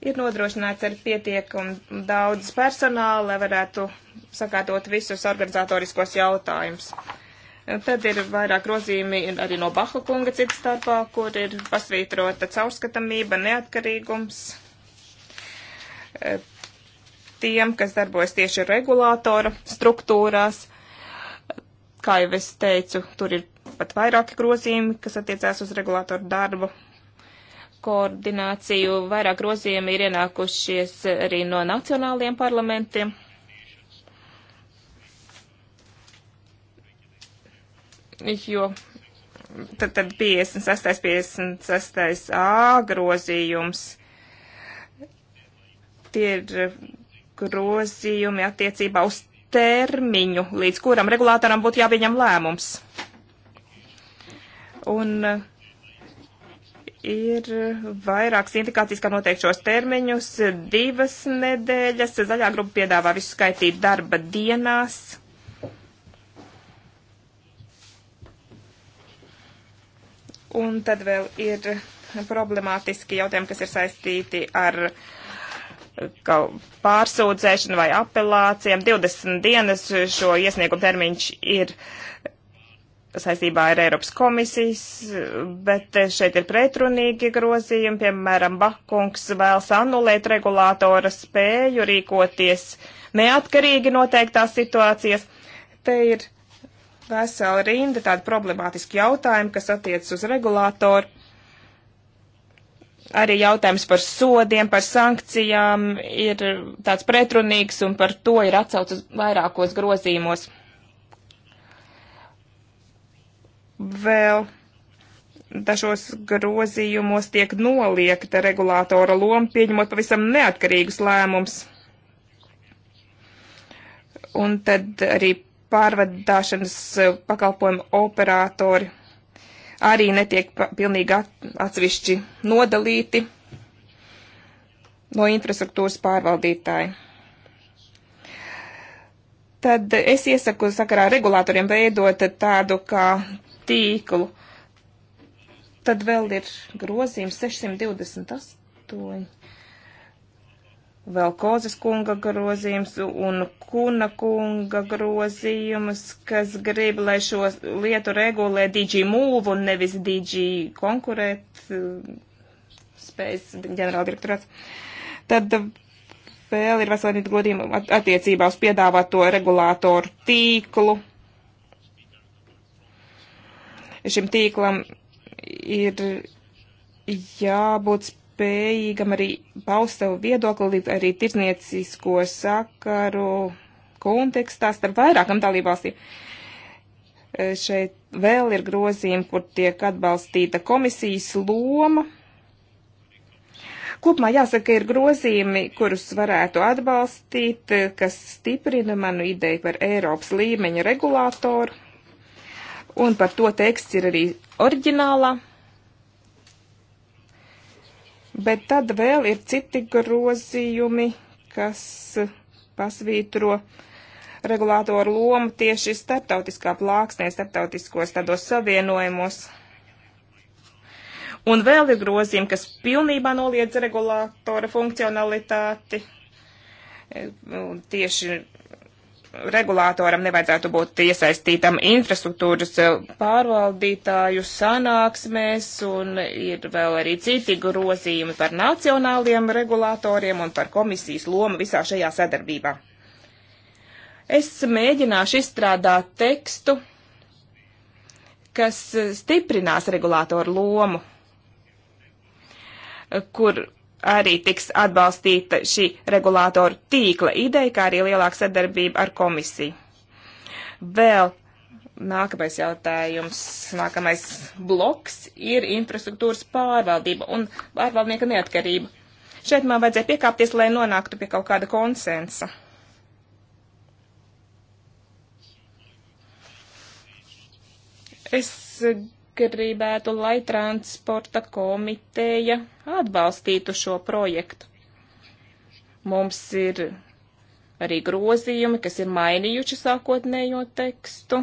ir nodrošināts ar pietiekami daudz personāla, lai varētu sakārtot visus organizatoriskos jautājumus. Tad ir vairāk grozījumi arī no Baha kunga citas starpā, kur ir pasvītrota caurskatamība, neatkarīgums eh, tiem, kas darbojas tieši regulātora struktūrās. Kā jau es teicu, tur ir pat vairāki grozījumi, kas attiecās uz regulātoru darbu koordināciju. Vairāk grozījumi ir ienākušies arī no nacionāliem parlamentiem. jo tad, tad 56. 56. A grozījums. Tie ir grozījumi attiecībā uz termiņu, līdz kuram regulātoram būtu jāpieņem lēmums. Un ir vairākas indikācijas, kā noteikt šos termiņus. Divas nedēļas zaļā grupa piedāvā visu skaitīt darba dienās Un tad vēl ir problemātiski jautājumi, kas ir saistīti ar pārsūdzēšanu vai apelācijām. 20 dienas šo iesniegumu termiņš ir saistībā ar Eiropas komisijas, bet šeit ir pretrunīgi grozījumi, piemēram, Bakungs vēlas anulēt regulātora spēju rīkoties neatkarīgi noteiktās situācijas. Te ir vesela rinda tādu problemātisku jautājumu, kas attiecas uz regulātoru. Arī jautājums par sodiem, par sankcijām ir tāds pretrunīgs un par to ir atsaucis vairākos grozīmos. Vēl dažos grozījumos tiek noliekta regulātora loma, pieņemot pavisam neatkarīgus lēmumus. Un tad arī pārvadāšanas eh, pakalpojumu operatori arī netiek pilnīgi atsevišķi nodalīti no infrastruktūras pārvaldītāji. Tad es iesaku sakarā regulātoriem veidot tādu kā tīklu. Tad vēl ir grozījums 628 vēl Kozes kunga grozījums un Kuna kunga grozījums, kas grib, lai šo lietu regulē DG Move un nevis DG konkurēt eh, spējas ģenerāldirektorāts. Tad eh, vēl ir veselīgi godījumi attiecībā uz piedāvāto regulātoru tīklu. Šim tīklam ir jābūt spējīgam arī paust savu viedokli arī tirsniecisko sakaru kontekstā starp vairākam dalībvalstīm. E, šeit vēl ir grozījumi, kur tiek atbalstīta komisijas loma. Kopumā jāsaka, ir grozījumi, kurus varētu atbalstīt, e, kas stiprina manu ideju par Eiropas līmeņa regulātoru. Un par to teksts ir arī oriģinālā Bet tad vēl ir citi grozījumi, kas pasvītro regulātoru lomu tieši starptautiskā plāksnē, starptautiskos tādos savienojumos. Un vēl ir grozījumi, kas pilnībā noliedz regulātora funkcionalitāti. Un tieši regulātoram nevajadzētu būt iesaistītam infrastruktūras eh, pārvaldītāju sanāksmēs, un ir vēl arī citi grozījumi par nacionāliem regulātoriem un par komisijas lomu visā šajā sadarbībā. Es mēģināšu izstrādāt tekstu, kas stiprinās regulātoru lomu, kur arī tiks atbalstīta šī regulātoru tīkla ideja, kā arī lielāka sadarbība ar komisiju. Vēl nākamais jautājums, nākamais bloks ir infrastruktūras pārvaldība un pārvaldnieka neatkarība. Šeit man vajadzēja piekāpties, lai nonāktu pie kaut kāda konsensa. Es gribētu, lai transporta komiteja atbalstītu šo projektu. Mums ir arī grozījumi, kas ir mainījuši sākotnējo tekstu.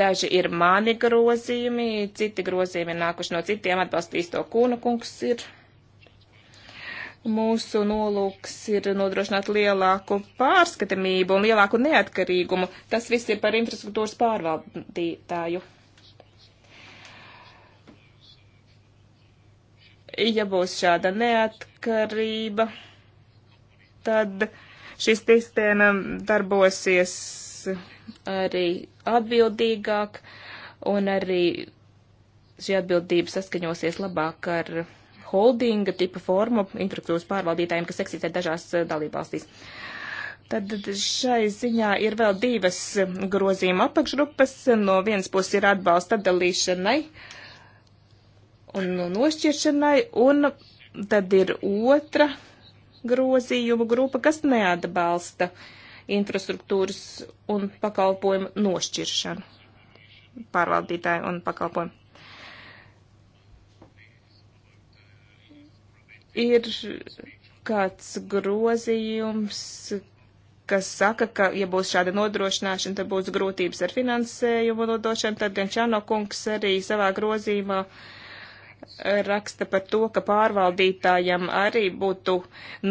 Daži ir mani grozījumi, citi grozījumi nākuši no citiem atbalstīs to kūna kungs ir Mūsu nolūks ir nodrošināt lielāku pārskatamību un lielāku neatkarīgumu. Tas viss ir par infrastruktūras pārvaldītāju. Ja būs šāda neatkarība, tad šī sistēma darbosies arī atbildīgāk un arī šī atbildība saskaņosies labāk ar holdinga tipa formu infrastruktūras pārvaldītājiem, kas eksistē dažās eh, dalībvalstīs. Tad šai ziņā ir vēl divas eh, grozījuma apakšgrupas. No vienas puses ir atbalsta dalīšanai un nošķiršanai, un tad ir otra grozījuma grupa, kas neatbalsta infrastruktūras un pakalpojumu nošķiršanu pārvaldītāju un pakalpojumu. ir kāds grozījums, kas saka, ka, ja būs šāda nodrošināšana, tad būs grūtības ar finansējumu nodošanu, tad gan Čano kungs arī savā grozījumā eh, raksta par to, ka pārvaldītājam arī būtu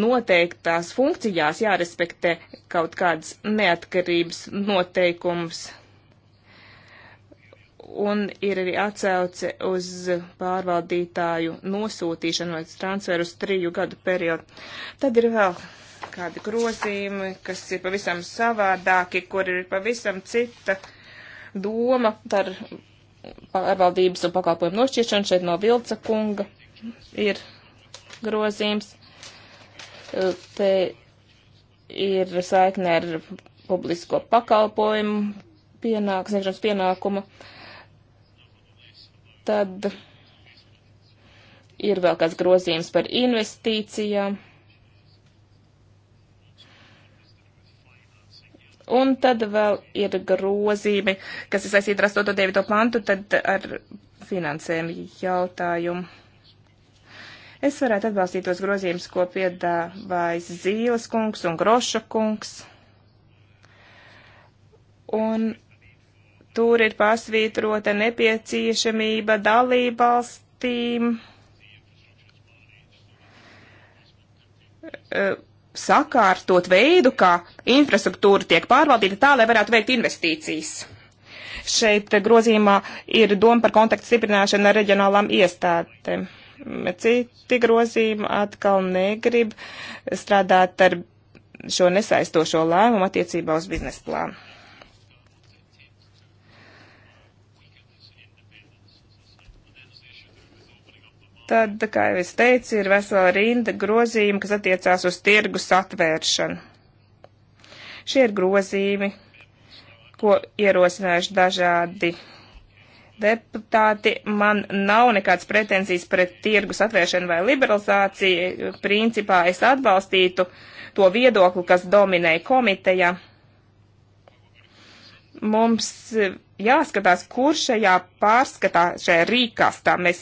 noteiktās funkcijās jārespektē kaut kādas neatkarības noteikums un ir arī atsauce uz pārvaldītāju nosūtīšanu vai transferu uz triju gadu periodu. Tad ir vēl kādi grozījumi, kas ir pavisam savādāki, kur ir pavisam cita doma par pārvaldības un pakalpojumu nošķiešanu. Šeit no Vilca kunga ir grozījums. Te ir saikne ar publisko pakalpojumu pienāk, sniegšanas pienākumu. Uh, Tad ir vēl kāds grozījums par investīcijām. Un tad vēl ir grozīmi, kas ir saistīti ar 8. 9. pantu, tad ar finansējumu jautājumu. Es varētu atbalstīt tos grozījumus, ko piedāvājas Zīles kungs un Groša kungs. Un Tur ir pasvītrota nepieciešamība dalībvalstīm e, sakārtot veidu, kā infrastruktūra tiek pārvaldīta tā, lai varētu veikt investīcijas. Šeit grozījumā ir doma par kontaktu stiprināšanu ar reģionālām iestādēm. Citi grozījumi atkal negrib strādāt ar šo nesaistošo lēmumu attiecībā uz biznesa plānu. Tad, kā jau es teicu, ir vesela rinda grozījumi, kas attiecās uz tirgus atvēršanu. Šie ir grozījumi, ko ierosinājuši dažādi deputāti. Man nav nekāds pretenzijas pret tirgus atvēršanu vai liberalizāciju. Principā es atbalstītu to viedokli, kas dominēja komiteja mums jāskatās, kur šajā pārskatā, šajā rīkastā mēs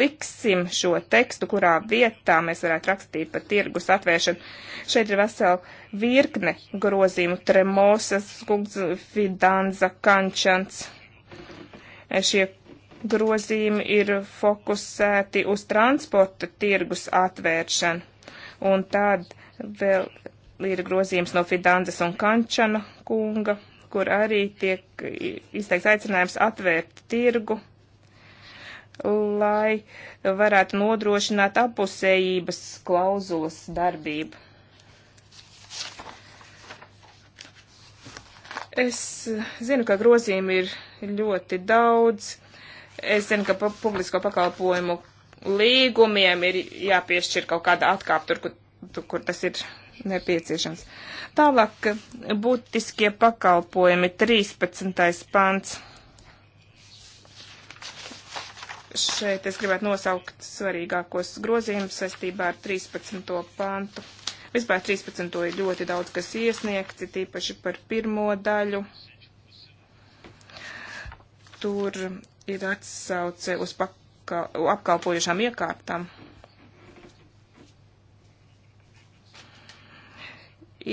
liksim šo tekstu, kurā vietā mēs varētu rakstīt par tirgus atvēršanu. Šeit ir vesela virkne grozīmu Tremosas, Kungs, Fidanza, Kančans. Šie grozījumi ir fokusēti uz transporta tirgus atvēršanu. Un tad vēl ir grozījums no Fidanzas un Kančana kunga kur arī tiek izteikts aicinājums atvērt tirgu, lai varētu nodrošināt apusējības klauzulas darbību. Es zinu, ka grozījumi ir ļoti daudz. Es zinu, ka pa publisko pakalpojumu līgumiem ir jāpiešķir kaut kāda atkāpta, kur, kur tas ir nepieciešams. Tālāk būtiskie pakalpojumi 13. pants. Šeit es gribētu nosaukt svarīgākos grozījumus saistībā ar 13. pantu. Vispār 13. ir ļoti daudz, kas iesniegts, tīpaši par pirmo daļu. Tur ir atsauce uz pakal, apkalpojušām iekārtām.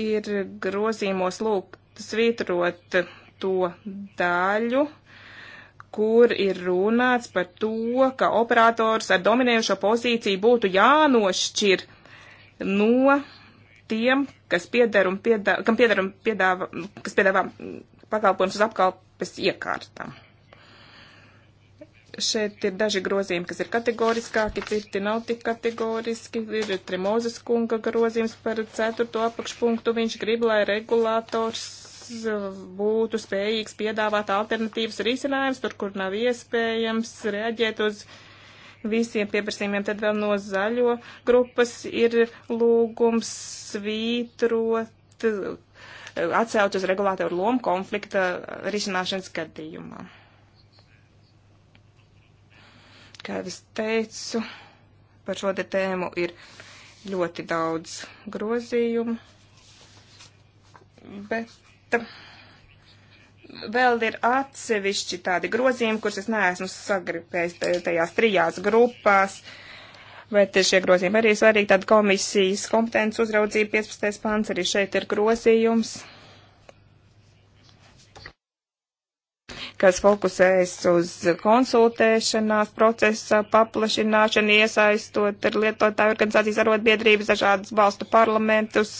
ir grozīmos lūk svītrot to daļu, kur ir runāts par to, ka operators ar dominējošo pozīciju būtu jānošķir no tiem, kas piedara un piedāvā, kam piedara un piedāvā, kas piedāvā pakalpojums uz apkalpes iekārtām. Šeit ir daži grozījumi, kas ir kategoriskāki, citi nav tik kategoriski. Ir Tremozes kunga grozījums par ceturto apakšpunktu. Viņš grib, lai regulators uh, būtu spējīgs piedāvāt alternatīvas risinājumus, tur, kur nav iespējams reaģēt uz visiem pieprasījumiem. Tad vēl no zaļo grupas ir lūgums svītrot, uh, atcelt uz regulātoru lomu konflikta risināšanas gadījumā. Kā jau es teicu, par šo te tēmu ir ļoti daudz grozījumu, bet vēl ir atsevišķi tādi grozījumi, kurus es neesmu sagribējis tajās trijās grupās. Bet šie grozījumi arī ir svarīgi, tad komisijas kompetences uzraudzība 15. pants arī šeit ir grozījums kas fokusējas uz konsultēšanās procesa paplašināšanu, iesaistot ar lietotāju organizācijas arotbiedrības, dažādas valstu parlamentus,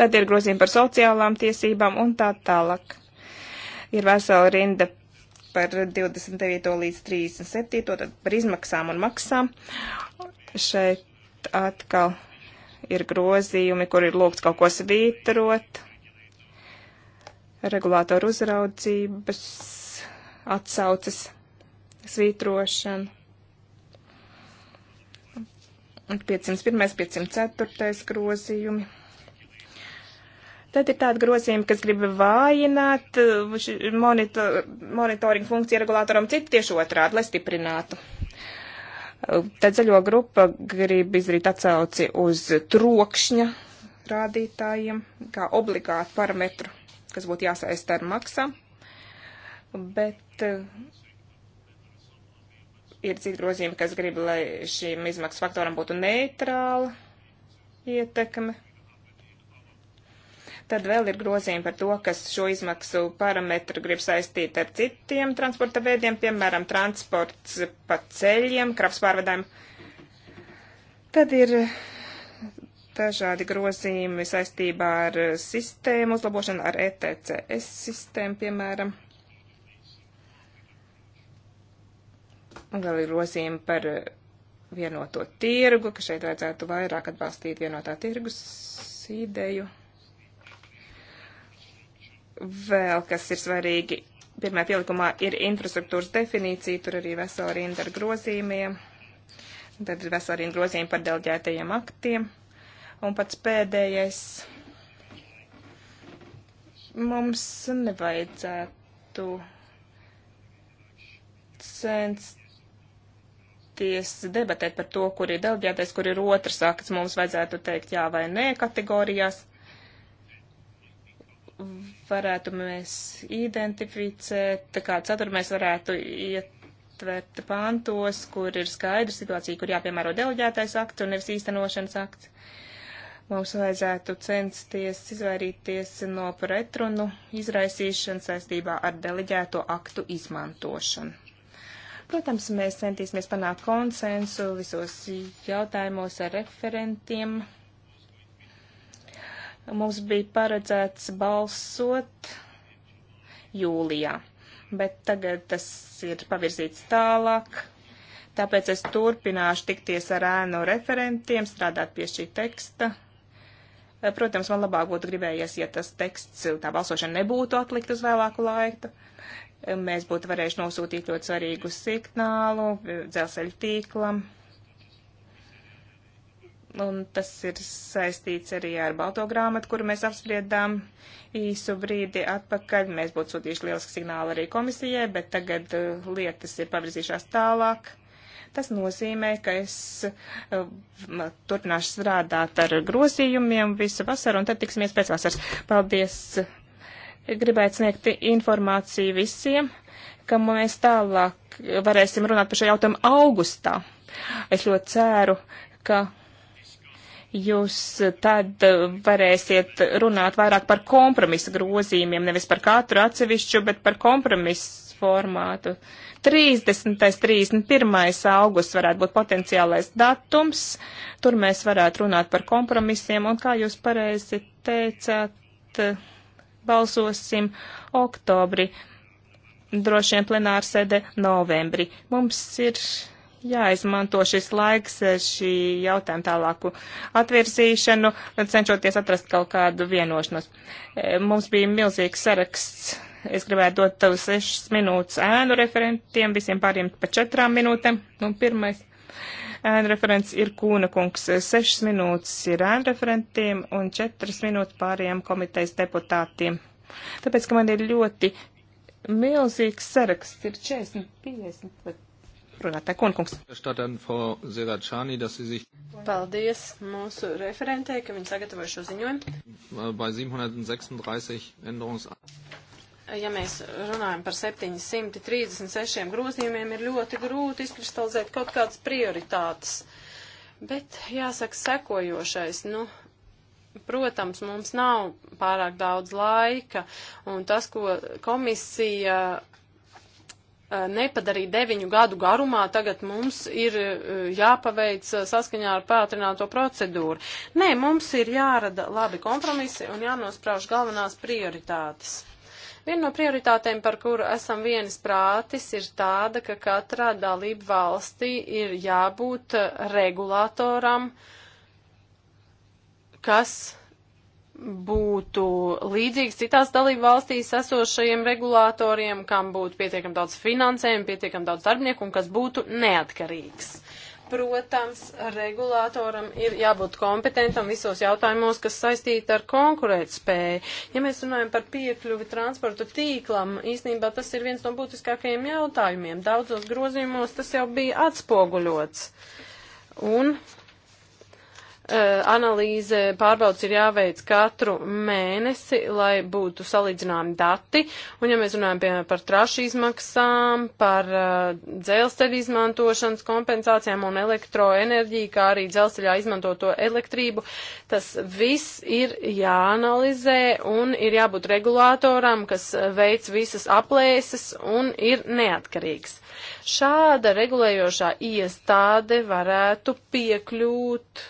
tad ir grozījumi par sociālām tiesībām un tā tālāk. Ir vesela rinda par 29. līdz 37. tad par izmaksām un maksām. Šeit atkal ir grozījumi, kur ir lūgts kaut ko svītrot regulātoru uzraudzības atsauces svītrošana. 501, 504 grozījumi. Tad ir tāda grozījuma, kas grib vājināt uh, monitor, monitoringu funkciju regulātoram citu tieši otrādi, lai stiprinātu. Uh, tad zaļo grupa grib izdarīt atsauci uz trokšņa rādītājiem kā obligātu parametru kas būtu jāsaist ar maksa, bet eh, ir citi grozījumi, kas grib, lai šīm izmaksu faktoram būtu neitrāla ietekme. Tad vēl ir grozījumi par to, kas šo izmaksu parametru grib saistīt ar citiem transporta veidiem, piemēram, transports pa ceļiem, kravas pārvadājumu. Tad ir dažādi grozījumi saistībā ar eh, sistēmu uzlabošanu, ar ETCS sistēmu, piemēram. Un vēl ir grozījumi par eh, vienoto tirgu, ka šeit vajadzētu vairāk atbalstīt vienotā tirgus ideju. Vēl, kas ir svarīgi, pirmajā pielikumā ir infrastruktūras definīcija, tur arī vesela rinda ar grozījumiem. Tad ir vesela rinda grozījumi par delģētajiem aktiem. Un pats pēdējais. Mums nevajadzētu censties debatēt par to, kur ir delģētais, kur ir otrs akts. Mums vajadzētu teikt jā vai nē kategorijās. Varētu mēs identificēt, kāds satur mēs varētu iet ietvert pantos, kur ir skaidra situācija, kur jāpiemēro deleģētais akts un nevis īstenošanas akts. Mums vajadzētu censties izvairīties no pretrunu izraisīšanas saistībā ar deleģēto aktu izmantošanu. Protams, mēs centīsimies panākt konsensu visos jautājumos ar referentiem. Mums bija paredzēts balsot jūlijā, bet tagad tas ir pavirzīts tālāk, tāpēc es turpināšu tikties ar ēnu referentiem, strādāt pie šī teksta Protams, man labāk būtu gribējies, ja tas teksts, tā balsošana nebūtu atlikt uz vēlāku laiku. Mēs būtu varējuši nosūtīt ļoti svarīgu signālu eh, dzelzceļu tīklam. Un tas ir saistīts arī ar balto grāmatu, kuru mēs apspriedām īsu brīdi atpakaļ. Mēs būtu sūtījuši lielisku signālu arī komisijai, bet tagad eh, lietas ir pavirzījušās tālāk. Tas nozīmē, ka es eh, turpināšu strādāt ar grozījumiem visu vasaru un tad tiksimies pēc vasaras. Paldies! Gribētu sniegt informāciju visiem, ka mēs tālāk varēsim runāt par šo jautājumu augustā. Es ļoti ceru, ka jūs tad varēsiet runāt vairāk par kompromisa grozījumiem, nevis par katru atsevišķu, bet par kompromisu formātu. 30. 31. augusts varētu būt potenciālais datums, tur mēs varētu runāt par kompromisiem, un kā jūs pareizi teicāt, balsosim oktobri, droši vien plenārsēde novembri. Mums ir jāizmanto šis laiks, šī jautājuma tālāku atvirzīšanu, cenšoties atrast kaut kādu vienošanos. Mums bija milzīgs saraksts es gribētu dot tev sešas minūtes ēnu referentiem, visiem pāriem pa četrām minūtēm. Un nu, pirmais ēnu referents ir Kūna kungs. Sešas minūtes ir ēnu referentiem un četras minūtes pāriem komitejas deputātiem. Tāpēc, ka man ir ļoti milzīgs saraksts, ir 40, 50. Bet... Runātāja Konkungs. Paldies mūsu referentē, ka viņi sagatavoja šo ziņojumu ja mēs runājam par 736 grozījumiem, ir ļoti grūti izkristalizēt kaut kādas prioritātes. Bet jāsaka sekojošais, nu, protams, mums nav pārāk daudz laika, un tas, ko komisija e, nepadarīja deviņu gadu garumā, tagad mums ir e, jāpaveic e, saskaņā ar pātrināto procedūru. Nē, mums ir jārada labi kompromisi un jānosprauž galvenās prioritātes. Viena no prioritātēm, par kuru esam vienas prātis, ir tāda, ka katrā dalība valstī ir jābūt regulātoram, kas būtu līdzīgs citās dalību valstīs esošajiem regulātoriem, kam būtu pietiekam daudz finansējumu, pietiekam daudz darbinieku un kas būtu neatkarīgs. Protams, regulātoram ir jābūt kompetentam visos jautājumos, kas saistīti ar konkurētspēju. Ja mēs runājam par piekļuvi transporta tīklam, īstenībā tas ir viens no būtiskākajiem jautājumiem. Daudzos grozījumos tas jau bija atspoguļots. Un Uh, analīze pārbaudas ir jāveic katru mēnesi, lai būtu salīdzināmi dati. Un ja mēs runājam, piemēram, par trašu izmaksām, par uh, dzelzceļa izmantošanas kompensācijām un elektroenerģiju, kā arī dzelzceļā izmantoto elektrību, tas viss ir jāanalizē un ir jābūt regulātoram, kas veic visas aplēses un ir neatkarīgs. Šāda regulējošā iestāde varētu piekļūt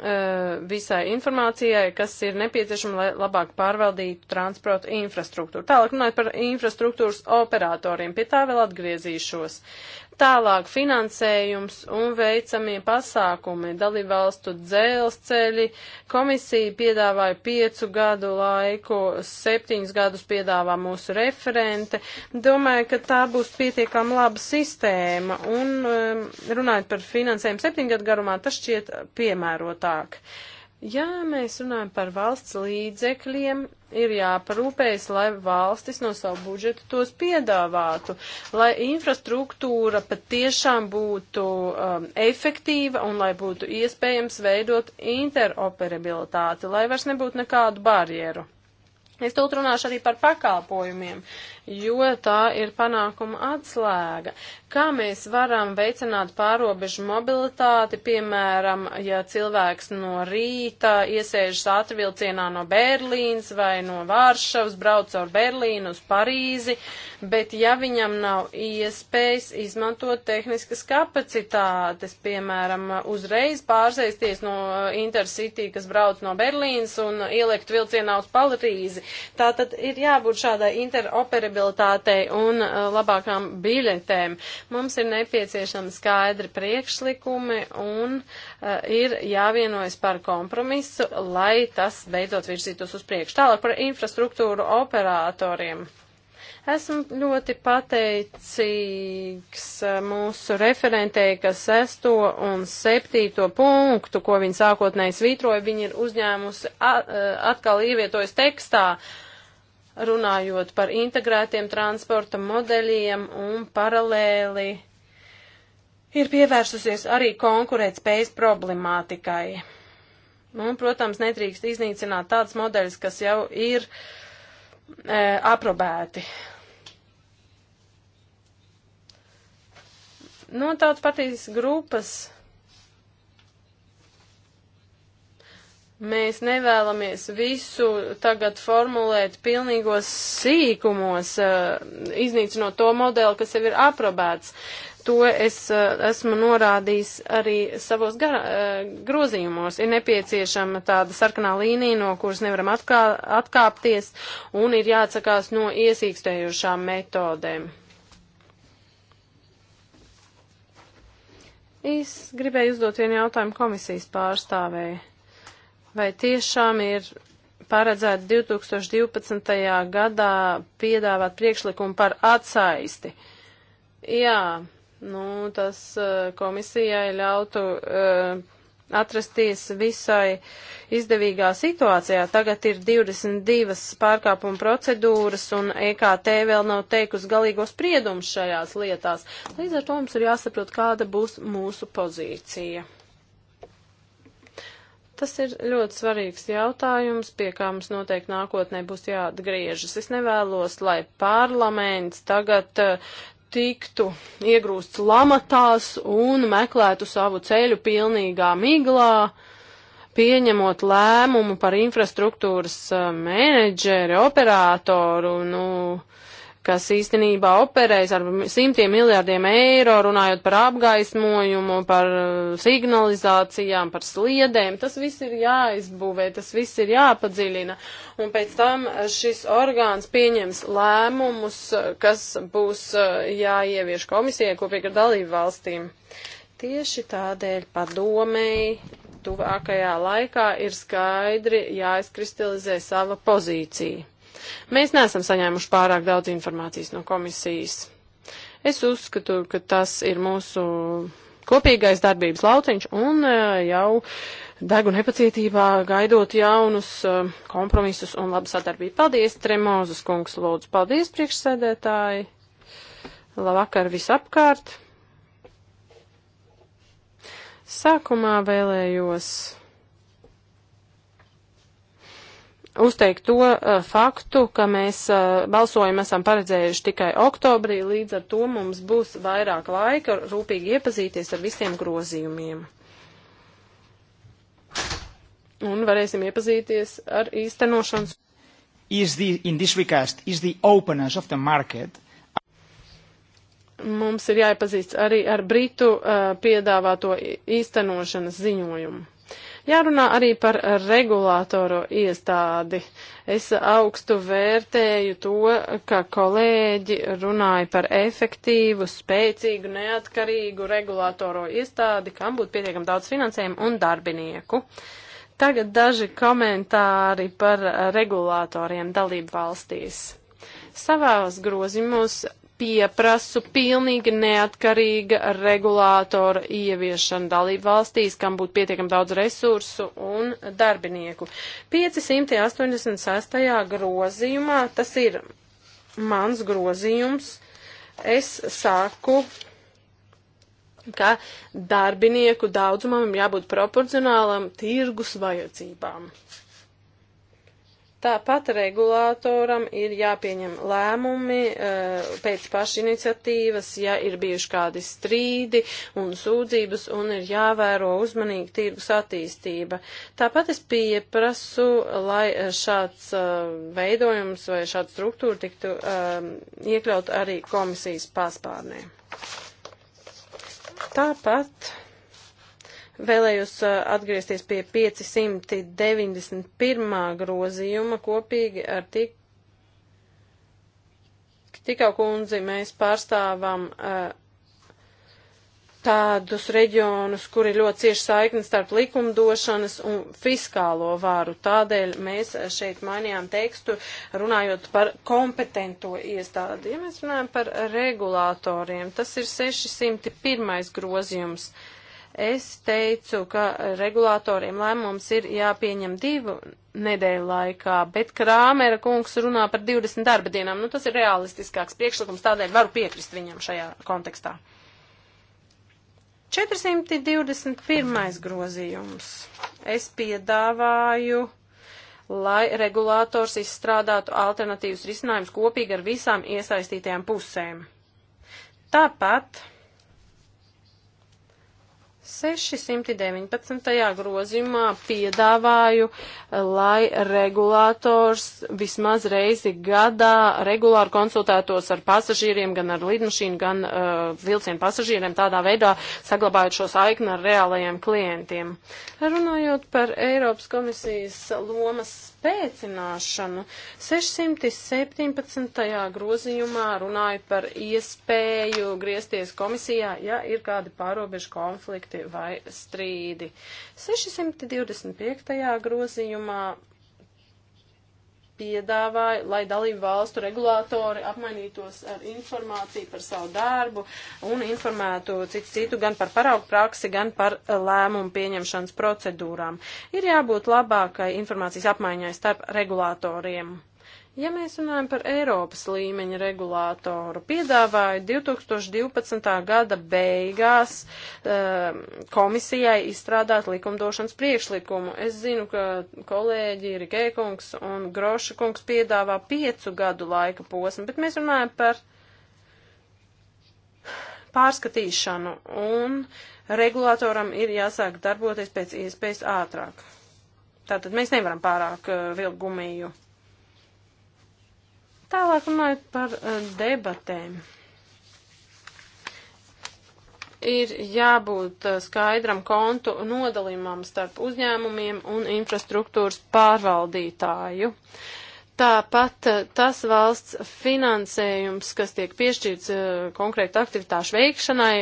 Eh, visai informācijai, kas ir nepieciešama, lai labāk pārvaldītu transporta infrastruktūru. Tālāk runājot par infrastruktūras operatoriem, pie tā vēl atgriezīšos. Tālāk finansējums un veicamie pasākumi, dalībvalstu dzelzceļi, komisija piedāvāja piecu gadu laiku, septiņus gadus piedāvā mūsu referente. Domāju, ka tā būs pietiekam laba sistēma un um, runājot par finansējumu septiņu gadu garumā, tas šķiet piemērotāk. Uh, Ja mēs runājam par valsts līdzekļiem, ir jāparūpējas, lai valstis no savu budžetu tos piedāvātu, lai infrastruktūra patiešām būtu um, efektīva un lai būtu iespējams veidot interoperabilitāti, lai vairs nebūtu nekādu barjeru. Es tūlīt runāšu arī par pakalpojumiem jo tā ir panākuma atslēga. Kā mēs varam veicināt pārobežu mobilitāti, piemēram, ja cilvēks no rīta iesēžas ātrvilcienā no Berlīnas vai no Vāršavas, brauc ar Berlīnu uz Parīzi, bet ja viņam nav iespējas izmantot tehniskas kapacitātes, piemēram, uzreiz pārsēsties no Intercity, kas brauc no Berlīnas un ielikt vilcienā uz Parīzi, tā tad ir jābūt šādai interoperabilitātei stabilitātei un uh, labākām biļetēm. Mums ir nepieciešami skaidri priekšlikumi un uh, ir jāvienojas par kompromisu, lai tas beidzot virzītos uz priekšu. Tālāk par infrastruktūru operatoriem. Esmu ļoti pateicīgs uh, mūsu referentei, ka sesto un septīto punktu, ko viņa sākotnēji svītroja, viņa ir uzņēmusi uh, atkal ievietojas tekstā. Uh, runājot par integrētiem transporta modeļiem un paralēli ir pievērsusies arī konkurētspējas problemātikai. Un, protams, nedrīkst iznīcināt tādas modeļas, kas jau ir e, aprobēti. No tautas partijas grupas Mēs nevēlamies visu tagad formulēt pilnīgos sīkumos, eh, iznīcinot to modeli, kas jau ir aprobēts. To es eh, esmu norādījis arī savos gar, eh, grozījumos. Ir nepieciešama tāda sarkanā līnija, no kuras nevaram atkā, atkāpties, un ir jāatsakās no iesīkstējušām metodēm. Es gribēju uzdot vienu jautājumu komisijas pārstāvēju vai tiešām ir paredzēta 2012. gadā piedāvāt priekšlikumu par atsaisti. Jā, nu, tas eh, komisijai ļautu uh, atrasties visai izdevīgā situācijā. Tagad ir 22 pārkāpuma procedūras un EKT vēl nav teikusi galīgo spriedumu šajās lietās. Līdz ar to mums ir jāsaprot, kāda būs mūsu pozīcija. Tas ir ļoti svarīgs jautājums, pie kā mums noteikti nākotnē būs jāatgriežas. Es nevēlos, lai parlaments tagad uh, tiktu iegrūsts lamatās un meklētu savu ceļu pilnīgā miglā, pieņemot lēmumu par infrastruktūras eh, menedžeri, operātoru, nu, uh, kas īstenībā operēs ar simtiem miljārdiem eiro, runājot par apgaismojumu, par uh, signalizācijām, par sliedēm. Tas viss ir jāizbūvē, tas viss ir jāpadziļina. Un pēc tam uh, šis orgāns pieņems lēmumus, uh, kas būs jāievieš komisijai kopīgi ar dalību valstīm. Tieši tādēļ padomēji tuvākajā laikā ir skaidri jāizkristalizē sava pozīcija. Mēs neesam saņēmuši pārāk daudz informācijas no komisijas. Es uzskatu, ka tas ir mūsu kopīgais darbības lauciņš un e, jau degu nepacietībā gaidot jaunus e, kompromisus un labu sadarbību. Paldies, Tremozes kungs, lūdzu, paldies priekšsēdētāji. Labvakar visapkārt. Sākumā vēlējos uzteikt to uh, faktu, ka mēs uh, balsojumu esam paredzējuši tikai oktobrī, līdz ar to mums būs vairāk laika rūpīgi iepazīties ar visiem grozījumiem. Un varēsim iepazīties ar īstenošanas. Is the, in this recast, is the openness of the market mums ir jāiepazīst arī ar Britu uh, piedāvāto īstenošanas ziņojumu. Jārunā arī par regulātoro iestādi. Es augstu vērtēju to, ka kolēģi runāja par efektīvu, spēcīgu, neatkarīgu regulātoro iestādi, kam būtu pietiekam daudz finansējumu un darbinieku. Tagad daži komentāri par regulātoriem dalību valstīs. Savās grozījumos pieprasu pilnīgi neatkarīga regulātora ieviešana dalību valstīs, kam būtu pietiekam daudz resursu un darbinieku. 586. grozījumā, tas ir mans grozījums, es saku, ka darbinieku daudzumam jābūt proporcionālam tirgus vajadzībām. Tāpat regulātoram ir jāpieņem lēmumi eh, pēc paša iniciatīvas, ja ir bijuši kādi strīdi un sūdzības, un ir jāvēro uzmanīgi tirgus attīstība. Tāpat es pieprasu, lai eh, šāds eh, veidojums vai šāda struktūra tiktu iekļaut arī komisijas paspārnē. Tāpat Vēlējos uh, atgriezties pie 591. grozījuma kopīgi ar tik, tikau kundzi mēs pārstāvam uh, tādus reģionus, kur ir ļoti cieši saikni starp likumdošanas un fiskālo varu. Tādēļ mēs uh, šeit mainījām tekstu, runājot par kompetento iestādi. Ja mēs runājam par regulātoriem, tas ir 601. grozījums. Uh, Es teicu, ka regulātoriem lēmums ir jāpieņem divu nedēļu laikā, bet Krāmera kungs runā par 20 darba dienām. Nu, tas ir realistiskāks priekšlikums, tādēļ varu piekrist viņam šajā kontekstā. 421. grozījums. Es piedāvāju lai regulators izstrādātu alternatīvas risinājumus kopīgi ar visām iesaistītajām pusēm. Tāpat 619. grozījumā piedāvāju, eh, lai regulators vismaz reizi gadā regulāri konsultētos ar pasažīriem, gan ar lidmašīnu, gan uh, vilcienu pasažīriem, tādā veidā saglabājot šo saikni ar reālajiem klientiem. Runājot par Eiropas komisijas lomas spēcināšanu. 617. grozījumā runāju par iespēju griezties komisijā, ja ir kādi pārobežu konflikti vai strīdi. 625. grozījumā piedāvāja, lai dalību valstu regulātori apmainītos ar informāciju par savu darbu un informētu citu citu gan par paraugu praksi, gan par eh, lēmumu pieņemšanas procedūrām. Ir jābūt labākai informācijas apmaiņai starp regulātoriem. Ja mēs runājam par Eiropas līmeņa regulātoru, piedāvāju 2012. gada beigās uh, komisijai izstrādāt likumdošanas priekšlikumu. Es zinu, ka kolēģi Rikēkungs un Groša kungs piedāvā piecu gadu laika posmu, bet mēs runājam par pārskatīšanu un regulātoram ir jāsāk darboties pēc iespējas ātrāk. Tātad mēs nevaram pārāk uh, eh, vilkt gumiju. Tālāk runājot par eh, debatēm. Ir jābūt eh, skaidram kontu nodalījumam starp uzņēmumiem un infrastruktūras pārvaldītāju. Tāpat eh, tas valsts finansējums, kas tiek piešķirts konkrēta aktivitāšu veikšanai,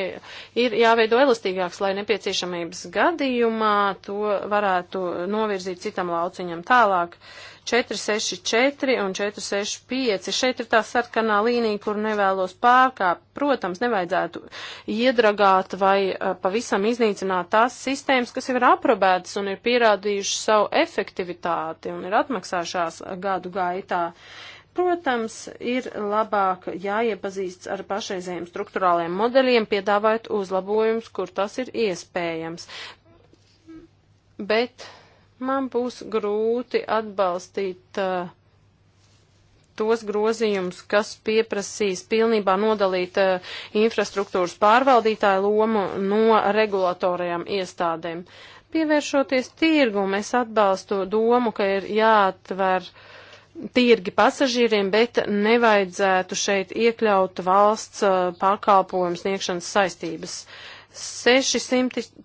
ir jāveido elastīgāks, lai nepieciešamības gadījumā to varētu novirzīt citam lauciņam tālāk. Uh, 464 un 465. Šeit ir tā sarkanā līnija, kur nevēlos pārkāpt. Protams, nevajadzētu iedragāt vai eh, pavisam iznīcināt tās sistēmas, kas jau ir aprobētas un ir pierādījušas savu efektivitāti un ir atmaksājušās gadu gaitā. Protams, ir labāk jāiepazīsts ar pašreizējiem struktūrāliem modeļiem, piedāvājot uzlabojumus, kur tas ir iespējams. Bet man būs grūti atbalstīt uh, tos grozījumus, kas pieprasīs pilnībā nodalīt uh, infrastruktūras pārvaldītāju lomu no regulatorajām iestādēm. Pievēršoties tirgu, mēs atbalstu domu, ka ir jāatver tirgi pasažīriem, bet nevajadzētu šeit iekļaut valsts uh, pakalpojumu sniegšanas saistības. Uh, 648.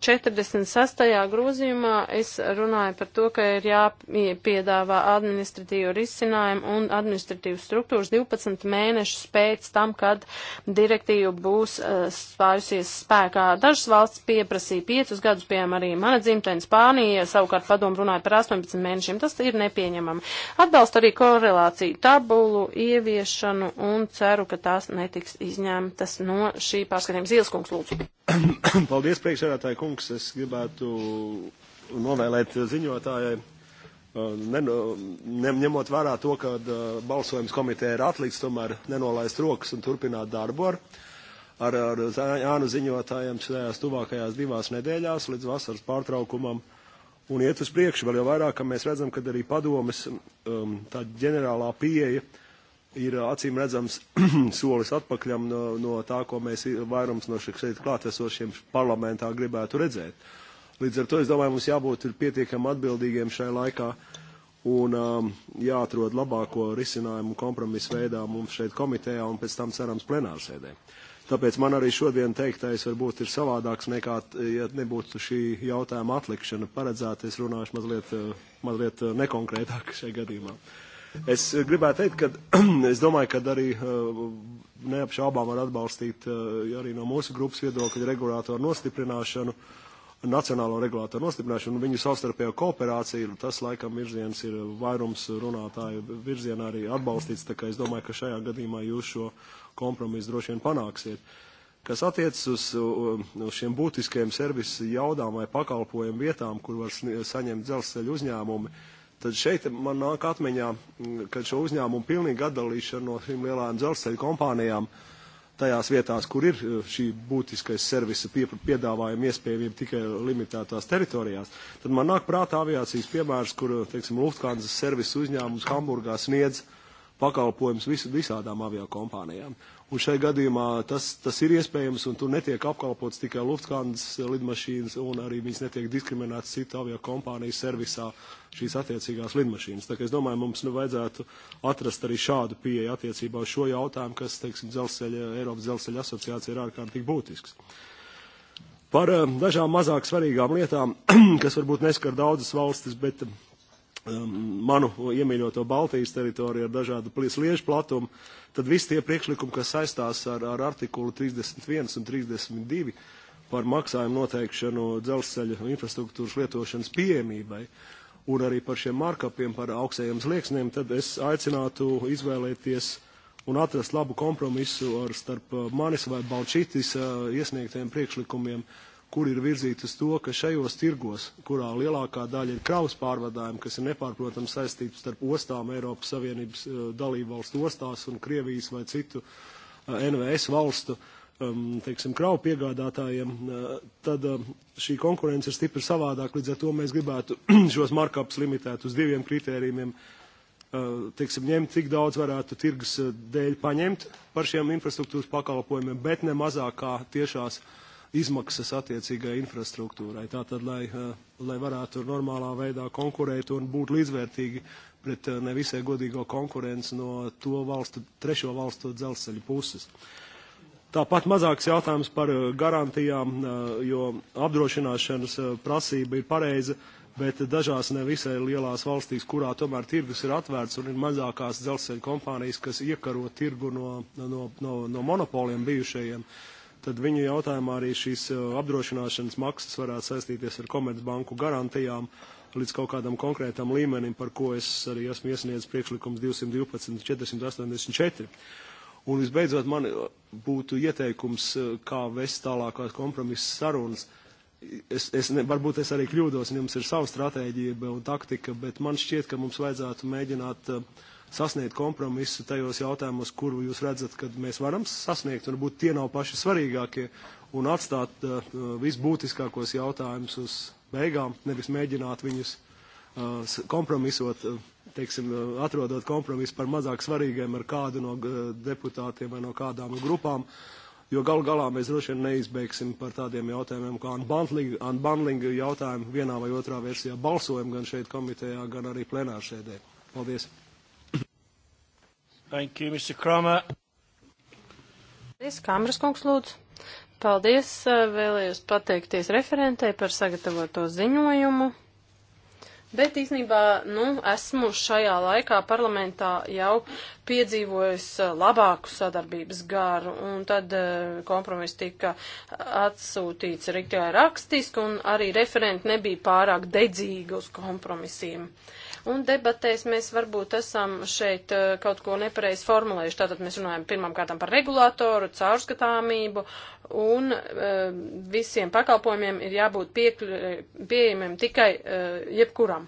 grozījumā es runāju par to, ka ir jāpiedāvā administratīvu risinājumu un administratīvu struktūras 12 mēnešus pēc tam, kad direktīva būs uh, eh, spārusies spēkā. Dažas valsts pieprasīja 5 gadus, piemēram, arī mana dzimtene Spānija, savukārt padomu runāja par 18 mēnešiem. Tas ir nepieņemami. Atbalstu arī korelāciju tabulu ieviešanu un ceru, ka tās netiks izņemtas no šī pārskatījuma. Zīles kungs, lūdzu. Paldies, priekšsēdētāji kungs. Es gribētu novēlēt ziņotājai, uh, ne, ne, ņemot vērā to, ka uh, balsojums komiteja ir atlikts, tomēr nenolaist rokas un turpināt darbu ar, ar, ar Jānu ziņotājiem šajās tuvākajās divās nedēļās līdz vasaras pārtraukumam un iet uz priekšu. Vēl jau vairāk, ka mēs redzam, ka arī padomes um, tā ģenerālā pieeja ir uh, acīm redzams solis atpakaļam no, no tā, ko mēs vairums no šeit klātesošiem parlamentā gribētu redzēt. Līdz ar to es domāju, mums jābūt pietiekami atbildīgiem šai laikā un um, jāatrod labāko risinājumu kompromisu veidā mums šeit komitejā un pēc tam cerams plenārsēdē. Tāpēc man arī šodien teiktais varbūt ir savādāks nekā, ja nebūtu šī jautājuma atlikšana paredzēta. Es runāšu mazliet, uh, mazliet uh, nekonkrētāk šajā gadījumā. Uh, Es gribētu teikt, ka es domāju, ka arī eh, neapšaubām var atbalstīt eh, arī no mūsu grupas viedokļa regulātoru nostiprināšanu, nacionālo regulātoru nostiprināšanu un viņu savstarpējo kooperāciju. Nu, tas, laikam, virziens ir vairums runātāju virzienā arī atbalstīts, tā kā es domāju, ka šajā gadījumā jūs šo kompromisu droši vien panāksiet. Kas attiecas uz, uz šiem būtiskajiem servisu jaudām vai pakalpojumu vietām, kur var saņemt dzelzceļu uzņēmumi, uh, tad šeit man nāk atmiņā, mm, ka šo uzņēmumu pilnīgi atdalīšana no šīm lielām dzelzceļa kompānijām tajās vietās, kur ir eh, šī būtiskais servisa piedāvājuma iespējamība tikai limitētās teritorijās, tad man nāk prātā aviācijas piemērs, kur, eh, teiksim, Lufthansa servisa uzņēmums Hamburgā sniedz pakalpojums vis, visādām aviokompānijām. kompānijām. Un šai gadījumā tas, tas ir iespējams, un tur netiek apkalpots tikai Lufthansa lidmašīnas, un arī viņas netiek diskriminētas citu avio kompāniju servisā šīs attiecīgās lidmašīnas. Tā kā es domāju, mums nu vajadzētu atrast arī šādu pieeju attiecībā uz šo jautājumu, kas, teiksim, dzelzceļa, Eiropas dzelzceļa asociācija ir ārkārtīgi būtisks. Par eh, dažām mazāk svarīgām lietām, kas varbūt neskar daudzas valstis, bet Um, manu iemīļoto Baltijas teritoriju ar dažādu sliežu platumu, tad visi tie priekšlikumi, kas saistās ar, ar artikulu 31 un 32 par maksājumu noteikšanu dzelzceļa infrastruktūras lietošanas pieejamībai un arī par šiem markupiem, par augstajiem slieksniem, tad es aicinātu izvēlēties un atrast labu kompromisu ar starp uh, manis vai Balčītis uh, iesniegtajiem priekšlikumiem, uh, kur ir virzīta uz to, ka šajos tirgos, kurā lielākā daļa ir kravas pārvadājumi, kas ir nepārprotami saistīti starp ostām Eiropas Savienības eh, dalību valstu ostās un Krievijas vai citu eh, NVS valstu, um, teiksim, kravu piegādātājiem, eh, tad um, šī konkurence ir stipri savādāk, līdz ar to mēs gribētu šos markups limitēt uz diviem kritērijiem, teiksim, ņemt, cik daudz varētu tirgus dēļ paņemt par šiem infrastruktūras pakalpojumiem, bet ne mazāk kā tiešās uh, izmaksas attiecīgai infrastruktūrai. Tātad, lai, eh, lai varētu normālā veidā konkurēt un būt līdzvērtīgi pret eh, nevisai godīgo konkurenci no to valstu, trešo valstu dzelzceļa puses. Tāpat mazāks jautājums par eh, garantijām, jo apdrošināšanas prasība ir pareiza, bet dažās nevisai lielās valstīs, kurā tomēr tirgus ir atvērts un ir mazākās dzelzceļa kompānijas, kas iekaro tirgu no, no, no, no monopoliem bijušajiem, uh, tad viņu jautājumā arī šīs uh, apdrošināšanas maksas varētu saistīties ar Komercbanku garantijām līdz kaut kādam konkrētam līmenim, par ko es arī esmu iesniedzis priekšlikums 212 484. Un visbeidzot, man uh, būtu ieteikums, uh, kā vest tālākās kompromisas sarunas. Es, es ne, varbūt es arī kļūdos, un jums ir sava stratēģija un taktika, bet man šķiet, ka mums vajadzētu mēģināt uh, sasniegt kompromisu tajos jautājumos, kuru jūs redzat, kad mēs varam sasniegt, un varbūt tie nav paši svarīgākie, un atstāt uh, visbūtiskākos jautājumus uz beigām, nevis mēģināt viņus uh, kompromisot, uh, teiksim, uh, atrodot kompromisu par mazāk svarīgiem ar kādu no uh, deputātiem vai no kādām grupām. Jo gal galā mēs droši vien neizbeigsim par tādiem jautājumiem kā unbundling jautājumu vienā vai otrā versijā balsojumu gan šeit komitejā, gan arī plenāršēdē. Paldies! Thank you, Mr. Kramer. Paldies, Kamras kungs, lūdzu. Paldies, vēlējos pateikties referentei par sagatavoto ziņojumu. Bet īsnībā, nu, esmu šajā laikā parlamentā jau piedzīvojis labāku sadarbības garu, un tad kompromiss tika atsūtīts riktīvai rakstiski, un arī referenti nebija pārāk dedzīgi uz kompromisiem. Uh, Un debatēs mēs varbūt esam šeit eh, kaut ko nepareizi formulējuši. Tātad mēs runājam pirmām kārtām par regulātoru, caurskatāmību un eh, visiem pakalpojumiem ir jābūt eh, pieejamiem tikai jebkuram.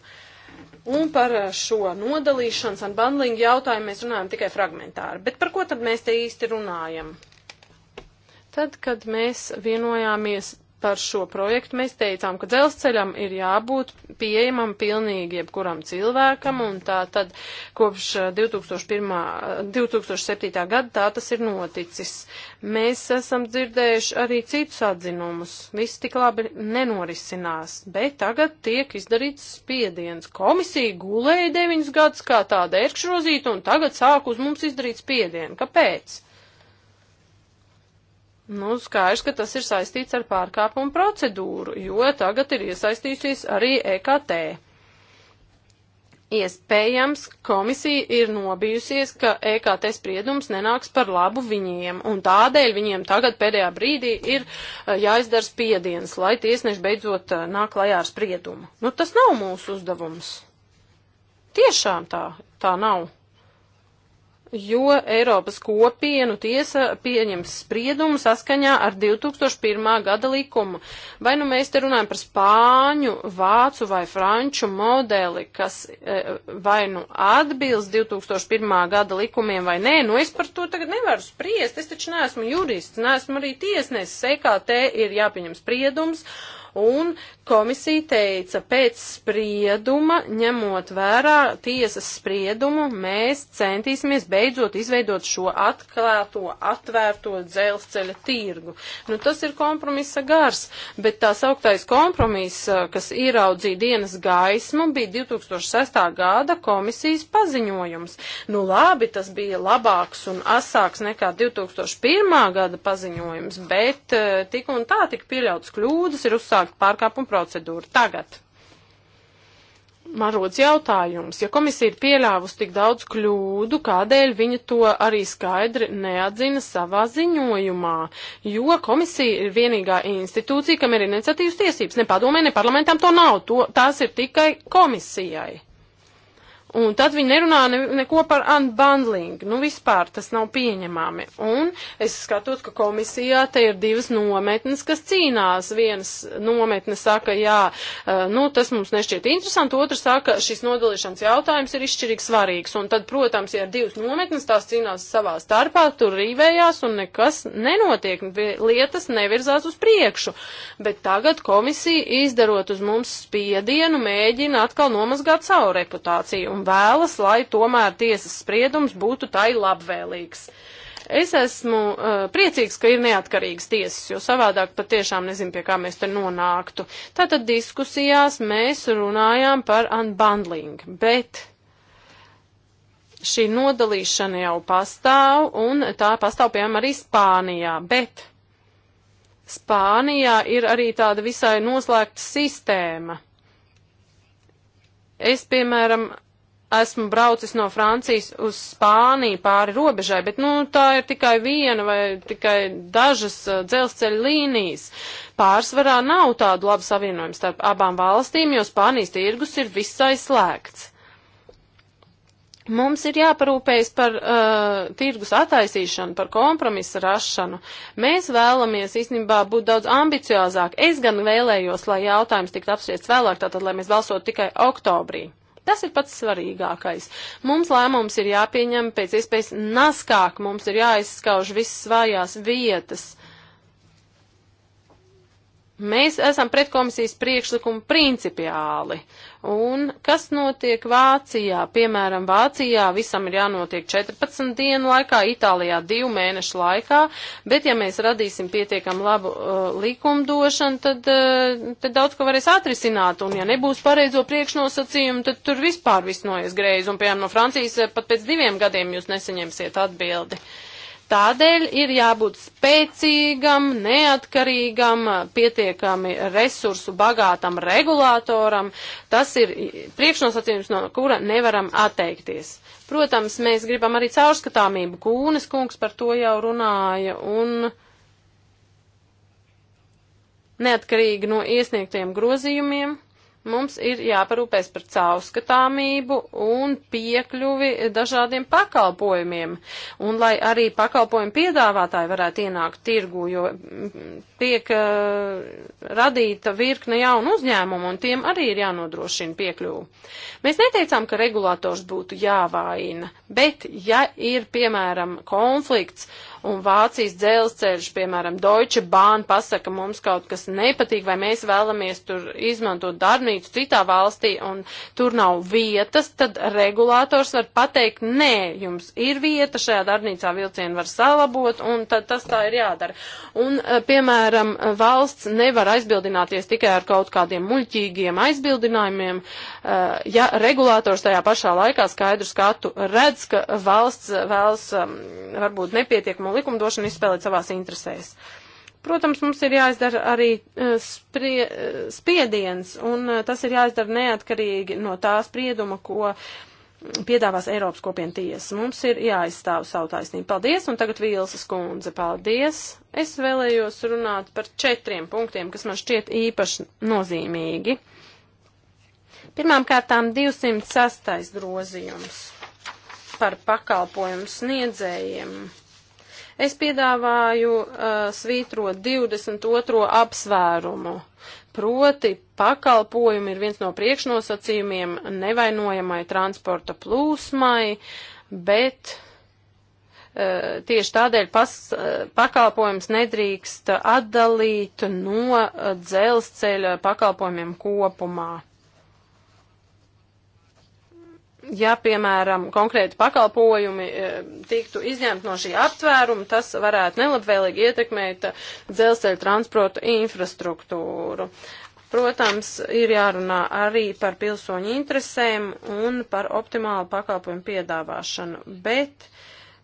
Un par šo nodalīšanas un bundlingu jautājumu mēs runājam tikai fragmentāri. Bet par ko tad mēs te īsti runājam? Tad, kad mēs vienojāmies par šo projektu mēs teicām, ka dzelzceļam ir jābūt pieejamam pilnīgi jebkuram cilvēkam, un tā tad kopš 2001, eh, 2007. Eh, gada tā tas ir noticis. Mēs esam dzirdējuši arī citus atzinumus. Viss tik labi nenorisinās, bet tagad tiek izdarīts spiediens. Komisija gulēja deviņus gadus kā tāda erkšrozīta, un tagad sāk uz mums izdarīt spiedienu. Kāpēc? Nu, skaidrs, ka tas ir saistīts ar pārkāpumu procedūru, jo tagad ir iesaistījusies arī EKT. Iespējams, komisija ir nobijusies, ka EKT spriedums nenāks par labu viņiem, un tādēļ viņiem tagad pēdējā brīdī ir eh, jāizdara spiediens, lai tiesneši beidzot eh, nāk klajā ar spriedumu. Nu, tas nav mūsu uzdevums. Tiešām tā, tā nav jo Eiropas kopienu tiesa pieņems spriedumu saskaņā ar 2001. gada likumu. Vai nu mēs te runājam par spāņu, vācu vai franču modeli, kas e, vai nu atbilst 2001. gada likumiem vai nē, nu es par to tagad nevaru spriest, es taču neesmu jurists, neesmu arī tiesnesis, EKT ir jāpieņem spriedums un Komisija teica, pēc sprieduma, ņemot vērā tiesas spriedumu, mēs centīsimies beidzot izveidot šo atklāto, atvērto dzelzceļa tirgu. Nu, tas ir kompromisa gars, bet tā sauktais kompromiss, eh, kas ieraudzīja dienas gaismu, bija 2006. gada komisijas paziņojums. Nu, labi, tas bija labāks un asāks nekā 2001. gada paziņojums, bet eh, tik un tā tik pieļauts kļūdas, ir uzsākt pārkāpumu procedūru tagad. Man rodas jautājums, ja komisija ir pieļāvusi tik daudz kļūdu, kādēļ viņa to arī skaidri neatzina savā ziņojumā? Jo komisija ir vienīgā institūcija, kam ir iniciatīvas tiesības. Ne padomē, ne parlamentam to nav. To, tās ir tikai komisijai. Un tad viņi nerunā ne, neko par unbundling. Nu, vispār tas nav pieņemami. Un es skatos, ka komisijā te ir divas nometnes, kas cīnās. Vienas nometne saka, jā, eh, nu, tas mums nešķiet interesanti. Otra saka, šis nodalīšanas jautājums ir izšķirīgi svarīgs. Un tad, protams, ja ir divas nometnes, tās cīnās savā starpā, tur rīvējās un nekas nenotiek. Lietas nevirzās uz priekšu. Bet tagad komisija izdarot uz mums spiedienu, mēģina atkal nomazgāt savu reputāciju un vēlas, lai tomēr tiesas spriedums būtu tai labvēlīgs. Es esmu uh, priecīgs, ka ir neatkarīgas tiesas, jo savādāk patiešām nezinu, pie kā mēs te nonāktu. Tātad diskusijās mēs runājām par unbundling, bet šī nodalīšana jau pastāv, un tā pastāv, piemēram, arī Spānijā, bet Spānijā ir arī tāda visai noslēgta sistēma. Es, piemēram, esmu braucis no Francijas uz Spāniju pāri robežai, bet nu, tā ir tikai viena vai tikai dažas eh, dzelzceļa līnijas. Pārsvarā nav tādu labu savienojumu starp abām valstīm, jo Spānijas tirgus ir visai slēgts. Mums ir jāparūpējas par uh, tirgus attaisīšanu, par kompromisa rašanu. Mēs vēlamies īstenībā būt daudz ambiciozāk. Es gan vēlējos, lai jautājums tiktu apspriests vēlāk, tātad, lai mēs balsotu tikai oktobrī. Tas ir pats svarīgākais. Mums lēmums ir jāpieņem pēc iespējas naskāk, mums ir jāizskauž visas vājās vietas. Mēs esam pret komisijas priekšlikumu principiāli. Un kas notiek Vācijā? Piemēram, Vācijā visam ir jānotiek 14 dienu laikā, Itālijā 2 mēnešu laikā, bet ja mēs radīsim pietiekam labu uh, likumdošanu, tad, uh, tad daudz ko varēs atrisināt. Un ja nebūs pareizo priekšnosacījumu, tad tur vispār viss noies greizi. Un, piemēram, no Francijas uh, pat pēc diviem gadiem jūs nesaņemsiet atbildi. Uh, Tādēļ ir jābūt spēcīgam, neatkarīgam, pietiekami resursu bagātam regulātoram. Tas ir priekšnosacījums, no kura nevaram atteikties. Protams, mēs gribam arī caurskatāmību. Kūnes kungs par to jau runāja un neatkarīgi no iesniegtiem grozījumiem. Mums ir jāparūpēs par caurskatāmību un piekļuvi dažādiem pakalpojumiem. Un lai arī pakalpojumu piedāvātāji varētu ienākt tirgu, jo mm, tiek uh, radīta virkne jaunu uzņēmumu un tiem arī ir jānodrošina piekļuvu. Mēs neteicām, ka regulators būtu jāvājina, bet ja ir, piemēram, konflikts, uh, un Vācijas dzelzceļš, piemēram, Deutsche Bahn pasaka mums kaut kas nepatīk, vai mēs vēlamies tur izmantot darbnīcu citā valstī un tur nav vietas, tad regulātors var pateikt, nē, jums ir vieta, šajā darbnīcā vilcienu var salabot, un tad tas tā ir jādara. Un, eh, piemēram, valsts nevar aizbildināties tikai ar kaut kādiem muļķīgiem aizbildinājumiem, uh, Eh, ja regulators tajā pašā laikā skaidru skatu redz, ka valsts vēlas varbūt nepietiekumu likumdošanu izspēlēt savās interesēs. Protams, mums ir jāizdara arī eh, sprie, spiediens, un eh, tas ir jāizdara neatkarīgi no tā sprieduma, ko piedāvās Eiropas kopiena tiesa. Mums ir jāizstāv savu taisnību. Paldies, un tagad Vīlsas kundze, paldies. Es vēlējos runāt par četriem punktiem, kas man šķiet īpaši nozīmīgi. Pirmām kārtām 206. grozījums par pakalpojumu sniedzējiem. Es piedāvāju uh, svītrot 22. apsvērumu, proti pakalpojumi ir viens no priekšnosacījumiem nevainojamai transporta plūsmai, bet uh, tieši tādēļ pas, uh, pakalpojums nedrīkst atdalīt no uh, dzelzceļa pakalpojumiem kopumā ja, piemēram, konkrēti pakalpojumi e, tiktu izņemti no šī aptvēruma, tas varētu nelabvēlīgi ietekmēt dzelzceļa transporta infrastruktūru. Protams, ir jārunā arī par pilsoņu interesēm un par optimālu pakalpojumu piedāvāšanu, bet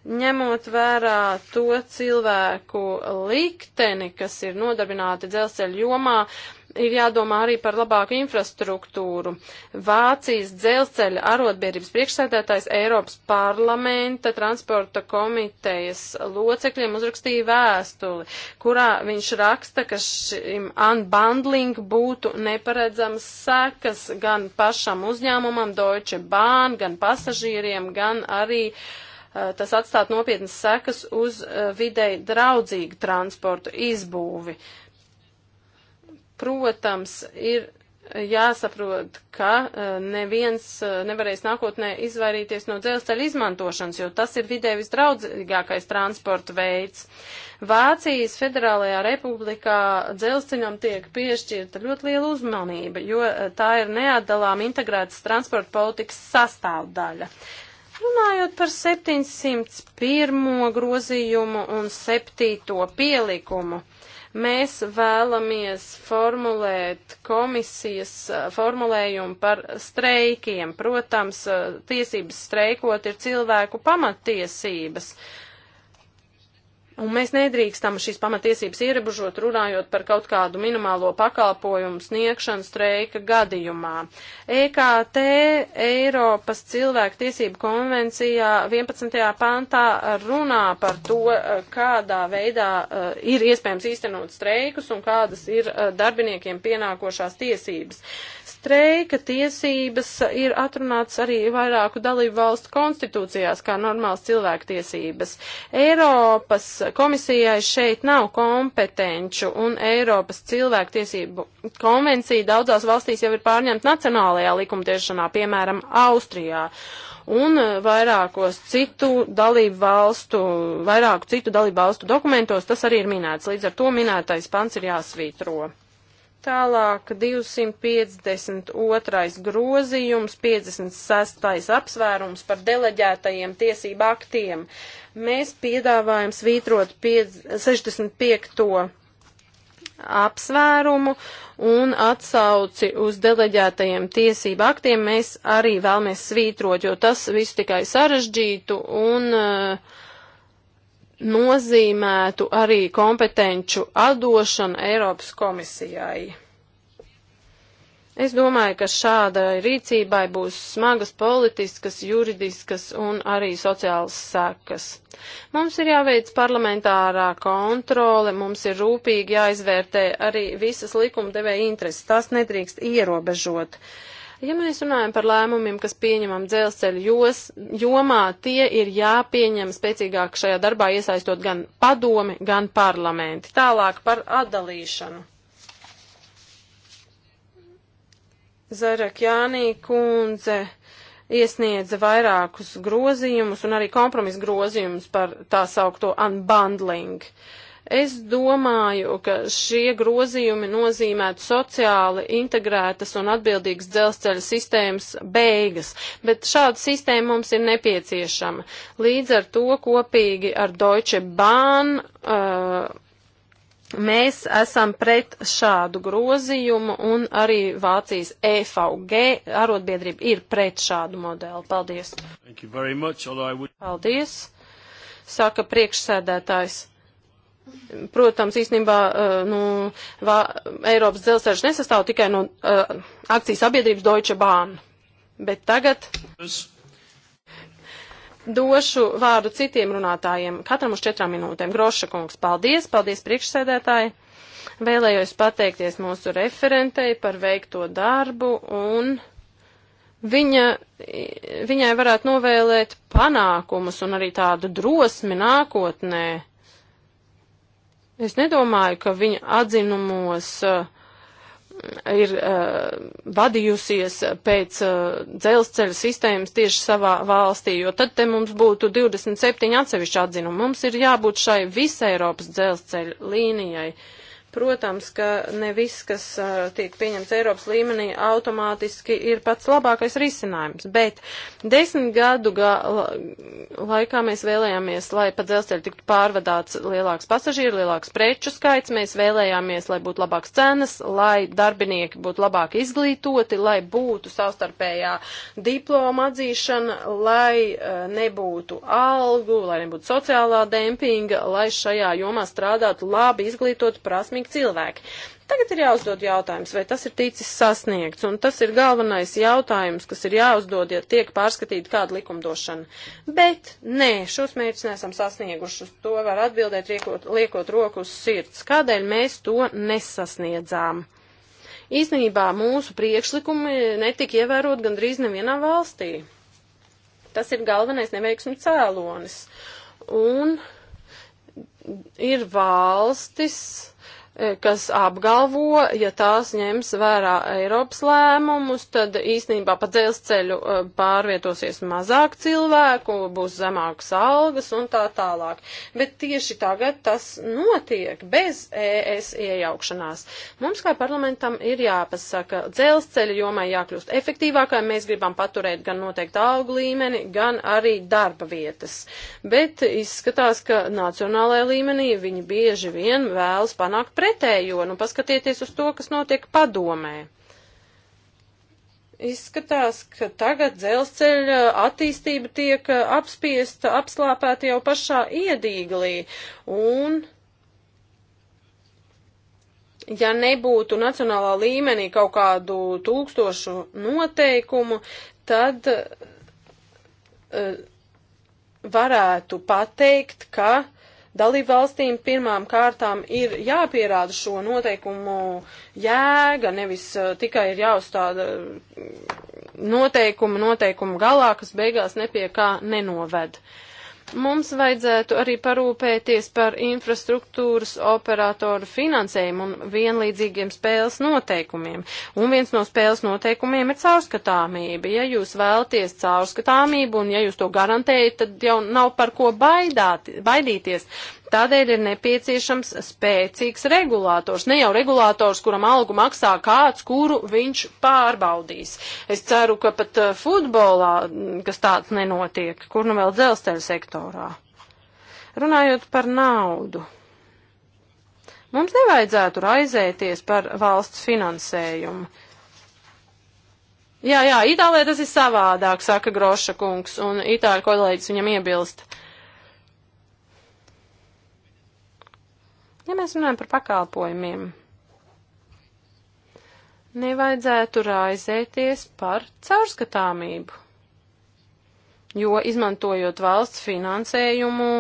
ņemot vērā to cilvēku likteni, kas ir nodarbināti dzelzceļa jomā, uh, ir jādomā arī par labāku infrastruktūru. Vācijas dzelzceļa arotbiedrības priekšsēdētājs Eiropas parlamenta transporta komitejas locekļiem uzrakstīja vēstuli, kurā viņš raksta, ka šim unbundling būtu neparedzams sekas gan pašam uzņēmumam Deutsche Bahn, gan pasažieriem, gan arī uh, tas atstāt nopietnas sekas uz uh, videi draudzīgu transportu izbūvi. Uh, Protams, ir jāsaprot, ka e, neviens e, nevarēs nākotnē izvairīties no dzelzceļa izmantošanas, jo tas ir vidē visdraudzīgākais transporta veids. Vācijas Federālajā republikā dzelzceļam tiek piešķirta ļoti liela uzmanība, jo e, tā ir neatdalām integrētas transporta politikas sastāvdaļa. Runājot par 701. grozījumu un 7. pielikumu Mēs vēlamies formulēt komisijas eh, formulējumu par streikiem. Protams, eh, tiesības streikot ir cilvēku pamattiesības. Uh, Un mēs nedrīkstam šīs pamatiesības ierobežot, runājot par kaut kādu minimālo pakalpojumu sniegšanu streika gadījumā. EKT Eiropas cilvēktiesību konvencijā 11. pantā runā par to, eh, kādā veidā eh, ir iespējams īstenot streikus un kādas ir eh, darbiniekiem pienākošās tiesības. Uh, Streika tiesības ir atrunāts arī vairāku dalību valstu konstitūcijās kā normāls cilvēktiesības. Eiropas komisijai šeit nav kompetenču un Eiropas cilvēktiesību konvencija daudzās valstīs jau ir pārņemta nacionālajā likumtiešanā, piemēram, Austrijā un eh, vairākos citu dalību valstu, vairāku citu dalību valstu dokumentos tas arī ir minēts. Līdz ar to minētais pants ir jāsvītro. Tālāk 252. grozījums, 56. apsvērums par deleģētajiem tiesību aktiem. Mēs piedāvājam svītrot 65. apsvērumu un atsauci uz deleģētajiem tiesību aktiem mēs arī vēlamies svītrot, jo tas visu tikai sarežģītu un uh, nozīmētu arī kompetenču atdošanu Eiropas komisijai. Es domāju, ka šādai rīcībai būs smagas politiskas, juridiskas un arī sociālas sekas. Mums ir jāveic parlamentārā kontrole, mums ir rūpīgi jāizvērtē arī visas likumdevēja intereses. Tās nedrīkst ierobežot. Uh, Ja mēs runājam par lēmumiem, kas pieņemam dzelzceļa jos, jomā, tie ir jāpieņem spēcīgāk šajā darbā iesaistot gan padomi, gan parlamenti. Tālāk par atdalīšanu. Zarakjānī kundze iesniedza vairākus grozījumus un arī kompromisu grozījumus par tā saukto unbundling. Uh, Es domāju, ka šie grozījumi nozīmētu sociāli integrētas un atbildīgas dzelzceļa sistēmas beigas, bet šāda sistēma mums ir nepieciešama. Līdz ar to kopīgi ar Deutsche Bahn. Uh, Mēs esam pret šādu grozījumu un arī Vācijas EVG arotbiedrība ir pret šādu modeli. Paldies. Much, would... Paldies, saka priekšsēdētājs. Protams, īstenībā eh, nu, vā, Eiropas dzelzceļš nesastāv tikai no uh, eh, akciju sabiedrības Deutsche Bahn. Bet tagad došu vārdu citiem runātājiem, katram uz četrām minūtēm. Groša kungs, paldies, paldies priekšsēdētāji. Vēlējos pateikties mūsu referentei par veikto darbu un viņa, viņai varētu novēlēt panākumus un arī tādu drosmi nākotnē Es nedomāju, ka viņa atzinumos uh, ir uh, vadījusies pēc uh, dzelzceļa sistēmas tieši savā valstī, jo tad te mums būtu 27 atsevišķi atzinumi. Mums ir jābūt šai visai Eiropas dzelzceļa līnijai. Uh, Protams, ka ne viss, kas uh, tiek pieņemts Eiropas līmenī, automātiski ir pats labākais risinājums, bet desmit gadu ga laikā mēs vēlējāmies, lai pa dzelzceļu tiktu pārvadāts lielāks pasažīru, lielāks preču skaits, mēs vēlējāmies, lai būtu labāks cenas, lai darbinieki būtu labāk izglītoti, lai būtu savstarpējā diploma atzīšana, lai uh, nebūtu algu, lai nebūtu sociālā dempinga, lai šajā jomā strādātu labi izglītot prasmīgi veiksmīgi cilvēki. Tagad ir jāuzdod jautājums, vai tas ir ticis sasniegts, un tas ir galvenais jautājums, kas ir jāuzdod, ja tiek pārskatīta kāda likumdošana. Bet nē, šos mērķus nesam sasnieguši, uz to var atbildēt, riekot, liekot roku uz sirds. Kādēļ mēs to nesasniedzām? īstenībā mūsu priekšlikumi netika ievērot gandrīz nevienā valstī. Tas ir galvenais neveiksmi cēlonis. Un ir valstis, kas apgalvo, ja tās ņems vērā Eiropas lēmumus, tad īstenībā pa dzelzceļu eh, pārvietosies mazāk cilvēku, būs zemākas algas un tā tālāk. Bet tieši tagad tas notiek bez ES iejaukšanās. Mums kā parlamentam ir jāpasaka, dzelzceļa jomai jākļūst efektīvākai, mēs gribam paturēt gan noteikti algu līmeni, gan arī darba vietas. Bet izskatās, ka nacionālajā līmenī viņi bieži vien vēlas panākt pretējo, nu paskatieties uz to, kas notiek padomē izskatās, ka tagad dzelzceļa attīstība tiek apspiesta, apslāpēta jau pašā iedīglī. Un, ja nebūtu nacionālā līmenī kaut kādu tūkstošu noteikumu, tad uh, varētu pateikt, ka Dalību valstīm pirmām kārtām ir jāpierāda šo noteikumu jēga, nevis uh, tikai ir jāuzstāda noteikumu, mm, noteikumu galā, kas beigās nepie kā nenoved. Uh, Mums vajadzētu arī parūpēties par infrastruktūras operatoru finansējumu un vienlīdzīgiem spēles noteikumiem. Un viens no spēles noteikumiem ir caurskatāmība. Ja jūs vēlties caurskatāmību un ja jūs to garantējat, tad jau nav par ko baidāt, baidīties. Tādēļ ir nepieciešams spēcīgs regulators, ne jau regulators, kuram algu maksā kāds, kuru viņš pārbaudīs. Es ceru, ka pat eh, futbolā, mm, kas tāds nenotiek, kur nu vēl dzelzceļa sektorā. Runājot par naudu. Mums nevajadzētu raizēties par valsts finansējumu. Jā, jā, Itālijā tas ir savādāk, saka Groša kungs, un itāļu kolēģis viņam iebilst. Uh, Ja mēs runājam par pakalpojumiem, nevajadzētu raizēties par caurskatāmību, jo izmantojot valsts finansējumu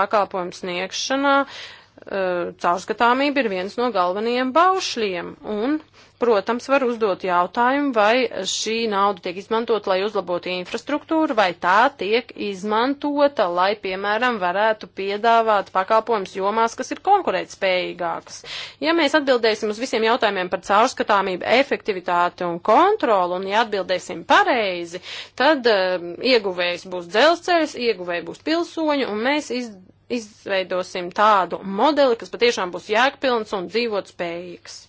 pakalpojumu sniegšanā, eh, caurskatāmība ir viens no galvenajiem baušļiem, un protams, var uzdot jautājumu, vai šī nauda tiek izmantota, lai uzlabotu infrastruktūru, vai tā tiek izmantota, lai, piemēram, varētu piedāvāt pakalpojums jomās, kas ir konkurētspējīgākas. Ja mēs atbildēsim uz visiem jautājumiem par caurskatāmību, efektivitāti un kontroli, un ja atbildēsim pareizi, tad um, ieguvējs būs dzelzceļs, ieguvēji būs pilsoņi, un mēs iz, izveidosim tādu modeli, kas patiešām būs jēgpilns un dzīvot spējīgs.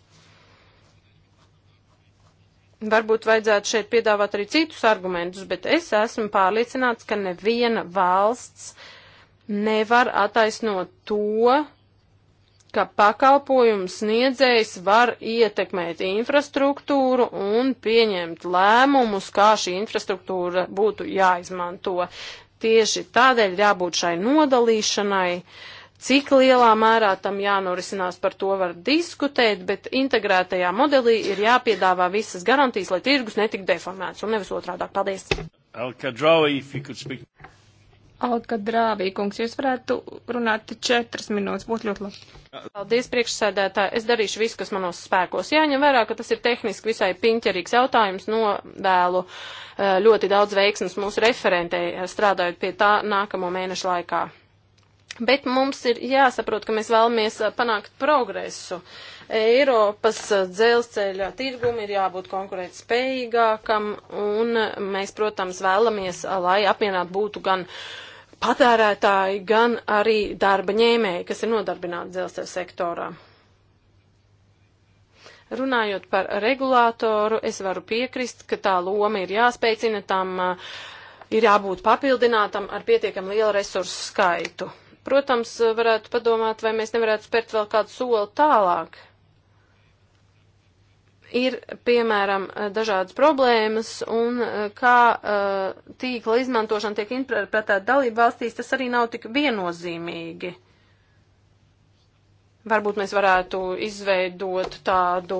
Varbūt vajadzētu šeit piedāvāt arī citus argumentus, bet es esmu pārliecināts, ka neviena valsts nevar attaisnot to, ka pakalpojumu sniedzējs var ietekmēt infrastruktūru un pieņemt lēmumus, kā šī infrastruktūra būtu jāizmanto. Tieši tādēļ jābūt šai nodalīšanai. Uh, Cik lielā mērā tam jānorisinās, par to var diskutēt, bet integrētajā modelī ir jāpiedāvā visas garantijas, lai tirgus netik deformēts un nevis otrādāk. Paldies! Alkadrāvī, kungs, jūs varētu runāt četras minūtes, būtu ļoti labi. Paldies, priekšsēdētāji. Es darīšu visu, kas manos spēkos. Jāņem vērā, ka tas ir tehniski visai piņķerīgs jautājums. Novēlu eh, ļoti daudz veiksmes mūsu referentei, strādājot pie tā nākamo mēnešu laikā. Bet mums ir jāsaprot, ka mēs vēlamies panākt progresu. Eiropas dzelzceļa tirgumi ir jābūt konkurēt spējīgākam, un mēs, protams, vēlamies, lai apmienāt būtu gan patērētāji, gan arī darba ņēmēji, kas ir nodarbināti dzelzceļa sektorā. Runājot par regulātoru, es varu piekrist, ka tā loma ir jāspēcina, tam ir jābūt papildinātam ar pietiekam lielu resursu skaitu. Protams, varētu padomāt, vai mēs nevarētu spērt vēl kādu soli tālāk. Ir, piemēram, dažādas problēmas, un eh, kā eh, tīkla izmantošana tiek interpretēta dalību valstīs, tas arī nav tik viennozīmīgi. Uh, Varbūt mēs varētu izveidot tādu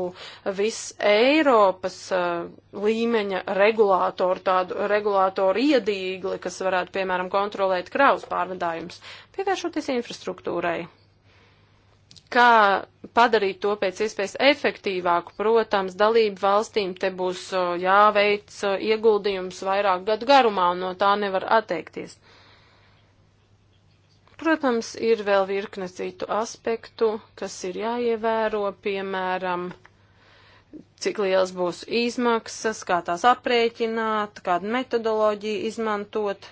visu Eiropas uh, līmeņa regulātoru, tādu regulātoru iedīgli, kas varētu, piemēram, kontrolēt kraus pārvadājumus, pievēršoties infrastruktūrai. Kā padarīt to pēc iespējas efektīvāku? Protams, dalību valstīm te būs uh, jāveic uh, ieguldījums vairāk gadu garumā, un no tā nevar atteikties. Protams, ir vēl virkne citu aspektu, kas ir jāievēro, piemēram, cik liels būs izmaksas, kā tās aprēķināt, kādu metodoloģiju izmantot.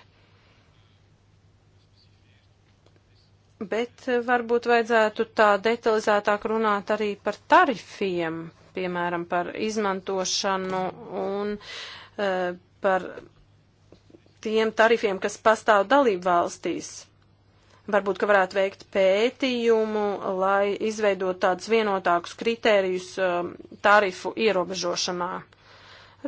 Bet varbūt vajadzētu tā detalizētāk runāt arī par tarifiem, piemēram, par izmantošanu un e, par tiem tarifiem, kas pastāv dalību valstīs. Varbūt, ka varētu veikt pētījumu, lai izveidot tādus vienotākus kritērijus um, tarifu ierobežošanā.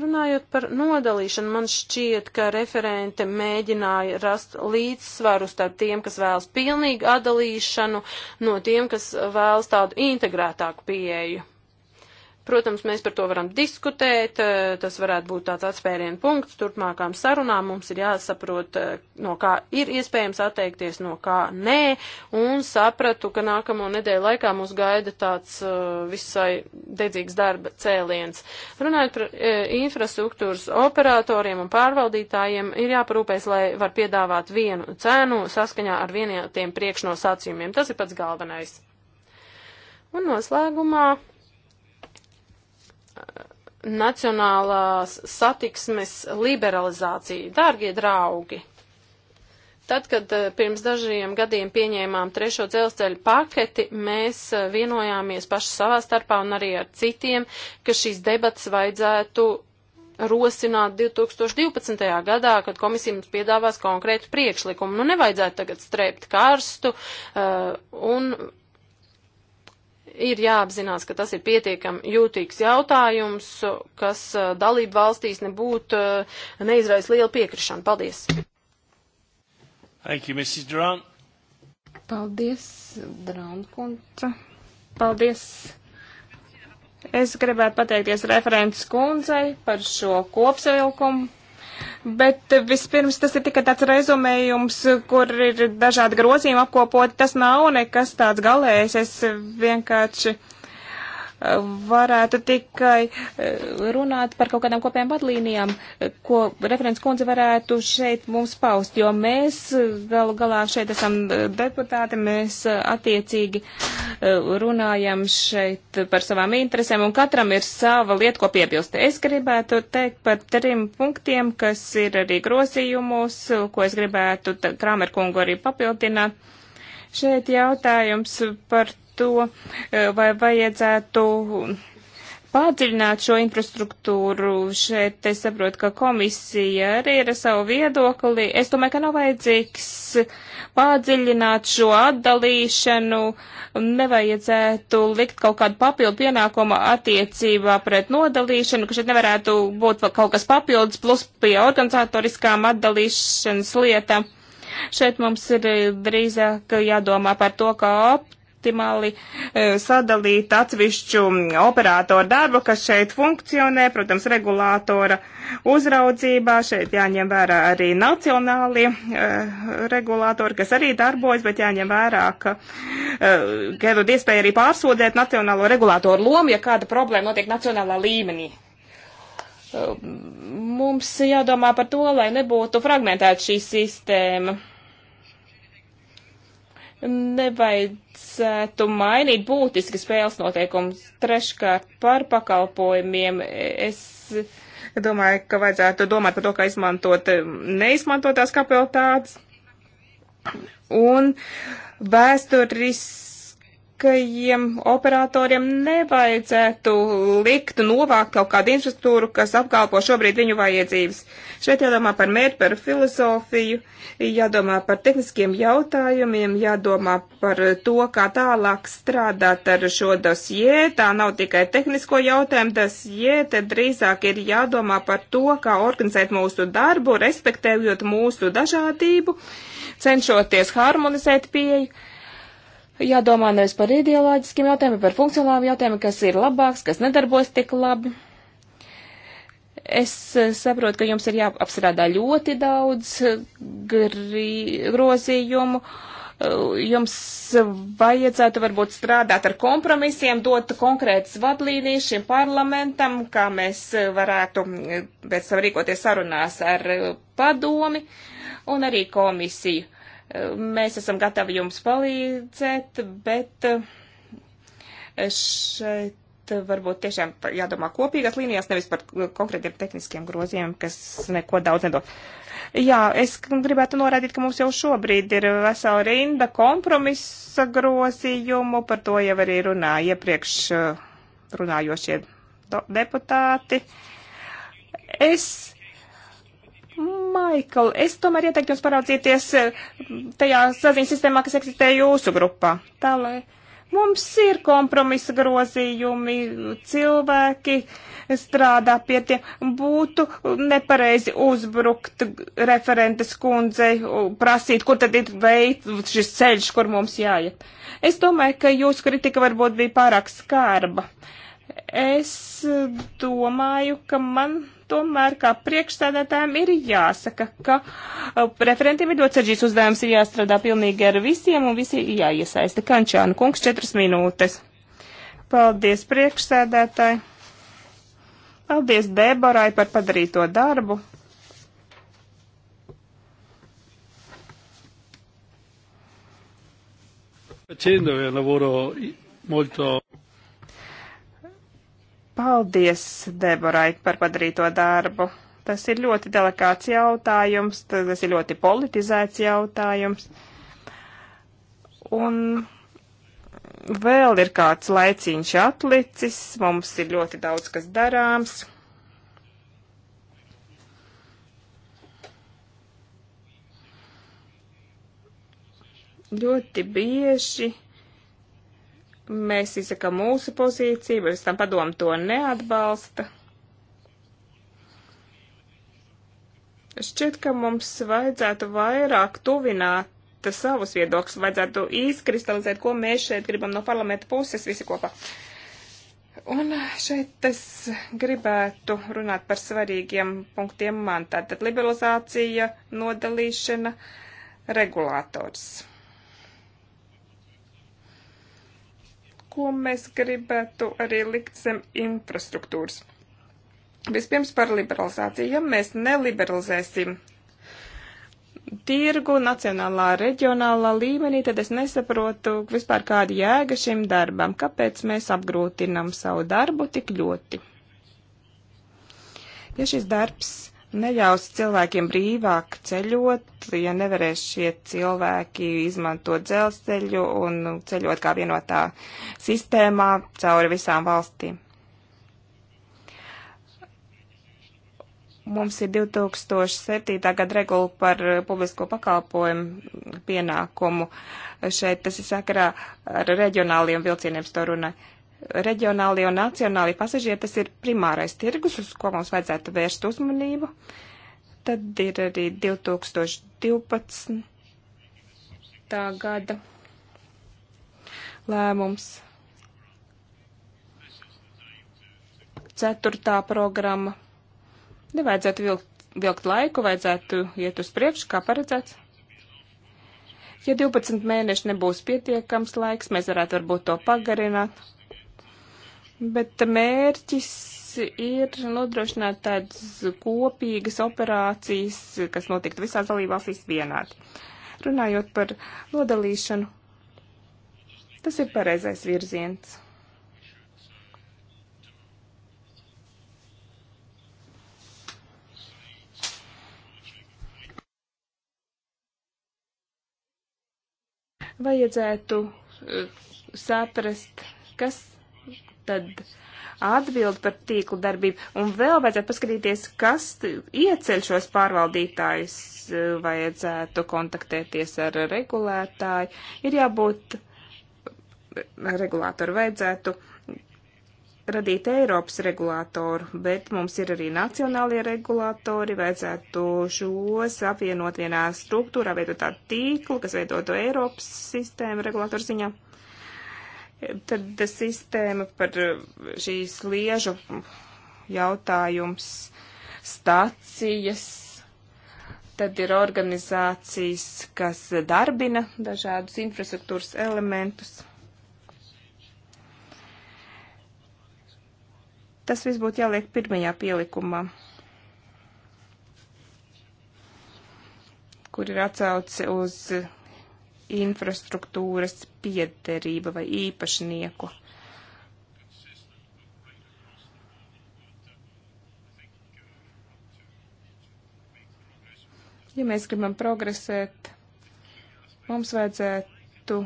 Runājot par nodalīšanu, man šķiet, ka referente mēģināja rast līdzsvaru starp tiem, kas vēlas pilnīgu atdalīšanu, no tiem, kas vēlas tādu integrētāku pieeju. Protams, mēs par to varam diskutēt, eh, tas varētu būt tāds atspērienu punkts turpmākām sarunām, mums ir jāsaprot, eh, no kā ir iespējams atteikties, no kā nē, un sapratu, ka nākamo nedēļu laikā mūs gaida tāds eh, visai dedzīgs darba cēliens. Runājot par infrastruktūras operatoriem un pārvaldītājiem, ir jāparūpēs, lai var piedāvāt vienu cenu saskaņā ar vieniem tiem priekšnosacījumiem. Tas ir pats galvenais. Un noslēgumā nacionālās satiksmes liberalizācija. Dārgie draugi, tad, kad eh, pirms dažiem gadiem pieņēmām trešo dzelzceļa paketi, mēs eh, vienojāmies paši savā starpā un arī ar citiem, ka šīs debatas vajadzētu rosināt 2012. gadā, kad komisija mums piedāvās konkrētu priekšlikumu. Nu, nevajadzētu tagad strēpt karstu uh, un ir jāapzinās, ka tas ir pietiekami jūtīgs jautājums, kas dalību valstīs nebūtu neizrais liela piekrišana. Paldies! Thank you, Mrs. Durant. Paldies, Draunkunta. Paldies. Es gribētu pateikties referents kundzei par šo kopsavilkumu Bet vispirms tas ir tikai tāds rezumējums, kur ir dažādi grozījumi apkopoti. Tas nav nekas tāds galējs. Es vienkārši varētu tikai eh, runāt par kaut kādām kopējām vadlīnijām, eh, ko referents kundze varētu šeit mums paust, jo mēs eh, galu galā šeit esam deputāti, mēs attiecīgi runājam šeit par savām interesēm, un katram ir sava lieta, ko piebilst. Es gribētu teikt par trim punktiem, kas ir arī grozījumos, ko es gribētu Kramerkungu arī papildināt Šeit jautājums par to, eh, vai vajadzētu padziļināt šo infrastruktūru. Šeit es saprotu, ka komisija arī ir ar savu viedokli. Es domāju, ka nav vajadzīgs padziļināt šo atdalīšanu. Nevajadzētu likt kaut kādu papildu pienākumu attiecībā pret nodalīšanu, ka šeit nevarētu būt kaut kas papildus plus pie organizatoriskām atdalīšanas lietām. Šeit mums ir eh, drīzāk jādomā par to, kā optimāli eh, sadalīt atsevišķu mm, operātoru darbu, kas šeit funkcionē, protams, regulātora uzraudzībā. Šeit jāņem vērā arī nacionālie uh, regulātori, kas arī darbojas, bet jāņem vērā, ka uh, ir iespēja arī pārsūdēt nacionālo regulātoru lomu, ja kāda problēma notiek nacionālā līmenī mums jādomā par to, lai nebūtu fragmentēta šī sistēma. Nevajadzētu mainīt būtiski spēles noteikumus. Treškārt par pakalpojumiem es domāju, ka vajadzētu domāt par to, kā izmantot neizmantotās kapacitātes. Un vēsturis lielākajiem operatoriem nevajadzētu likt novākt kaut kādu infrastruktūru, kas apkalpo šobrīd viņu vajadzības. Šeit jādomā par mērķi, par filozofiju, jādomā par tehniskiem jautājumiem, jādomā par to, kā tālāk strādāt ar šo dosjē. Tā nav tikai tehnisko jautājumu dosjē, te drīzāk ir jādomā par to, kā organizēt mūsu darbu, respektējot mūsu dažādību, cenšoties harmonizēt pieeju jādomā nevis par ideoloģiskiem jautājumiem, par funkcionāliem jautājumiem, kas ir labāks, kas nedarbojas tik labi. Es eh, saprotu, ka jums ir jāapstrādā ļoti daudz eh, grozījumu. Eh, jums vajadzētu varbūt strādāt ar kompromisiem, dot konkrētas vadlīnijas šim parlamentam, kā mēs varētu pēc tam rīkoties sarunās ar padomi un arī komisiju Mēs esam gatavi jums palīdzēt, bet eh, šeit varbūt tiešām jādomā kopīgās līnijās, nevis par konkrētiem tehniskiem groziem, kas neko daudz nedod. Jā, es gribētu norādīt, ka mums jau šobrīd ir vesela rinda kompromisa grozījumu, par to jau arī runāja iepriekš eh, runājošie deputāti. Es Maikl, es tomēr ieteiktu jums paraudzīties eh, tajā saziņas sistēmā, kas eksistē jūsu grupā. Tā, lai mums ir kompromisa grozījumi, cilvēki strādā pie tiem. Būtu nepareizi uzbrukt referentes kundzei, prasīt, kur tad ir veids šis ceļš, kur mums jāiet. Es domāju, ka jūsu kritika varbūt bija pārāk skarba. Es domāju, ka man tomēr kā priekšstādātājiem ir jāsaka, ka uh, referentiem ir ļoti saržģīts uzdevums, ir jāstrādā pilnīgi ar visiem un visi jāiesaista. Kančāna kungs, četras minūtes. Paldies priekšsēdētāji. Paldies Deborai par padarīto darbu. Facendo e un lavoro molto Paldies, Deborai, par padarīto darbu. Tas ir ļoti delikāts jautājums, tas ir ļoti politizēts jautājums. Un vēl ir kāds laiciņš atlicis, mums ir ļoti daudz kas darāms. Ļoti bieži Mēs izsakām mūsu pozīciju, bet pēc tam padomu to neatbalsta. Šķiet, ka mums vajadzētu vairāk tuvināt savus viedokļus, vajadzētu izkristalizēt, ko mēs šeit gribam no parlamenta puses visi kopā. Un šeit es gribētu runāt par svarīgiem punktiem man. Tātad liberalizācija, nodalīšana, regulators. ko mēs gribētu arī likt zem infrastruktūras. Vispirms par liberalizāciju. Ja mēs neliberalizēsim tirgu nacionālā, reģionālā līmenī, tad es nesaprotu vispār kāda jēga šim darbam. Kāpēc mēs apgrūtinam savu darbu tik ļoti? Ja šis darbs neļaus cilvēkiem brīvāk ceļot, ja nevarēs šie cilvēki izmantot dzelzceļu un ceļot kā vienotā sistēmā cauri visām valstīm. Mums ir 2007. gada regula par publisko pakalpojumu pienākumu. Šeit tas ir sakarā ar reģionāliem vilcieniem, to runāju reģionālie un nacionālie pasažieri, tas ir primārais tirgus, uz ko mums vajadzētu vērst uzmanību. Tad ir arī 2012. gada lēmums. Ceturtā programma. Nevajadzētu vilkt, vilkt laiku, vajadzētu iet uz priekšu, kā paredzēts. Ja 12 mēneši nebūs pietiekams laiks, mēs varētu varbūt to pagarināt Bet mērķis ir nodrošināt tādas kopīgas operācijas, kas notiktu visās dalībvalstīs vienādi. Runājot par nodalīšanu, tas ir pareizais virziens. Vajadzētu eh, saprast, kas tad atbild par tīklu darbību. Un vēl vajadzētu paskatīties, kas ieceļ šos pārvaldītājus, vajadzētu kontaktēties ar regulētāju. Ir jābūt regulātoru vajadzētu radīt Eiropas regulātoru, bet mums ir arī nacionālie regulātori, vajadzētu šos apvienot vienā struktūrā, veidot tādu tīklu, kas veidotu Eiropas sistēmu regulātoru ziņā. Tad sistēma par eh, šīs liežu jautājums stācijas. Tad ir organizācijas, kas darbina dažādus infrastruktūras elementus. Tas viss būtu jāliek pirmajā pielikumā, kur ir atsauce uz infrastruktūras piederība vai īpašnieku. Ja mēs gribam progresēt, mums vajadzētu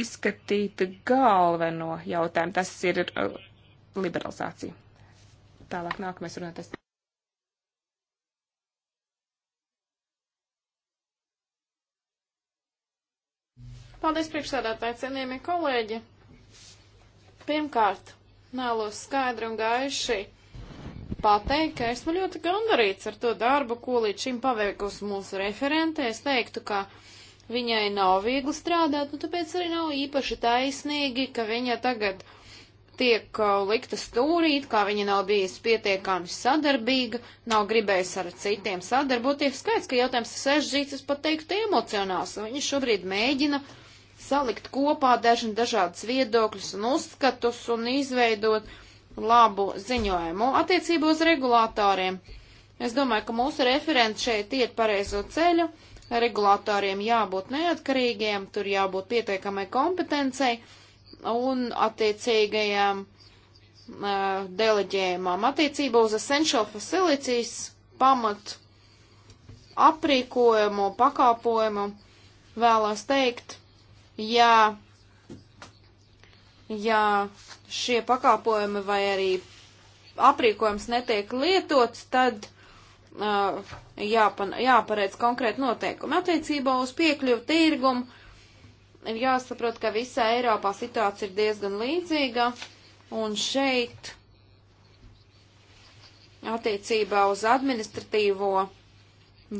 izskatīt galveno jautājumu. Tas ir uh, liberalizācija. Tālāk nākamais runātājs. Paldies priekšsēdētāji, cienījamie kolēģi. Pirmkārt, nālos skaidri un gaiši pateikt, ka esmu ļoti gandarīts ar to darbu, ko līdz šim paveikusi mūsu referente. Es teiktu, ka viņai nav viegli strādāt, un nu, tāpēc arī nav īpaši taisnīgi, ka viņa tagad tiek uh, likta stūrīt, kā viņa nav bijusi pietiekami sadarbīga, nav gribējusi ar citiem sadarboties. Skaidrs, ka jautājums ir sarežģīts, es pat teiktu emocionāls, un viņa šobrīd mēģina uh, salikt kopā dažna, dažādas viedokļus un uzskatus un izveidot labu ziņojumu attiecību uz regulātoriem. Es domāju, ka mūsu referents šeit iet pareizo ceļu. Regulātoriem jābūt neatkarīgiem, tur jābūt pietiekamai kompetencei un attiecīgajām uh, deleģējumam. Attiecībā uz essential facilities pamat aprīkojumu, pakāpojumu vēlos teikt, ja, ja šie pakalpojumi vai arī aprīkojums netiek lietots, tad uh, jāpan, jāpareic konkrēti noteikumi. Attiecībā uz piekļuvu tirgumu ir jāsaprot, ka visā Eiropā situācija ir diezgan līdzīga, un šeit attiecībā uz administratīvo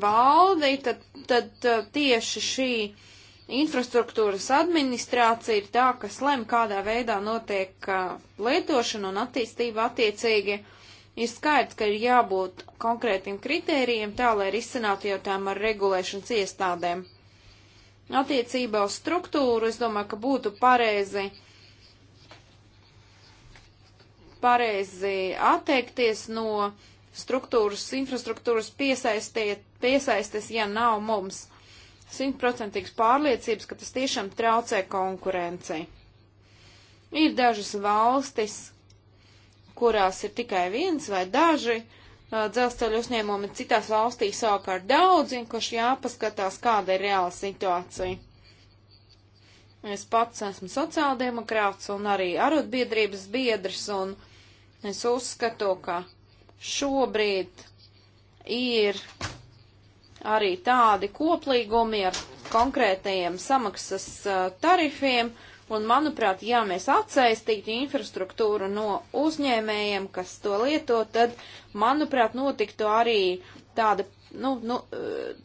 valdi, tad, tad uh, tieši šī uh, infrastruktūras administrācija ir tā, kas lem, kādā veidā notiek uh, lietošana un attīstība attiecīgi. Ir skaidrs, ka ir jābūt konkrētiem kritērijiem tā, lai risinātu jautājumu ar regulēšanas iestādēm. Attiecībā uz struktūru es domāju, ka būtu pareizi, pareizi atteikties no struktūras, infrastruktūras piesaisties, ja nav mums uh, simtprocentīgas pārliecības, ka tas tiešām traucē konkurencei. Ir dažas valstis, kurās ir tikai viens vai daži dzelzceļa uzņēmumi, citās valstīs savukārt daudz, vienkārši jāpaskatās, kāda ir reāla situācija. Es pats esmu sociāldemokrāts un arī arotbiedrības biedrs, un es uzskatu, ka šobrīd ir arī tādi koplīgumi ar konkrētajiem samaksas tarifiem, un manuprāt, ja mēs atsaistītu infrastruktūru no uzņēmējiem, kas to lieto, tad, manuprāt, notiktu arī tāda, nu, nu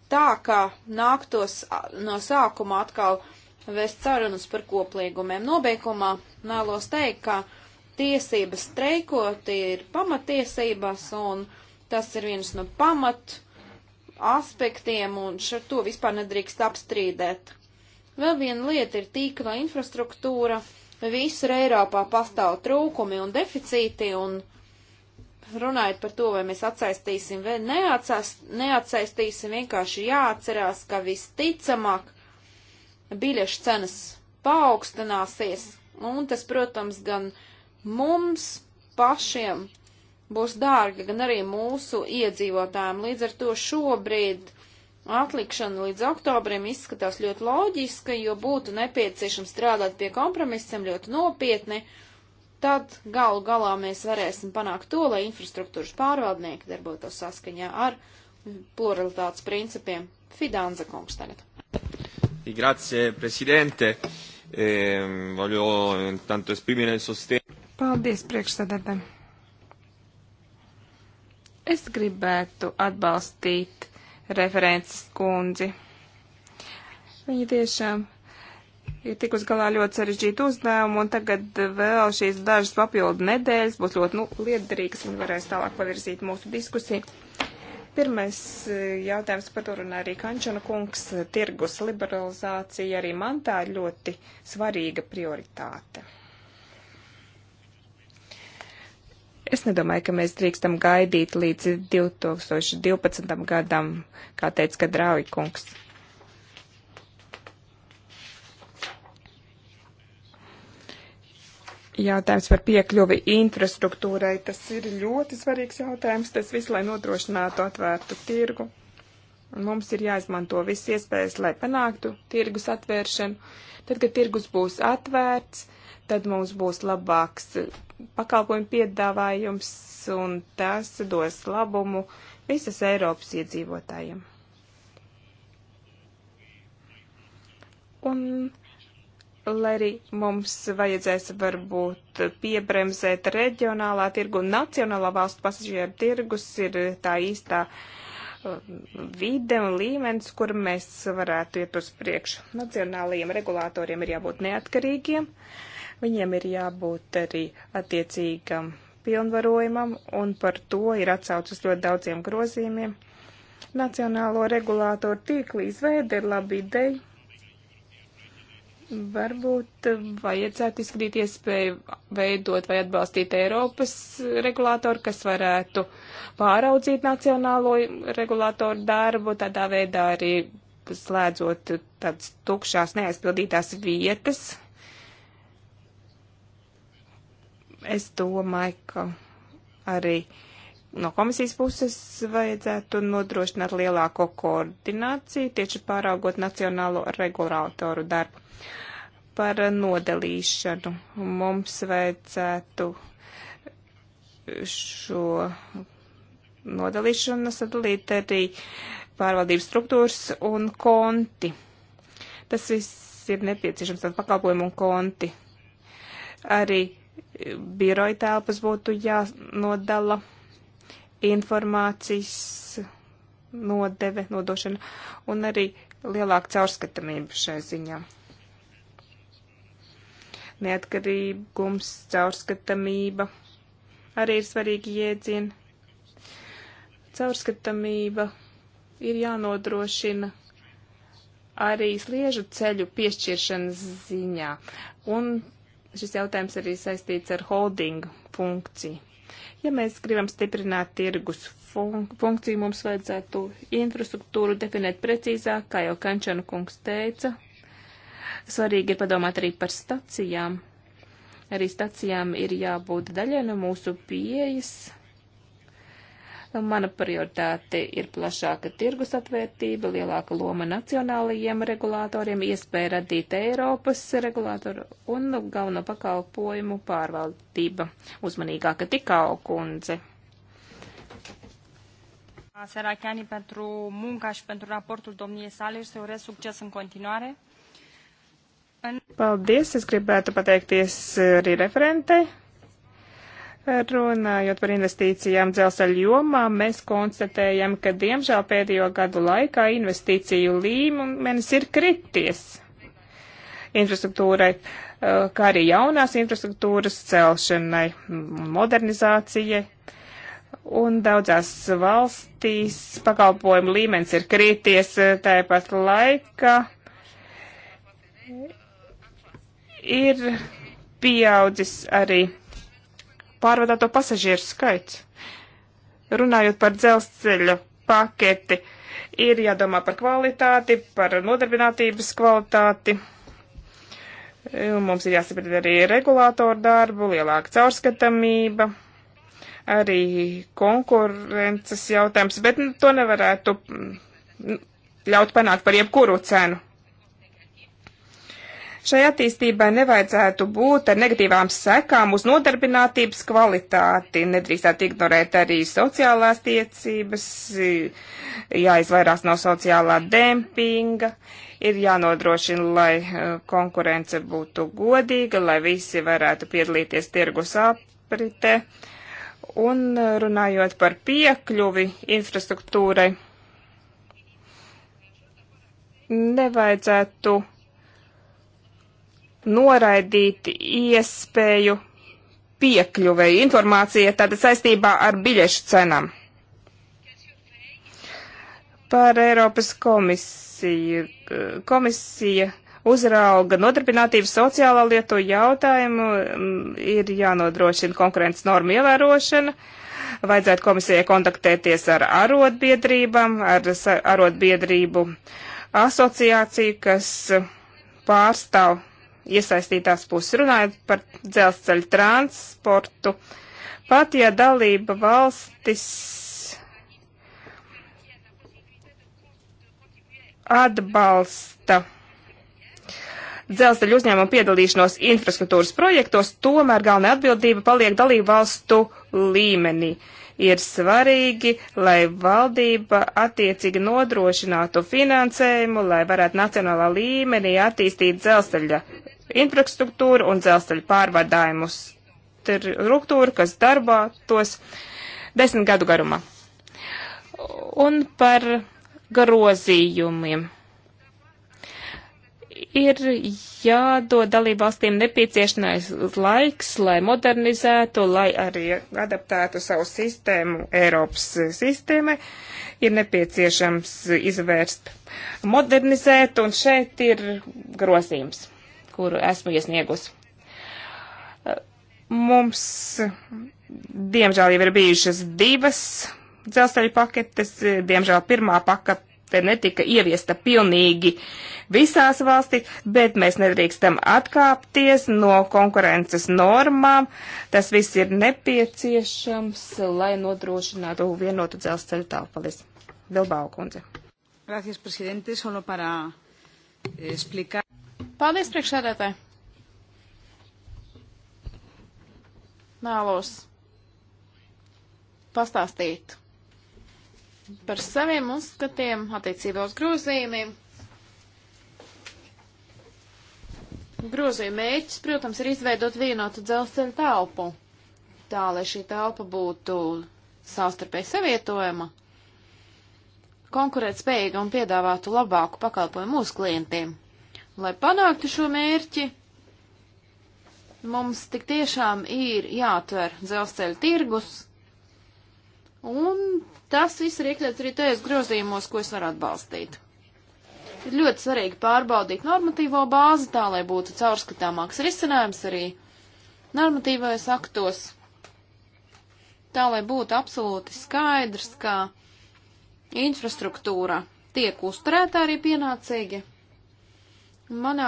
tā, ka nāktos no sākuma atkal vēst sarunas par koplīgumiem. Nobeigumā nālos teikt, ka tiesības streikot ir pamatiesības, un tas ir viens no pamat aspektiem, un ar to vispār nedrīkst apstrīdēt. Vēl viena lieta ir tīkla infrastruktūra. Visur Eiropā pastāv trūkumi un deficīti, un runājot par to, vai mēs atsaistīsim vai neatsaist, neatsaistīsim, vienkārši jāatcerās, ka visticamāk biļešu cenas paaugstināsies, un tas, protams, gan mums pašiem būs dārga gan arī mūsu iedzīvotājiem. Līdz ar to šobrīd atlikšana līdz oktobrim izskatās ļoti loģiska, jo būtu nepieciešams strādāt pie kompromisiem ļoti nopietni. Tad galu galā mēs varēsim panākt to, lai infrastruktūras pārvaldnieki darbotos saskaņā ar pluralitātes principiem. Fidanza kungs tagad. Grazie, prezidente. E, ehm, voglio intanto esprimere il sostegno. Paldies, priekšsēdētāji. Es gribētu atbalstīt references kundzi. Viņa tiešām ir tikus galā ļoti sarežģītu uzdevumu, un tagad vēl šīs dažas papildu nedēļas būs ļoti nu, liederīgas, un varēs tālāk pavirzīt mūsu diskusiju. Pirmais eh, jautājums par to runā arī Kančana kungs. Tirgus liberalizācija arī man tā ir ļoti svarīga prioritāte. Es nedomāju, ka mēs drīkstam gaidīt līdz 2012. gadam, kā teica Kadrāvi kungs. Jautājums par piekļuvi infrastruktūrai, tas ir ļoti svarīgs jautājums, tas viss, lai nodrošinātu atvērtu tirgu. Un mums ir jāizmanto viss iespējas, lai panāktu tirgus atvēršanu. Tad, kad tirgus būs atvērts, tad mums būs labāks pakalpojumu piedāvājums, un tas dos labumu visas Eiropas iedzīvotājiem. Un, lai arī mums vajadzēs varbūt piebremzēt reģionālā tirgu un nacionālā valstu pasažieru tirgus, ir tā īstā um, vide un līmenis, kur mēs varētu iet uz priekšu. Nacionālajiem regulātoriem ir jābūt neatkarīgiem. Uh, Viņiem ir jābūt arī attiecīgam pilnvarojumam, un par to ir atsaucis ļoti daudziem grozījumiem. Nacionālo regulātoru tīkla izveida ir laba ideja. Varbūt vajadzētu izskatīt iespēju veidot vai atbalstīt Eiropas regulātoru, kas varētu pāraudzīt nacionālo regulātoru darbu, tādā veidā arī slēdzot tādas tukšās neaizpildītās vietas Es domāju, ka arī no komisijas puses vajadzētu nodrošināt lielāko koordināciju, tieši pāraugot nacionālo regulātoru darbu. Par nodalīšanu mums vajadzētu šo nodalīšanu sadalīt arī pārvaldības struktūras un konti. Tas viss ir nepieciešams, tad pakalpojumu un konti. Arī biroja telpas būtu jānodala informācijas nodeve, nodošana un arī lielāka caurskatamība šai ziņā. Neatkarīgums, caurskatamība arī ir svarīgi jēdzieni. Caurskatamība ir jānodrošina arī sliežu ceļu piešķiršanas ziņā, un šis jautājums arī saistīts ar holdingu funkciju. Ja mēs gribam stiprināt tirgus fun funkciju, mums vajadzētu infrastruktūru definēt precīzāk, kā jau Kančana kungs teica. Svarīgi ir padomāt arī par stacijām. Arī stacijām ir jābūt daļai no mūsu pieejas, Mana prioritāte ir plašāka tirgus atvērtība, lielāka loma nacionālajiem regulātoriem, iespēja radīt Eiropas regulātoru un galveno pakalpojumu pārvaldība. Uzmanīgāka tikau kundze. Serachani pentru munca și pentru raportul domniei sale și să urez succes în continuare. Paldies, es gribētu pateikties arī referentei. Runājot par investīcijām dzelzceļa jomā, mēs konstatējam, ka diemžēl pēdējo gadu laikā investīciju līmenis ir krities infrastruktūrai, eh, kā arī jaunās infrastruktūras celšanai, modernizācijai. Un daudzās valstīs pakalpojumu līmenis ir krities eh, tāpat laika. Ir pieaudzis arī pārvadāto pasažieru skaits. Runājot par dzelzceļa paketi, ir jādomā par kvalitāti, par nodarbinātības kvalitāti. Mums ir jāsaprot arī regulātoru darbu, lielāka caurskatamība, arī konkurences jautājums, bet nu, to nevarētu mm, ļaut panākt par jebkuru cenu. Šai attīstībai nevajadzētu būt ar negatīvām sekām uz nodarbinātības kvalitāti. Nedrīkstētu ignorēt arī sociālās tiecības, jāizvairās no sociālā dempinga, ir jānodrošina, lai eh, konkurence būtu godīga, lai visi varētu piedalīties tirgus aprite. Un eh, runājot par piekļuvi infrastruktūrai, nevajadzētu noraidīt iespēju piekļuvei informācija tāda saistībā ar biļešu cenām. Par Eiropas komisiju. Komisija uzrauga nodarbinātības sociālā lietu jautājumu, mm, ir jānodrošina konkurences norma ievērošana. Vajadzētu komisijai kontaktēties ar arotbiedrībām, ar arotbiedrību asociāciju, kas pārstāv iesaistītās puses. Runājot par dzelzceļu transportu, pat ja dalība valstis atbalsta dzelzceļu uzņēmumu piedalīšanos infrastruktūras projektos, tomēr galvenā atbildība paliek dalību valstu līmenī. Ir svarīgi, lai valdība attiecīgi nodrošinātu finansējumu, lai varētu nacionālā līmenī attīstīt dzelzceļa infrastruktūru un dzelzceļu pārvadājumu struktūru, kas darbotos desmit gadu garumā. Un par grozījumiem ir jādod dalībvalstīm nepieciešamais laiks, lai modernizētu, lai arī adaptētu savu sistēmu Eiropas sistēmai. Ir nepieciešams izvērst modernizēt, un šeit ir grozījums kuru esmu iesniegus. Mums, diemžēl, jau ir bijušas divas dzelzceļa paketes. Diemžēl pirmā pakete netika ieviesta pilnīgi visās valstīs, bet mēs nedrīkstam atkāpties no konkurences normām. Tas viss ir nepieciešams, lai nodrošinātu vienotu dzelzceļu tālpalis. Bilbao kundze. Gracias, presidente. Solo para eh, explicar. Paldies, priekšsēdētāji! Vēlos pastāstīt par saviem uzskatiem attiecībā uz grozījumiem. Grozījuma mēģis, protams, ir izveidot vienotu dzelzceļa telpu, tā lai šī telpa būtu savstarpēji savietojama, konkurēt spējīga un piedāvātu labāku pakalpojumu mūsu klientiem. Lai panāktu šo mērķi, mums tik tiešām ir jāatver dzelzceļa tirgus, un tas viss ir iekļauts arī tajos grozījumos, ko es varu atbalstīt. Ir ļoti svarīgi pārbaudīt normatīvo bāzi tā, lai būtu caurskatāmāks risinājums arī normatīvajos aktos, tā, lai būtu absolūti skaidrs, ka infrastruktūra tiek uzturēta arī pienācīgi Manā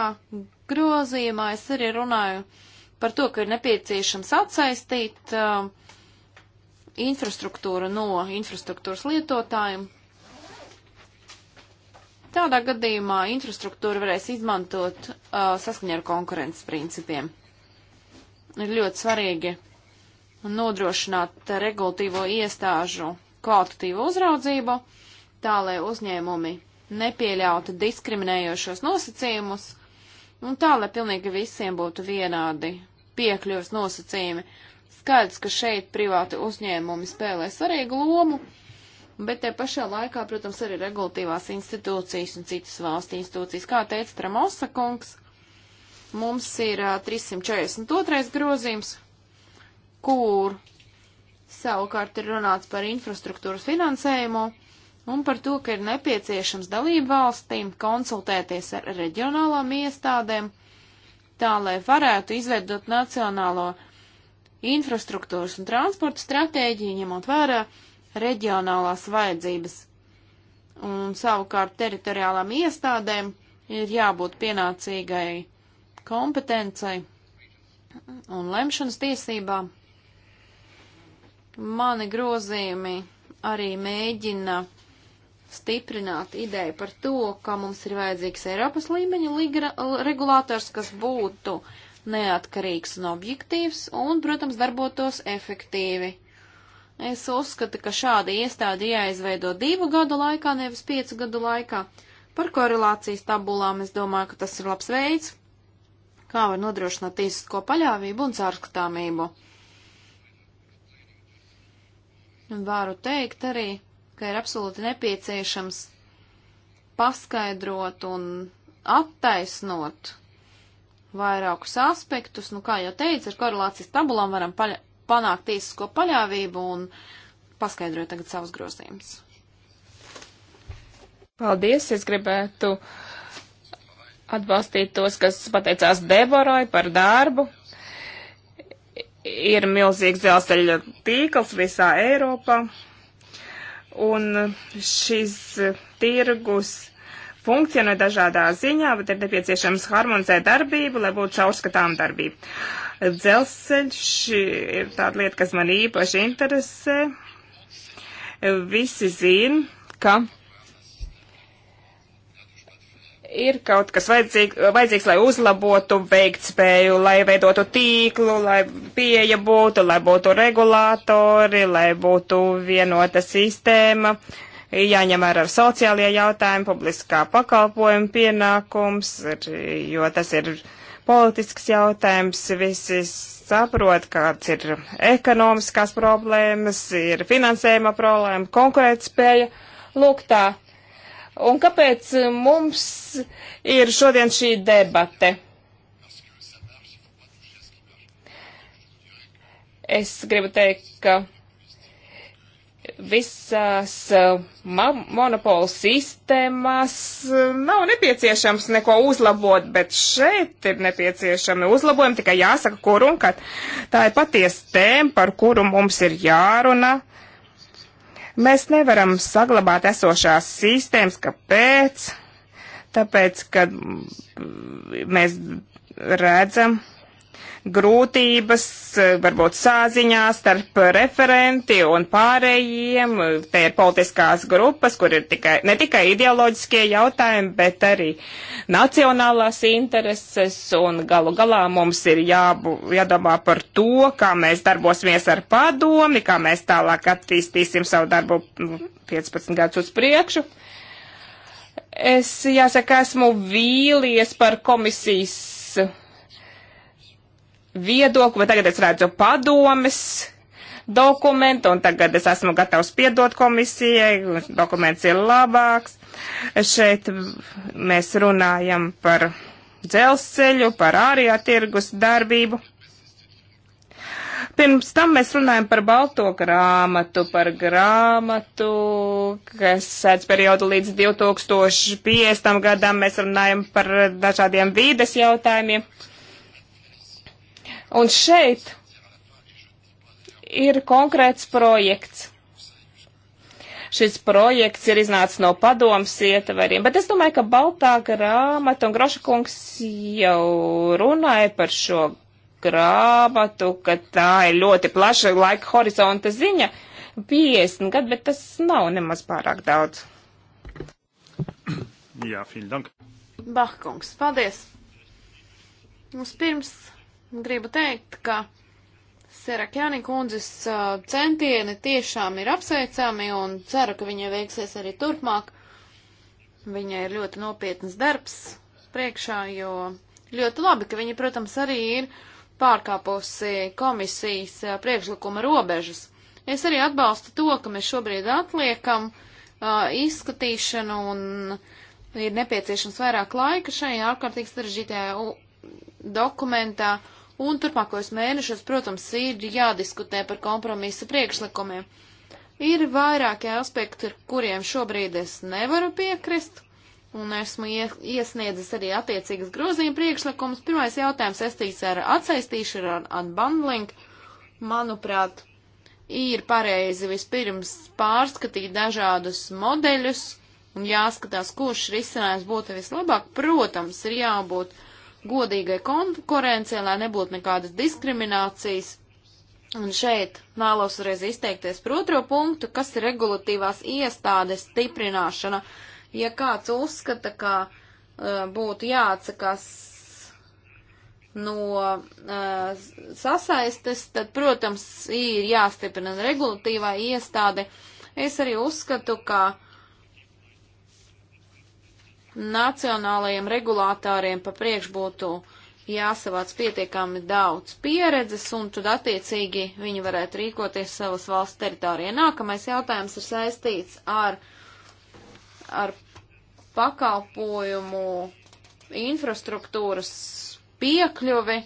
grozījumā es arī runāju par to, ka ir nepieciešams atsaistīt uh, infrastruktūru no infrastruktūras lietotājiem. Tādā gadījumā infrastruktūru varēs izmantot uh, saskaņā ar konkurences principiem. Ir ļoti svarīgi nodrošināt regulatīvo iestāžu kvalitatīvu uzraudzību, tā lai uzņēmumi nepieļautu diskriminējošos nosacījumus, un tā, lai pilnīgi visiem būtu vienādi piekļuvas nosacījumi. Skaidrs, ka šeit privāti uzņēmumi spēlē svarīgu lomu, bet te pašā laikā, protams, arī regulatīvās institūcijas un citas valsts institūcijas. Kā teica Tramosa kungs, mums ir uh, 342. grozījums, kur savukārt ir runāts par infrastruktūras finansējumu un par to, ka ir nepieciešams dalību valstīm konsultēties ar reģionālām iestādēm, tā lai varētu izveidot nacionālo infrastruktūras un transporta stratēģiju, ņemot vērā reģionālās vajadzības. Un savukārt teritoriālām iestādēm ir jābūt pienācīgai kompetencei un lemšanas tiesībām. Mani grozījumi arī mēģina stiprināt ideju par to, ka mums ir vajadzīgs Eiropas līmeņa līgra, regulātors, kas būtu neatkarīgs un objektīvs un, protams, darbotos efektīvi. Es uzskatu, ka šāda iestāde jāizveido divu gadu laikā, nevis piecu gadu laikā. Par korelācijas tabulām es domāju, ka tas ir labs veids, kā var nodrošināt tiesisko paļāvību un cārskatāmību. Un varu teikt arī, ka ir absolūti nepieciešams paskaidrot un attaisnot vairākus aspektus. Nu, kā jau teicu, ar korelācijas tabulām varam paļa panākt tiesisko paļāvību un paskaidrot tagad savus grozījumus. Paldies! Es gribētu atbalstīt tos, kas pateicās Deborai par darbu. Ir milzīgs dzelzceļa tīkls visā Eiropā un šis tirgus funkcionē dažādā ziņā, bet ir nepieciešams harmonizēt darbību, lai būtu caurskatām darbība. Dzelzceļš ir tāda lieta, kas man īpaši interesē. Visi zin, ka ir kaut kas vajadzīg, vajadzīgs, lai uzlabotu veiktspēju, lai veidotu tīklu, lai pieeja būtu, lai būtu regulātori, lai būtu vienota sistēma. Jāņem vērā ar sociālajie jautājumi, publiskā pakalpojuma pienākums, jo tas ir politisks jautājums. Visi saprot, kāds ir ekonomiskās problēmas, ir finansējuma problēma, konkurētspēja. Lūk tā Un kāpēc eh, mums ir šodien šī debate? Es gribu teikt, ka visās eh, monopolu sistēmās eh, nav nepieciešams neko uzlabot, bet šeit ir nepieciešami uzlabojumi, tikai jāsaka, kur un kad. Tā ir patiesa tēma, par kuru mums ir jārunā. Uh, Mēs nevaram saglabāt esošās sistēmas, kāpēc? Tāpēc, ka mm, mēs redzam, grūtības, eh, varbūt sāziņā starp referenti un pārējiem. Te ir politiskās grupas, kur ir tikai, ne tikai ideoloģiskie jautājumi, bet arī nacionālās intereses, un galu galā mums ir jābu, jādomā par to, kā mēs darbosimies ar padomi, kā mēs tālāk attīstīsim savu darbu 15 mm, gadus uz priekšu. Es jāsaka, esmu vīlies par komisijas viedokli, bet tagad es redzu padomes dokumentu, un tagad es esmu gatavs piedot komisijai, dokuments ir labāks. Šeit mēs runājam par dzelzceļu, par ārējā tirgus darbību. Pirms tam mēs runājam par balto grāmatu, par grāmatu, kas sēdz periodu līdz 2050. gadam. Mēs runājam par dažādiem vīdes jautājumiem. Uh, Un šeit ir konkrēts projekts. Šis projekts ir iznācis no padomas ietveriem, bet es domāju, ka Baltā grāmata un Grošakungs jau runāja par šo grāmatu, ka tā ir ļoti plaša laika horizonta ziņa. 50 gadu, bet tas nav nemaz pārāk daudz. Jā, vielen dank. Bahkungs, paldies. Mums pirms gribu teikt, ka Serakjāni kundzes uh, centieni tiešām ir apsveicami un ceru, ka viņai veiksies arī turpmāk. Viņai ir ļoti nopietnas darbs priekšā, jo ļoti labi, ka viņa, protams, arī ir pārkāpusi komisijas uh, priekšlikuma robežas. Es arī atbalstu to, ka mēs šobrīd atliekam uh, izskatīšanu un ir nepieciešams vairāk laika šajā ārkārtīgi sarežģītajā dokumentā. Uh, un turpmākos mēnešus, protams, ir jādiskutē par kompromisa priekšlikumiem. Ir vairāki aspekti, kuriem šobrīd es nevaru piekrist, un esmu iesniedzis arī attiecīgas grozījuma priekšlikumus. Pirmais jautājums saistīts ar atsaistīšanu, ar unbundling. Manuprāt, ir pareizi vispirms pārskatīt dažādus modeļus un jāskatās, kurš risinājums būtu vislabāk. Protams, ir jābūt godīgai konkurencei, lai nebūtu nekādas diskriminācijas. Un šeit vēlos uzreiz izteikties par otro punktu, kas ir regulatīvās iestādes stiprināšana. Ja kāds uzskata, ka uh, būtu jāatsakās no uh, sasaistes, tad, protams, ir jāstiprina regulatīvā iestāde. Es arī uzskatu, ka uh, nacionālajiem regulātāriem pa priekš būtu jāsavāc pietiekami daudz pieredzes, un tad attiecīgi viņi varētu rīkoties savas valsts teritorijā. Nākamais jautājums ir saistīts ar, ar pakalpojumu infrastruktūras piekļuvi.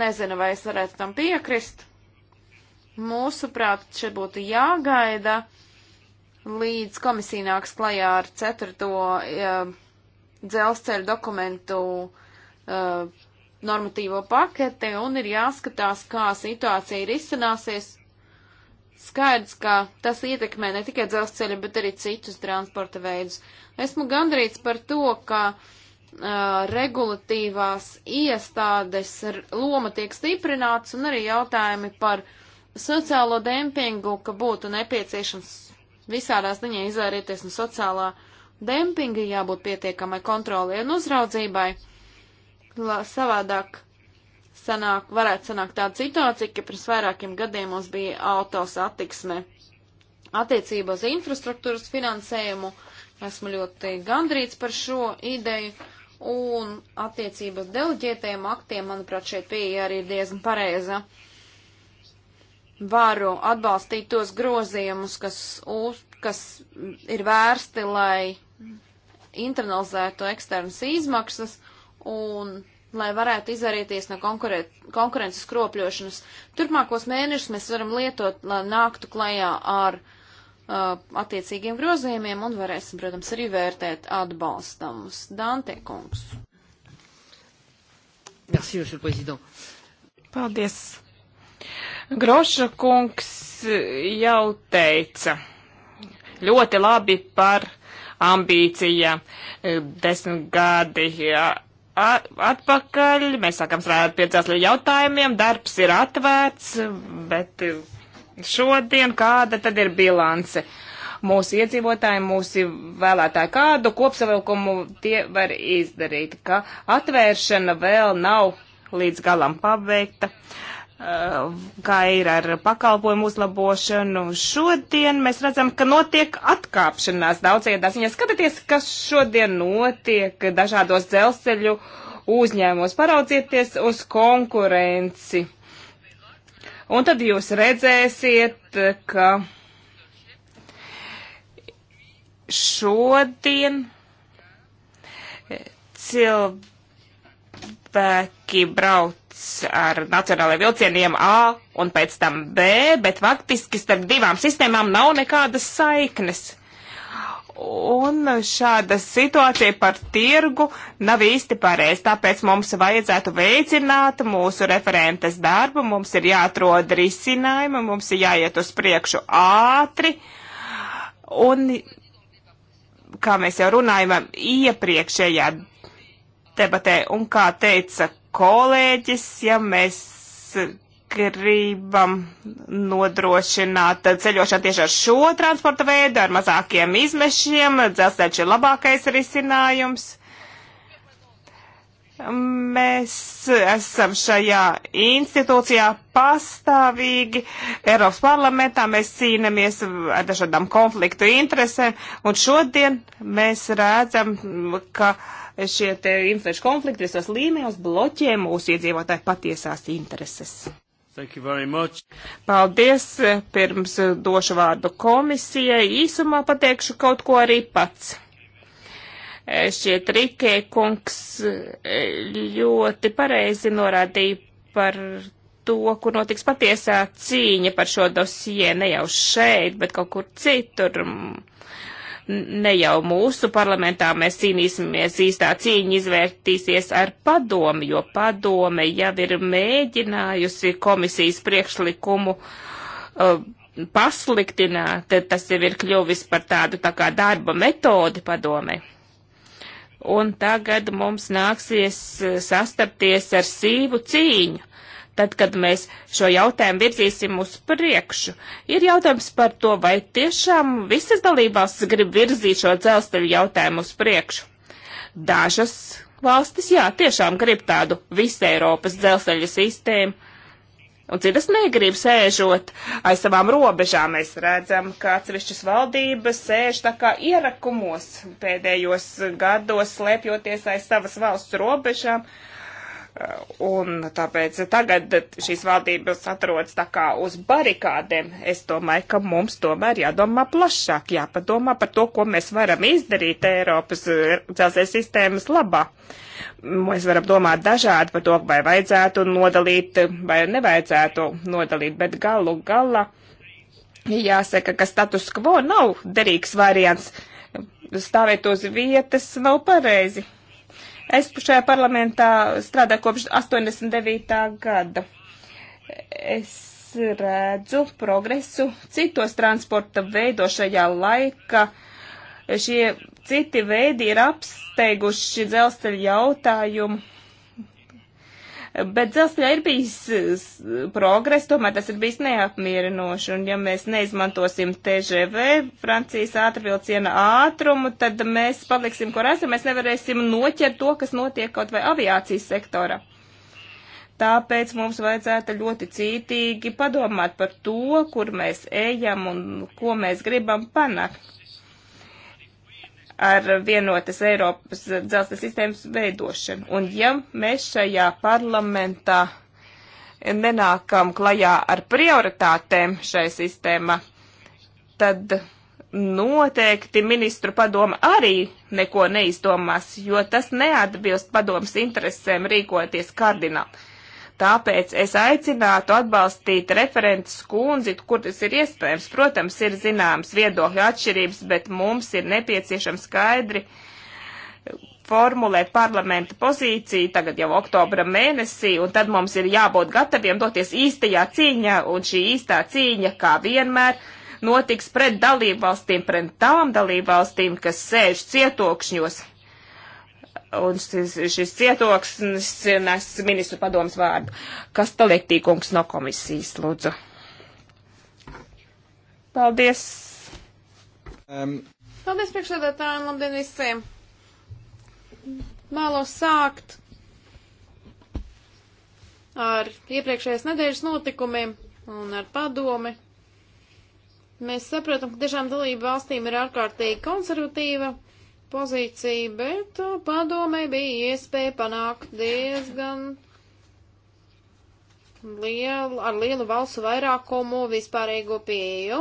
Nezinu, vai es varētu tam piekrist. Mūsuprāt, šeit būtu jāgaida līdz komisija nāks klajā ar ceturto uh, dzelzceļa dokumentu uh, normatīvo paketi un ir jāskatās, kā situācija ir izcināsies. Skaidrs, ka tas ietekmē ne tikai dzelzceļa, bet arī citus transporta veidus. Esmu gandrīz par to, ka uh, regulatīvās iestādes loma tiek stiprināts un arī jautājumi par sociālo dempingu, ka būtu nepieciešams visādā ziņā izvairīties no sociālā dempinga, jābūt pietiekamai kontrolē un uzraudzībai. La, savādāk sanāk, varētu sanākt tāda situācija, ka pirms vairākiem gadiem mums bija autos attiksme attiecībā uz infrastruktūras finansējumu. Esmu ļoti gandrīts par šo ideju un attiecībā uz deleģētajiem aktiem, manuprāt, šeit pieeja arī diezgan pareiza. Uh, varu atbalstīt tos grozījumus, kas, kas ir vērsti, lai internalizētu eksternas izmaksas un lai varētu izvairīties no konkurēt, konkurences kropļošanas. Turpmākos mēnešus mēs varam lietot, lai nāktu klajā ar uh, attiecīgiem grozījumiem un varēsim, protams, arī vērtēt atbalstamus. Dante kungs. Merci, Paldies, Groša kungs jau teica ļoti labi par ambīcijām. Desmit gadi atpakaļ. Mēs sākam strādāt pie dzelzceļa jautājumiem, darbs ir atvērts, bet šodien kāda tad ir bilance? Mūsu iedzīvotāji, mūsu vēlētāji, kādu kopsavilkumu tie var izdarīt, ka atvēršana vēl nav līdz galam pabeigta. Uh, Eh, kā ir ar pakalpojumu uzlabošanu. Šodien mēs redzam, ka notiek atkāpšanās daudziedās. Ja skatieties, kas šodien notiek dažādos dzelzceļu uzņēmos, paraudzieties uz konkurenci. Un tad jūs redzēsiet, ka šodien cilvēki brauc ar nacionālajiem vilcieniem A un pēc tam B, bet faktiski starp divām sistēmām nav nekādas saiknes. Un šāda situācija par tirgu nav īsti pareiz, tāpēc mums vajadzētu veicināt mūsu referentes darbu, mums ir jāatrod risinājumi, mums ir jāiet uz priekšu ātri. Un, kā mēs jau runājam iepriekšējā debatē, un kā teica kolēģis, ja mēs gribam nodrošināt ceļošanu tieši ar šo transporta veidu, ar mazākiem izmešiem, dzelzceļš ir labākais risinājums. Mēs esam šajā institūcijā pastāvīgi. Eiropas parlamentā mēs cīnamies ar dažādām konfliktu interesēm, un šodien mēs redzam, ka uh, šie te interešu konflikti visos līmeņos bloķē mūsu iedzīvotāju patiesās intereses. Paldies! Pirms došu vārdu komisijai, īsumā pateikšu kaut ko arī pats. Šie trikē kungs e, ļoti pareizi norādīja par to, kur notiks patiesā cīņa par šo dosie, ne jau šeit, bet kaut kur citur. Mm ne jau mūsu parlamentā mēs cīnīsimies īstā cīņa izvērtīsies ar padomi, jo padome jau ir mēģinājusi komisijas priekšlikumu uh, pasliktināt, tas jau ir kļuvis par tādu tā kā darba metodi padome. Un tagad mums nāksies uh, sastapties ar sīvu cīņu tad, kad mēs šo jautājumu virzīsim uz priekšu. Ir jautājums par to, vai tiešām visas dalībvalstis grib virzīt šo dzelzceļu jautājumu uz priekšu. Dažas valstis, jā, tiešām grib tādu visu Eiropas dzelzceļu sistēmu. Un citas negrib sēžot aiz savām robežām. Mēs redzam, ka atsevišķas valdības sēž tā kā ierakumos pēdējos gados, slēpjoties aiz savas valsts robežām. Uh, Un tāpēc tagad šīs valdības atrodas tā kā uz barikādēm. Es domāju, ka mums tomēr jādomā plašāk, jāpadomā par to, ko mēs varam izdarīt Eiropas eh, dzelzē sistēmas labā. Mēs varam domāt dažādi par to, vai vajadzētu nodalīt, vai nevajadzētu nodalīt, bet galu gala jāsaka, ka status quo nav derīgs variants. Stāvēt uz vietas nav pareizi. Es šajā parlamentā strādāju kopš 89. gada. Es redzu progresu citos transporta veidošajā laika. Šie citi veidi ir apsteiguši dzelzceļa jautājumu Bet dzelzceļā ir bijis progress, tomēr tas ir bijis neapmierinoši. Un ja mēs neizmantosim TGV, Francijas ātrvilciena ātrumu, tad mēs paliksim, kur esam. Mēs nevarēsim noķert to, kas notiek kaut vai aviācijas sektora. Tāpēc mums vajadzētu ļoti cītīgi padomāt par to, kur mēs ejam un ko mēs gribam panākt ar vienotas Eiropas dzelzceļa sistēmas veidošanu. Un ja mēs šajā parlamentā nenākam klajā ar prioritātēm šai sistēmā, tad noteikti ministru padoma arī neko neizdomās, jo tas neatbilst padomas interesēm rīkoties kardināli. Tāpēc es aicinātu atbalstīt referents kundzi, kur tas ir iespējams. Protams, ir zināmas viedokļu atšķirības, bet mums ir nepieciešams skaidri formulēt parlamenta pozīciju tagad jau oktobra mēnesī, un tad mums ir jābūt gataviem doties īstajā cīņā, un šī īstā cīņa, kā vienmēr, notiks pret dalībvalstīm, pret tām dalībvalstīm, kas sēž cietokšņos un šis, šis cietoksnis nes ministru padomas vārdu. Kas paliek tīkums no komisijas, lūdzu? Paldies! Um. Paldies priekšsēdētājiem, labdien visiem! Mēlos sākt ar iepriekšējās nedēļas notikumiem un ar padomi. Mēs saprotam, ka dažām dalību valstīm ir ārkārtīgi konservatīva pozīciju, bet uh, padomē bija iespēja panākt diezgan lielu, ar lielu valsu vairākumu vispārējo pieeju.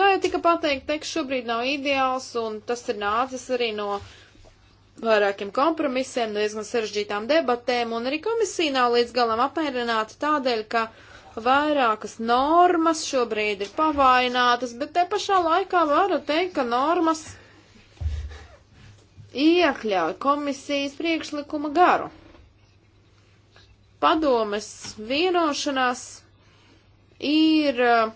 Gāja tika pateikt, teksts šobrīd nav ideāls, un tas ir nācis arī no vairākiem kompromisiem, no diezgan sarežģītām debatēm, un arī komisija nav līdz galam apmierināta tādēļ, ka vairākas normas šobrīd ir pavainātas, bet te pašā laikā varu teikt, ka normas iekļauj komisijas priekšlikuma garu. Padomes vienošanās ir uh,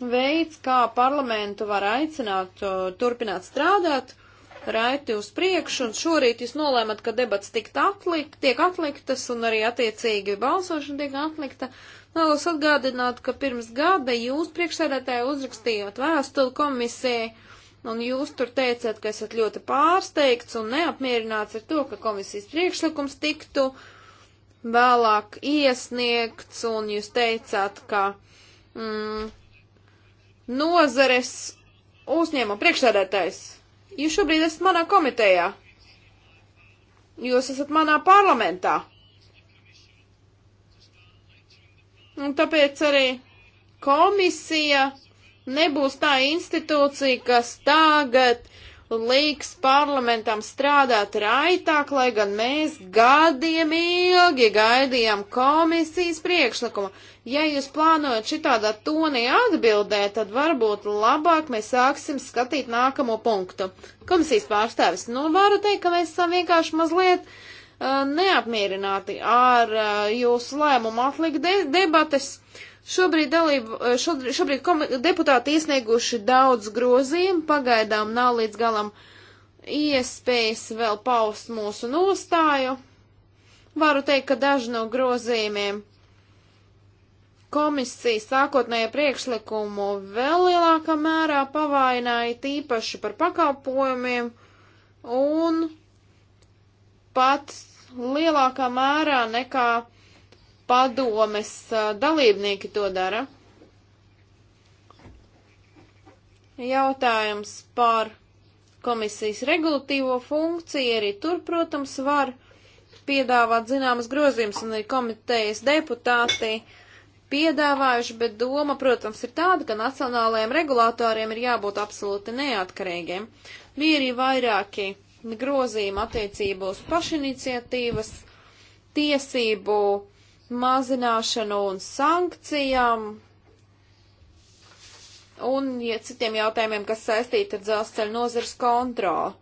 veids, kā parlamentu var aicināt uh, turpināt strādāt, raiti uz priekšu, un šorīt jūs nolēmat, ka debats atlikt, tiek atliktas, un arī attiecīgi balsošana tiek atlikta. Vēlos atgādināt, ka pirms gada jūs priekšsēdētāji uzrakstījāt vēstuli komisijai, un jūs tur teicāt, ka esat ļoti pārsteigts un neapmierināts ar to, ka komisijas priekšlikums tiktu vēlāk iesniegts, un jūs teicāt, ka mm, nozares uzņēmuma priekšsēdētājs, jūs šobrīd esat manā komitejā, jūs esat manā parlamentā. Un tāpēc arī komisija nebūs tā institūcija, kas tagad liks parlamentam strādāt raitāk, lai gan mēs gadiem ilgi gaidījām komisijas priekšlikumu. Ja jūs plānojat šitādā tonī atbildēt, tad varbūt labāk mēs sāksim skatīt nākamo punktu. Komisijas pārstāvis, nu varu teikt, ka mēs esam vienkārši mazliet uh, neapmierināti ar uh, jūsu lēmumu atlikt de debates. Uh, Šobrīd, dalību, eh, šobrīd komi, deputāti iesnieguši daudz grozījumu, pagaidām nav līdz galam iespējas vēl paust mūsu nostāju. Varu teikt, ka daži no grozījumiem komisijas sākotnējo priekšlikumu vēl lielākā mērā pavaināja tīpaši par pakalpojumiem un pat lielākā mērā nekā padomes dalībnieki to dara. Jautājums par komisijas regulatīvo funkciju arī tur, protams, var piedāvāt zināmas grozījumus un arī komitejas deputāti piedāvājuši, bet doma, protams, ir tāda, ka nacionālajiem regulātoriem ir jābūt absolūti neatkarīgiem. Bija arī vairāki grozījumi attiecībos pašiniciatīvas tiesību uh, mazināšanu un sankcijām un ja citiem jautājumiem, kas saistīti ar dzelzceļa nozars kontroli.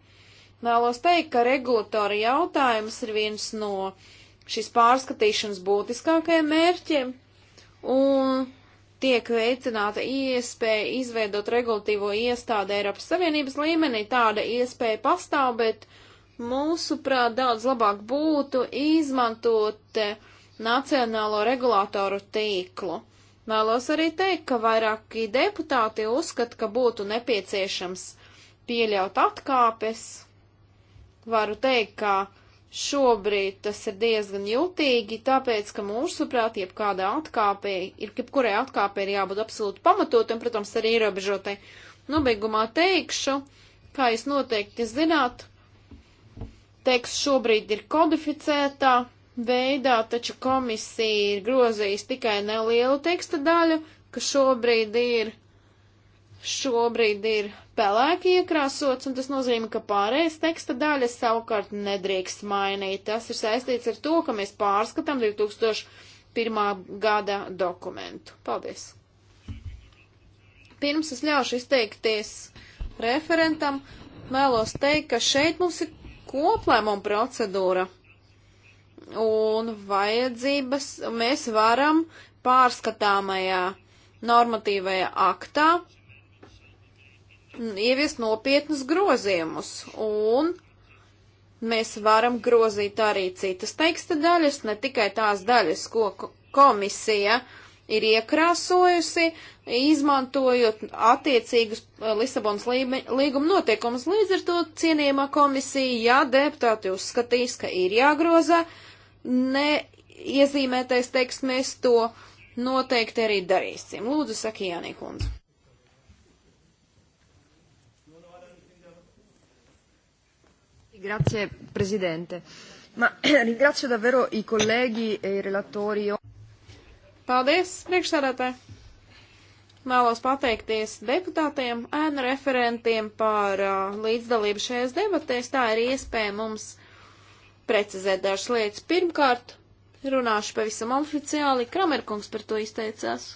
Vēlos teikt, ka regulatori jautājums ir viens no šīs pārskatīšanas būtiskākajiem mērķiem un tiek veicināta iespēja izveidot regulatīvo iestādi Eiropas Savienības līmenī. Tāda iespēja pastāv, bet mūsuprāt daudz labāk būtu izmantot uh, nacionālo regulātoru tīklu. Vēlos arī teikt, ka vairāki deputāti uzskata, ka būtu nepieciešams pieļaut atkāpes. Varu teikt, ka šobrīd tas ir diezgan jūtīgi, tāpēc, ka mūsuprāt, jebkāda atkāpē, ir, jebkurai atkāpē ir jābūt absolūti pamatot un, protams, arī ierobežotai. Nobeigumā teikšu, kā jūs noteikti zināt, teksts šobrīd ir kodificētā veidā, taču komisija ir grozījis tikai nelielu teksta daļu, kas šobrīd ir, šobrīd ir pelēki iekrāsots, un tas nozīmē, ka pārējais teksta daļas savukārt nedrīkst mainīt. Tas ir saistīts ar to, ka mēs pārskatām 2001. gada dokumentu. Paldies! Pirms es ļaušu izteikties referentam, vēlos teikt, ka šeit mums ir koplēmuma procedūra un vajadzības mēs varam pārskatāmajā normatīvajā aktā ieviest nopietnus grozījumus, un mēs varam grozīt arī citas teksta daļas, ne tikai tās daļas, ko komisija ir iekrāsojusi, izmantojot attiecīgus eh, Lisabonas līguma notiekumus. Līdz ar to cienījumā komisija, ja deputāti uzskatīs, ka ir jāgroza, neiezīmētais teiks, mēs to noteikti arī darīsim. Lūdzu, saka Jānī Kundze. Grazie, Presidente. Ma ringrazio davvero i colleghi e i relatori. Paldies, priekšsēdētāji! Vēlos pateikties deputātiem, ēnu referentiem par uh, līdzdalību šajās debatēs. Tā ir iespēja mums precizēt dažas lietas. Pirmkārt, runāšu pavisam oficiāli, Kramerkungs par to izteicās.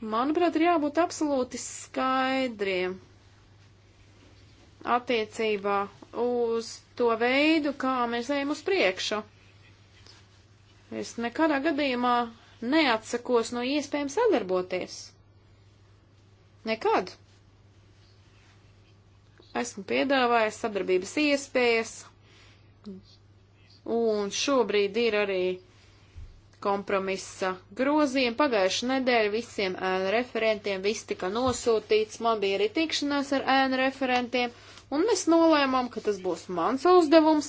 Manuprāt, ir jābūt absolūti skaidriem attiecībā uz to veidu, kā mēs ejam uz priekšu. Es nekādā gadījumā neatsakos no iespējām sadarboties. Nekad. Esmu piedāvājis sadarbības iespējas, Un šobrīd ir arī kompromisa grozījumi. Pagājušā nedēļa visiem ēnu referentiem viss tika nosūtīts, man bija arī tikšanās ar ēnu referentiem, un mēs nolēmām, ka tas būs mans uzdevums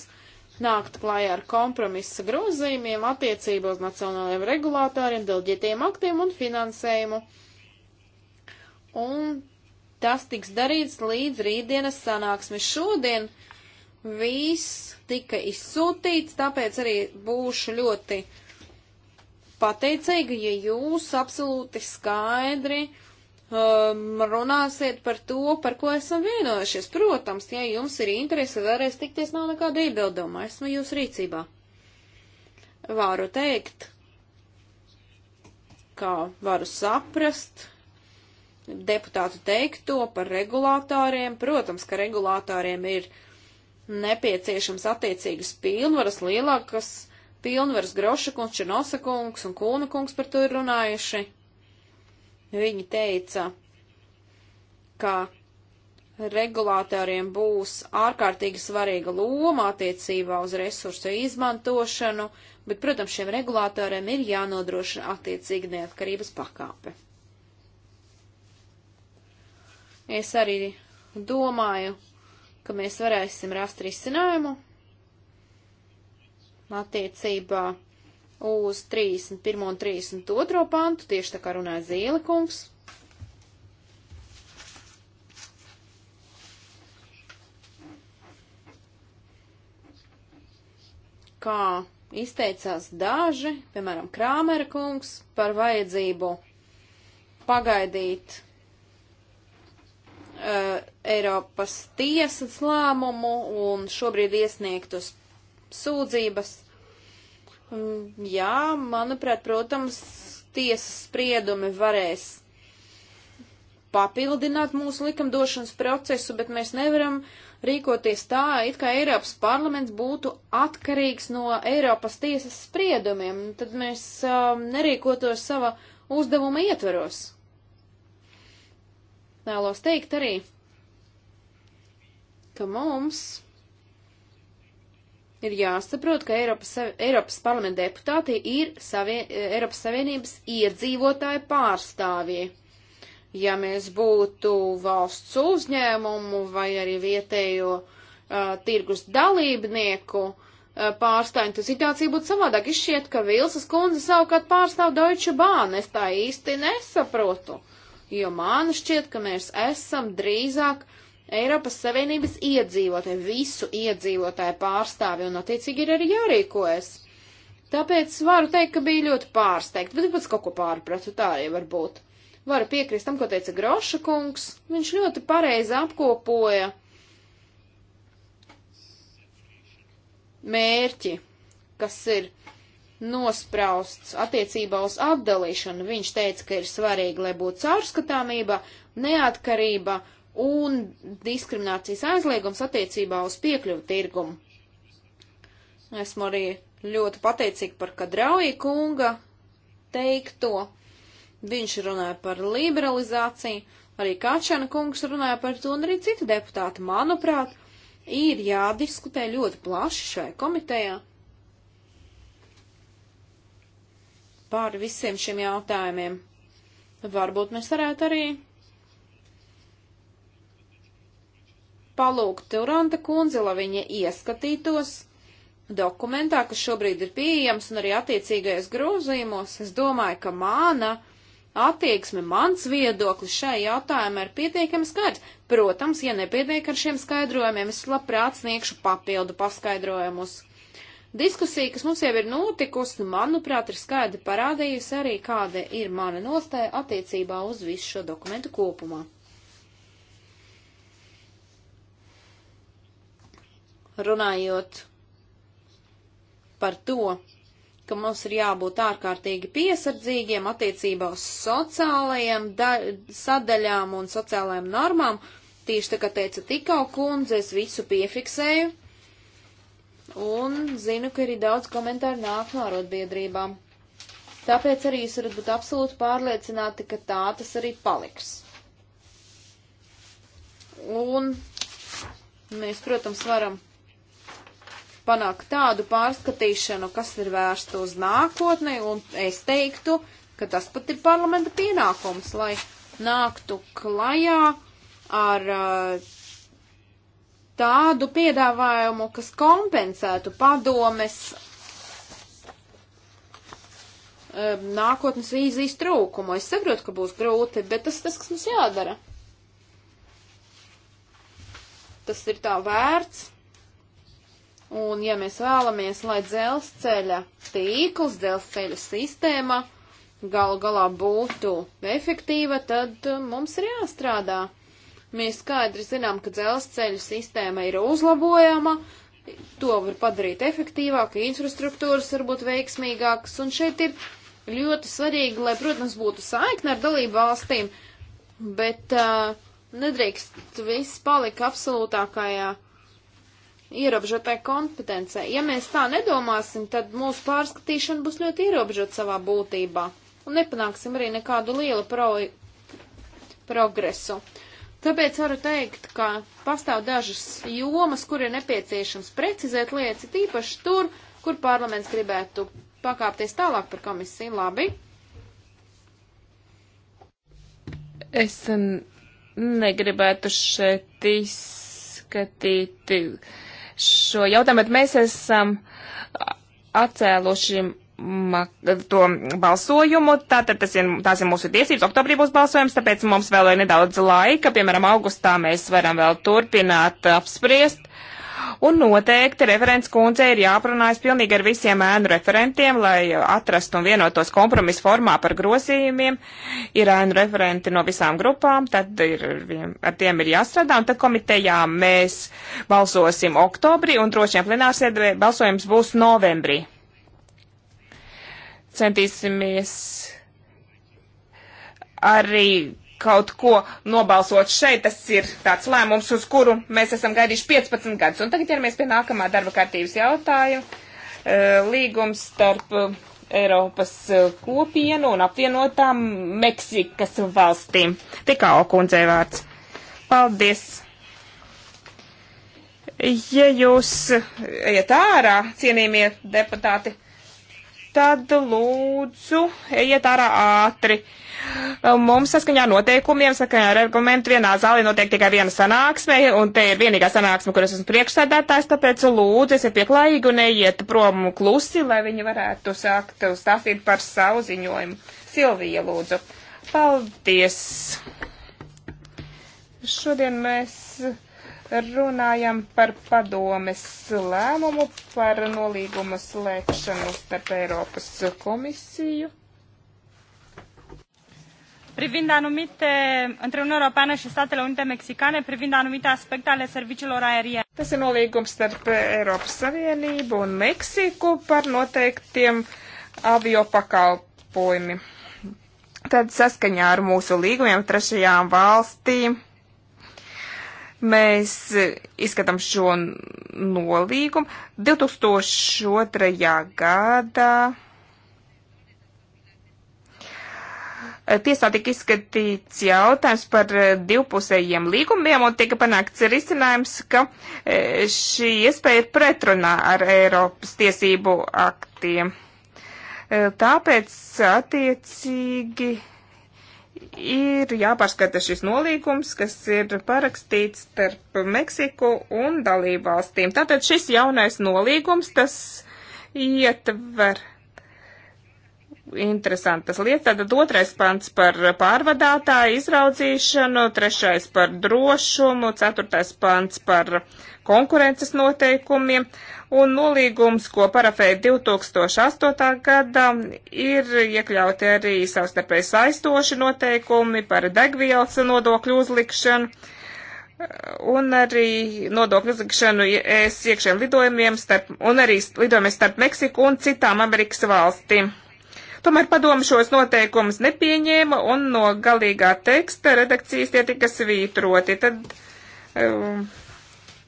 nākt klājā ar kompromisa grozījumiem attiecībā uz nacionālajiem regulātāriem, delģētiem aktiem un finansējumu. Un tas tiks darīts līdz rītdienas sanāksmi šodien. Uh, viss tika izsūtīts, tāpēc arī būšu ļoti pateicīga, ja jūs absolūti skaidri um, runāsiet par to, par ko esam vienojušies. Protams, ja jums ir interese vēlreiz tikties, nav nekāda iebilduma, esmu jūs rīcībā. Varu teikt, kā varu saprast deputātu teikto par regulātāriem. Protams, ka regulātāriem ir uh, nepieciešams attiecīgas pilnvaras, lielākas pilnvaras Groša kungs, Černosa kungs un Kūna kungs par to ir runājuši. Viņi teica, ka regulātoriem būs ārkārtīgi svarīga loma attiecībā uz resursu izmantošanu, bet, protams, šiem regulātoriem ir jānodrošina attiecīga neatkarības pakāpe. Es arī domāju, ka mēs varēsim rast risinājumu attiecībā uz 31. un 32. pantu, tieši tā kā runāja Zīlekungs. Kā izteicās daži, piemēram, Krāmera kungs, par vajadzību pagaidīt uh, Eiropas tiesas lēmumu un šobrīd iesniegtus sūdzības. Um, jā, manuprāt, protams, tiesas spriedumi varēs papildināt mūsu likumdošanas procesu, bet mēs nevaram rīkoties tā, it kā Eiropas parlaments būtu atkarīgs no Eiropas tiesas spriedumiem. Tad mēs um, nerīkotos sava uzdevuma ietveros. Vēlos teikt arī, ka mums ir jāsaprot, ka Eiropas, Eiropas parlamenta deputāti ir savie, Eiropas Savienības iedzīvotāju pārstāvji. Ja mēs būtu valsts uzņēmumu vai arī vietējo uh, tirgus dalībnieku uh, pārstāvju, tad situācija būtu savādāk. Izšķiet, ka Vilsas kundze savukārt pārstāv Deutsche Bahn. Es tā īsti nesaprotu. Uh, jo man šķiet, ka mēs esam drīzāk Eiropas Savienības iedzīvotāji, visu iedzīvotāju pārstāvi, un attiecīgi ir arī jārīkojas. Tāpēc varu teikt, ka bija ļoti pārsteigta, bet pats kaut ko pārpratu, tā arī var būt. Varu piekrist tam, ko teica Groša kungs, viņš ļoti pareizi apkopoja mērķi, kas ir nosprausts attiecībā uz apdalīšanu. Viņš teica, ka ir svarīgi, lai būtu caurskatāmība, neatkarība un diskriminācijas aizliegums attiecībā uz piekļuvu tirgumu. Esmu arī ļoti pateicīgi par Kadrauja kunga teikto. Viņš runāja par liberalizāciju, arī Kačana kungs runāja par to, un arī citi deputāti, manuprāt, ir jādiskutē ļoti plaši šai komitejai par visiem šiem jautājumiem. Varbūt mēs varētu arī palūgt Turanta kundzi, lai viņa ieskatītos dokumentā, kas šobrīd ir pieejams un arī attiecīgajos grozījumos. Es domāju, ka mana attieksme, mans viedoklis šai jautājumā ir pietiekami skaidrs. Protams, ja nepietiek ar šiem skaidrojumiem, es labprāt sniegšu papildu paskaidrojumus. Diskusija, kas mums jau ir notikusi, manuprāt, ir skaidri parādījusi arī, kāda ir mana nostāja attiecībā uz visu šo dokumentu kopumā. Runājot par to, ka mums ir jābūt ārkārtīgi piesardzīgiem attiecībā uz sociālajiem sadaļām un sociālajām normām. Tīši tā kā teica tikau kundze, es visu piefiksēju un zinu, ka arī daudz komentāru nāk no arotbiedrībām. Tāpēc arī jūs varat būt absolūti pārliecināti, ka tā tas arī paliks. Un mēs, protams, varam panākt tādu pārskatīšanu, kas ir vērsta uz nākotni, un es teiktu, ka tas pat ir parlamenta pienākums, lai nāktu klajā ar uh, tādu piedāvājumu, kas kompensētu padomes um, nākotnes vīzijas trūkumu. Es saprotu, ka būs grūti, bet tas ir tas, kas mums jādara. Tas ir tā vērts. Un ja mēs vēlamies, lai dzelzceļa tīkls, dzelzceļa sistēma gal galā būtu efektīva, tad uh, mums ir jāstrādā. Mēs skaidri zinām, ka dzelzceļu sistēma ir uzlabojama, to var padarīt efektīvāk, infrastruktūras varbūt veiksmīgākas, un šeit ir ļoti svarīgi, lai, protams, būtu saikne ar dalību valstīm, bet uh, nedrīkst viss palika absolūtākajā ierobežotai kompetencē. Ja mēs tā nedomāsim, tad mūsu pārskatīšana būs ļoti ierobežota savā būtībā un nepanāksim arī nekādu lielu pro progresu. Tāpēc varu teikt, ka pastāv dažas jomas, kur ir nepieciešams precizēt lietas, tīpaši tur, kur parlaments gribētu pakāpties tālāk par komisiju. Labi. Es um, negribētu šeit izskatīt šo jautājumu, bet mēs esam atcēlušiem to balsojumu. Tātad tas ir, tās ir mūsu tiesības. Oktobrī būs balsojums, tāpēc mums vēl ir nedaudz laika. Piemēram, augustā mēs varam vēl turpināt apspriest. Un noteikti referents kundze ir jāprunājas pilnīgi ar visiem ēnu referentiem, lai atrastu un vienotos kompromisu formā par grozījumiem. Ir ēnu referenti no visām grupām, tad ir, ar tiem ir jāstrādā, un tad komitejā mēs balsosim oktobrī, un droši vien plenārsēdē balsojums būs novembrī centīsimies arī kaut ko nobalsot šeit. Tas ir tāds lēmums, uz kuru mēs esam gaidījuši 15 gadus. Un tagad ķeramies pie nākamā darba kārtības jautājuma. Eh, līgums starp eh, Eiropas eh, kopienu un apvienotām Meksikas valstīm. Tikā okundzei vārds. Paldies! Ja jūs ejat ārā, cienījamie deputāti, tad lūdzu ejiet ārā ātri. Mums saskaņā noteikumiem, saskaņā ar argumentu, vienā zālē notiek tikai viena sanāksme, un te ir vienīgā sanāksme, kuras esmu priekšsēdētājs, tāpēc lūdzu esiet pieklājīgi un ejiet prom klusi, lai viņi varētu sākt stāstīt par savu ziņojumu. Silvija, lūdzu. Paldies! Šodien mēs runājam par padomes lēmumu par nolīgumu slēgšanu starp Eiropas komisiju. Privind anumite, între Uniunea Europeană și Statele Unite Mexicane, privind anumite aspecte ale serviciilor aeriene. Tas ir nolīgums starp Eiropas Savienību un Meksiku par noteiktiem avio pakalpojumiem. Tad saskaņā ar mūsu līgumiem trešajām valstīm mēs izskatām šo nolīgumu. 2002. gadā tiesā tika izskatīts jautājums par divpusējiem līgumiem un tika panākts risinājums, ka e, šī iespēja ir pretrunā ar Eiropas tiesību aktiem. E, tāpēc attiecīgi ir jāpārskata šis nolīgums, kas ir parakstīts starp Meksiku un dalībvalstīm. Tātad šis jaunais nolīgums, tas ietver interesantas lietas. Tātad otrais pants par pārvadātāju izraudzīšanu, trešais par drošumu, ceturtais pants par konkurences noteikumiem, un nolīgums, ko parafēja 2008. gada, ir iekļauti arī savstarpēji saistoši noteikumi par degvielas nodokļu uzlikšanu un arī nodokļu uzlikšanu es iekšējiem lidojumiem starp, un arī lidojumiem starp Meksiku un citām Amerikas valstīm. Tomēr padomu šos noteikumus nepieņēma un no galīgā teksta redakcijas tie tika svītroti. Tad um,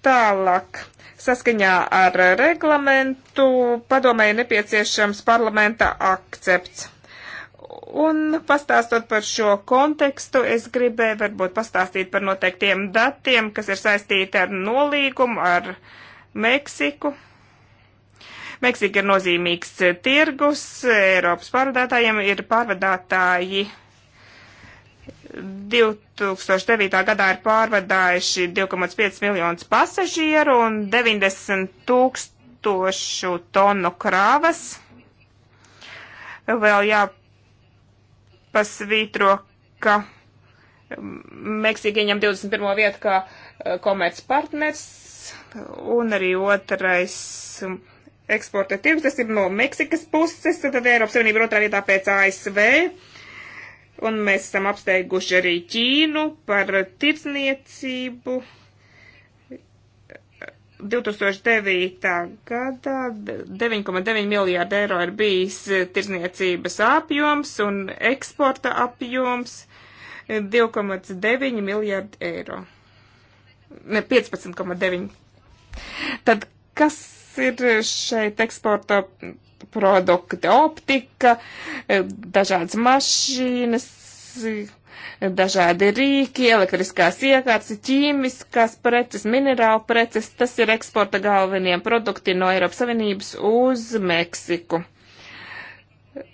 tālāk Saskaņā ar reglamentu padomē ir nepieciešams parlamenta akcepts. Un pastāstot par šo kontekstu, es gribēju varbūt pastāstīt par noteiktiem datiem, kas ir saistīti ar nolīgumu ar Meksiku. Meksika ir nozīmīgs tirgus, Eiropas pārvadātājiem ir pārvadātāji 2009. gadā ir pārvadājuši 2,5 miljonus pasažieru un 90 tūkstošu tonu krāvas. Vēl jāpasvītro, ka Meksika ieņem 21. vietu kā eh, komercpartners un arī otrais um, eksporta tirgus, tas ir no Meksikas puses, tad Eiropas Savienība ir otrā vietā pēc ASV un mēs esam apsteiguši arī Ķīnu par tirsniecību. 2009. gadā 9,9 miljārdi eiro ir bijis tirsniecības apjoms un eksporta apjoms 2,9 miljārdi eiro. Ne 15,9. Tad kas ir šeit eksporta produkti, optika, e, dažādas mašīnas, e, dažādi rīki, elektriskās iekārtas, ķīmiskās preces, minerāla preces. Tas ir eksporta galvenie produkti no Eiropas Savienības uz Meksiku.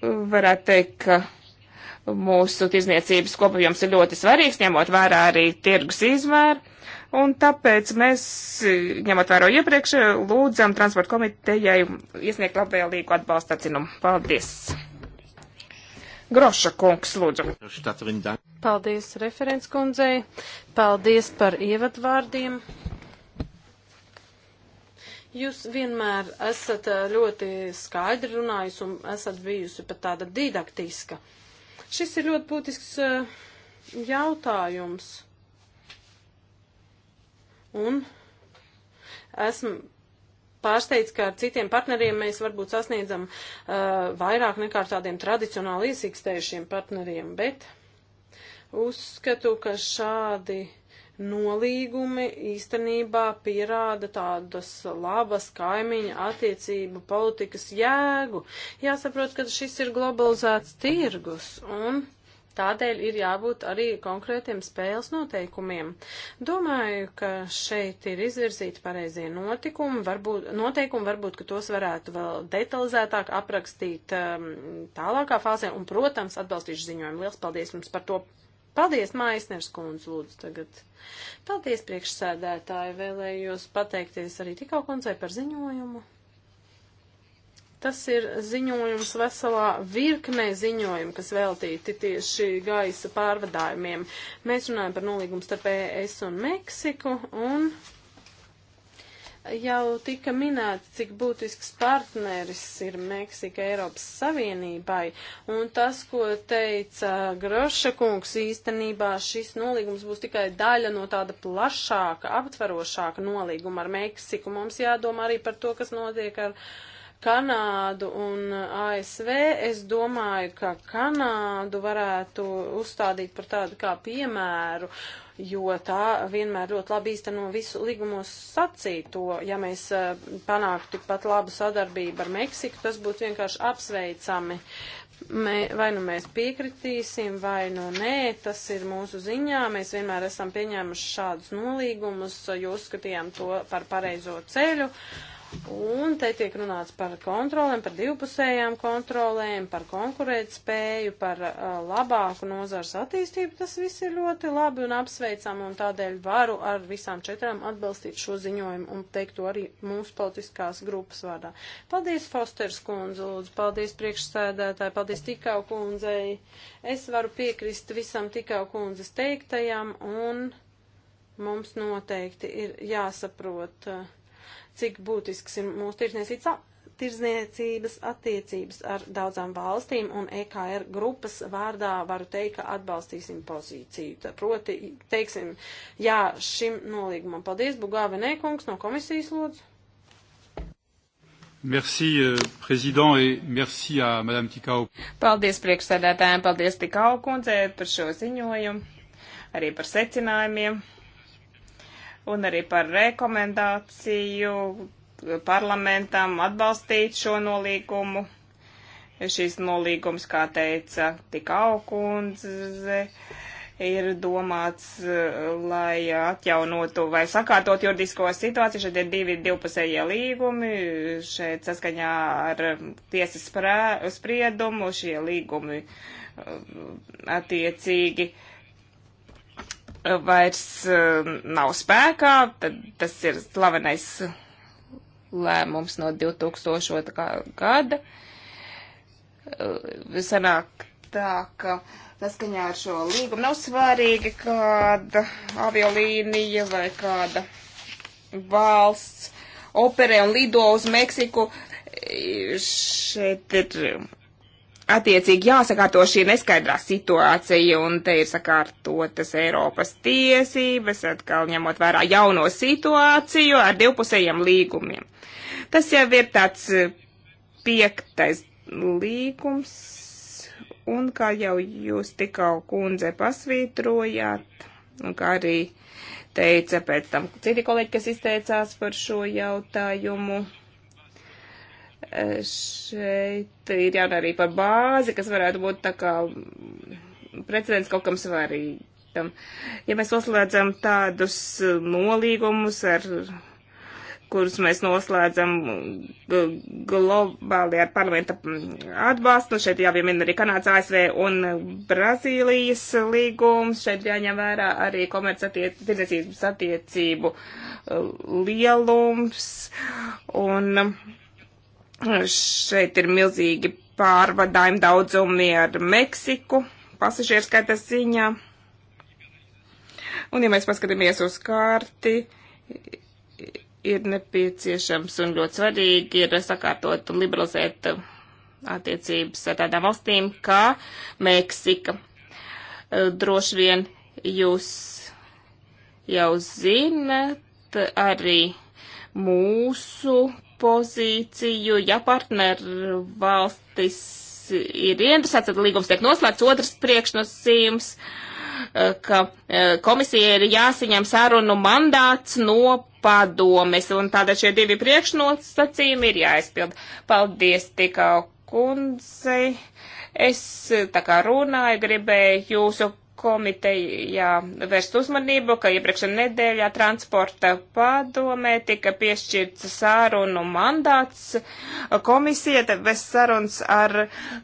Varētu teikt, ka mūsu tirzniecības kopējums ir ļoti svarīgs, ņemot vērā arī tirgus izmēru Un tāpēc mēs, ņemot vērā iepriekš, lūdzam transporta komitejai iesniegt labvēlīgu atbalstu atzinumu. Paldies! Groša kungs, lūdzu. Paldies referents kundzei. Paldies par ievadvārdiem. Jūs vienmēr esat ļoti skaidri runājusi un esat bijusi pat tāda didaktiska. Šis ir ļoti būtisks jautājums. Un esmu pārsteigts, ka ar citiem partneriem mēs varbūt sasniedzam uh, vairāk nekā ar tādiem tradicionāli iesīkstējušiem partneriem, bet uzskatu, ka šādi nolīgumi īstenībā pierāda tādas labas kaimiņa attiecību politikas jēgu. Jāsaprot, ka šis ir globalizēts tirgus un Tādēļ ir jābūt arī konkrētiem spēles noteikumiem. Domāju, ka šeit ir izvirzīti pareizie notikumi, varbūt, noteikumi, varbūt, ka tos varētu vēl detalizētāk aprakstīt um, tālākā fāzē, un, protams, atbalstīšu ziņojumu. Liels paldies jums par to! Paldies, Maisners kundze, lūdzu tagad. Paldies, priekšsēdētāji, vēlējos pateikties arī tikau kundzei par ziņojumu. Tas ir ziņojums veselā virknē ziņojumu, kas veltīti tieši gaisa pārvadājumiem. Mēs runājam par nolīgumu starp ES un Meksiku un jau tika minēts, cik būtisks partneris ir Meksika Eiropas Savienībai. Un tas, ko teica Groša kungs, īstenībā šis nolīgums būs tikai daļa no tāda plašāka, aptverošāka nolīguma ar Meksiku. Mums jādomā arī par to, kas notiek ar. Uh, Kanādu un ASV, es domāju, ka Kanādu varētu uzstādīt par tādu kā piemēru, jo tā vienmēr ļoti labi īsteno visu līgumos sacīto. Ja mēs e, panāktu tikpat labu sadarbību ar Meksiku, tas būtu vienkārši apsveicami. Mē, vai nu mēs piekritīsim, vai nu nē, tas ir mūsu ziņā. Mēs vienmēr esam pieņēmuši šādus nolīgumus, jo uzskatījām to par pareizo ceļu. Uh, Un te tiek runāts par kontrolēm, par divpusējām kontrolēm, par konkurētspēju, par uh, labāku nozars attīstību. Tas viss ir ļoti labi un apsveicami, un tādēļ varu ar visām četrām atbalstīt šo ziņojumu un teikt to arī mūsu politiskās grupas vārdā. Paldies, Fosters kundze, lūdzu, paldies priekšsēdētāji, paldies Tikau kundzei. Es varu piekrist visam Tikau kundzes teiktajam, un mums noteikti ir jāsaprot. Uh, cik būtisks ir mūsu tirzniecības attiecības ar daudzām valstīm, un EKR grupas vārdā varu teikt, ka atbalstīsim pozīciju. Tā proti, teiksim, jā, šim nolīgumam paldies, Bugāve Nēkungs no komisijas lūdzu. Merci, euh, Président, et merci à Madame Tikau. Paldies priekšsēdētājiem, paldies Tikau kundzē par šo ziņojumu, arī par secinājumiem un arī par rekomendāciju parlamentam atbalstīt šo nolīgumu. Šis nolīgums, kā teica Tikau kundze, ir domāts, lai atjaunotu vai sakārtot juridisko situāciju. Šeit ir divi divpusējie līgumi. Šeit saskaņā ar tiesas spriedumu šie līgumi um, attiecīgi vairs eh, nav spēkā, tad tas ir slavenais lēmums no 2000. gada. Eh, sanāk tā, ka saskaņā ar šo līgumu nav svarīgi, kāda aviolīnija vai kāda valsts operē un lido uz Meksiku. Eh, šeit ir attiecīgi jāsakārto šī neskaidrā situācija, un te ir sakārtotas Eiropas tiesības, atkal ņemot vērā jauno situāciju ar divpusējiem līgumiem. Tas jau ir tāds eh, piektais līgums, un kā jau jūs tikau kundze pasvītrojāt, un kā arī teica pēc tam citi kolēģi, kas izteicās par šo jautājumu. Šeit ir jauna arī par bāzi, kas varētu būt tā kā precedents kaut kam svarīgam. Ja mēs noslēdzam tādus nolīgumus ar kurus mēs noslēdzam globāli ar parlamenta atbalstu. Nu, šeit jāpiemina arī Kanādas, ASV un Brazīlijas līgums. Šeit jāņem vērā arī komercatiecības attiecību uh, lielums. Un, uh, Šeit ir milzīgi pārvadājumi daudzumi ar Meksiku, pasažieru skaita ziņā. Un, ja mēs paskatāmies uz karti, ir nepieciešams un ļoti svarīgi ir sakārtot un liberalizēt attiecības ar tādām valstīm kā Meksika. Droši vien jūs jau zinat arī mūsu pozīciju, ja partneru valstis ir interesēts, tad līgums tiek noslēgts. Otrs priekšnosījums, eh, ka eh, komisija ir jāsaņem sarunu mandāts no padomes, un tādēļ šie divi priekšnosacījumi ir jāizpild. Paldies tikā kundzei. Es eh, tā kā runāju, gribēju jūsu komitejā vērst uzmanību, ka iepriekšējā nedēļā transporta padomē tika piešķirts sārunu mandāts komisija, tad bez sarunas ar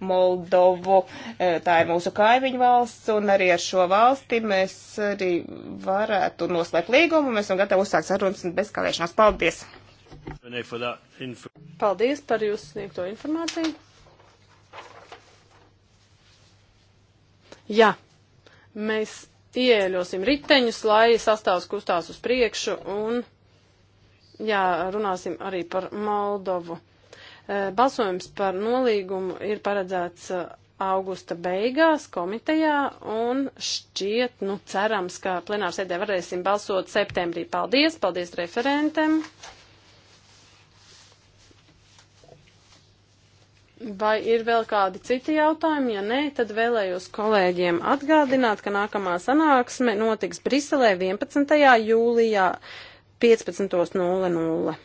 Moldovu. E, tā ir mūsu kaimiņu valsts, un arī ar šo valsti mēs arī varētu noslēgt līgumu. Mēs esam gatavi uzsākt sarunas bez kavēšanās. Paldies! Paldies par jūsu sniegto informāciju! Jā, Mēs ieļosim riteņus, lai sastāvs kustās uz priekšu un, jā, runāsim arī par Moldovu. E, balsojums par nolīgumu ir paredzēts e, augusta beigās komitejā un šķiet, nu cerams, ka plenārsēdē varēsim balsot septembrī. Paldies, paldies referentiem! Vai ir vēl kādi citi jautājumi? Ja nē, tad vēlējos kolēģiem atgādināt, ka nākamā sanāksme notiks Briselē 11. jūlijā 15.00.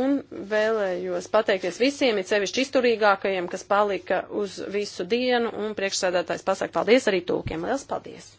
Un vēlējos pateikties visiem, it sevišķi izturīgākajiem, kas palika uz visu dienu, un priekšsēdētājs pasaka paldies arī tūkiem. Liels paldies!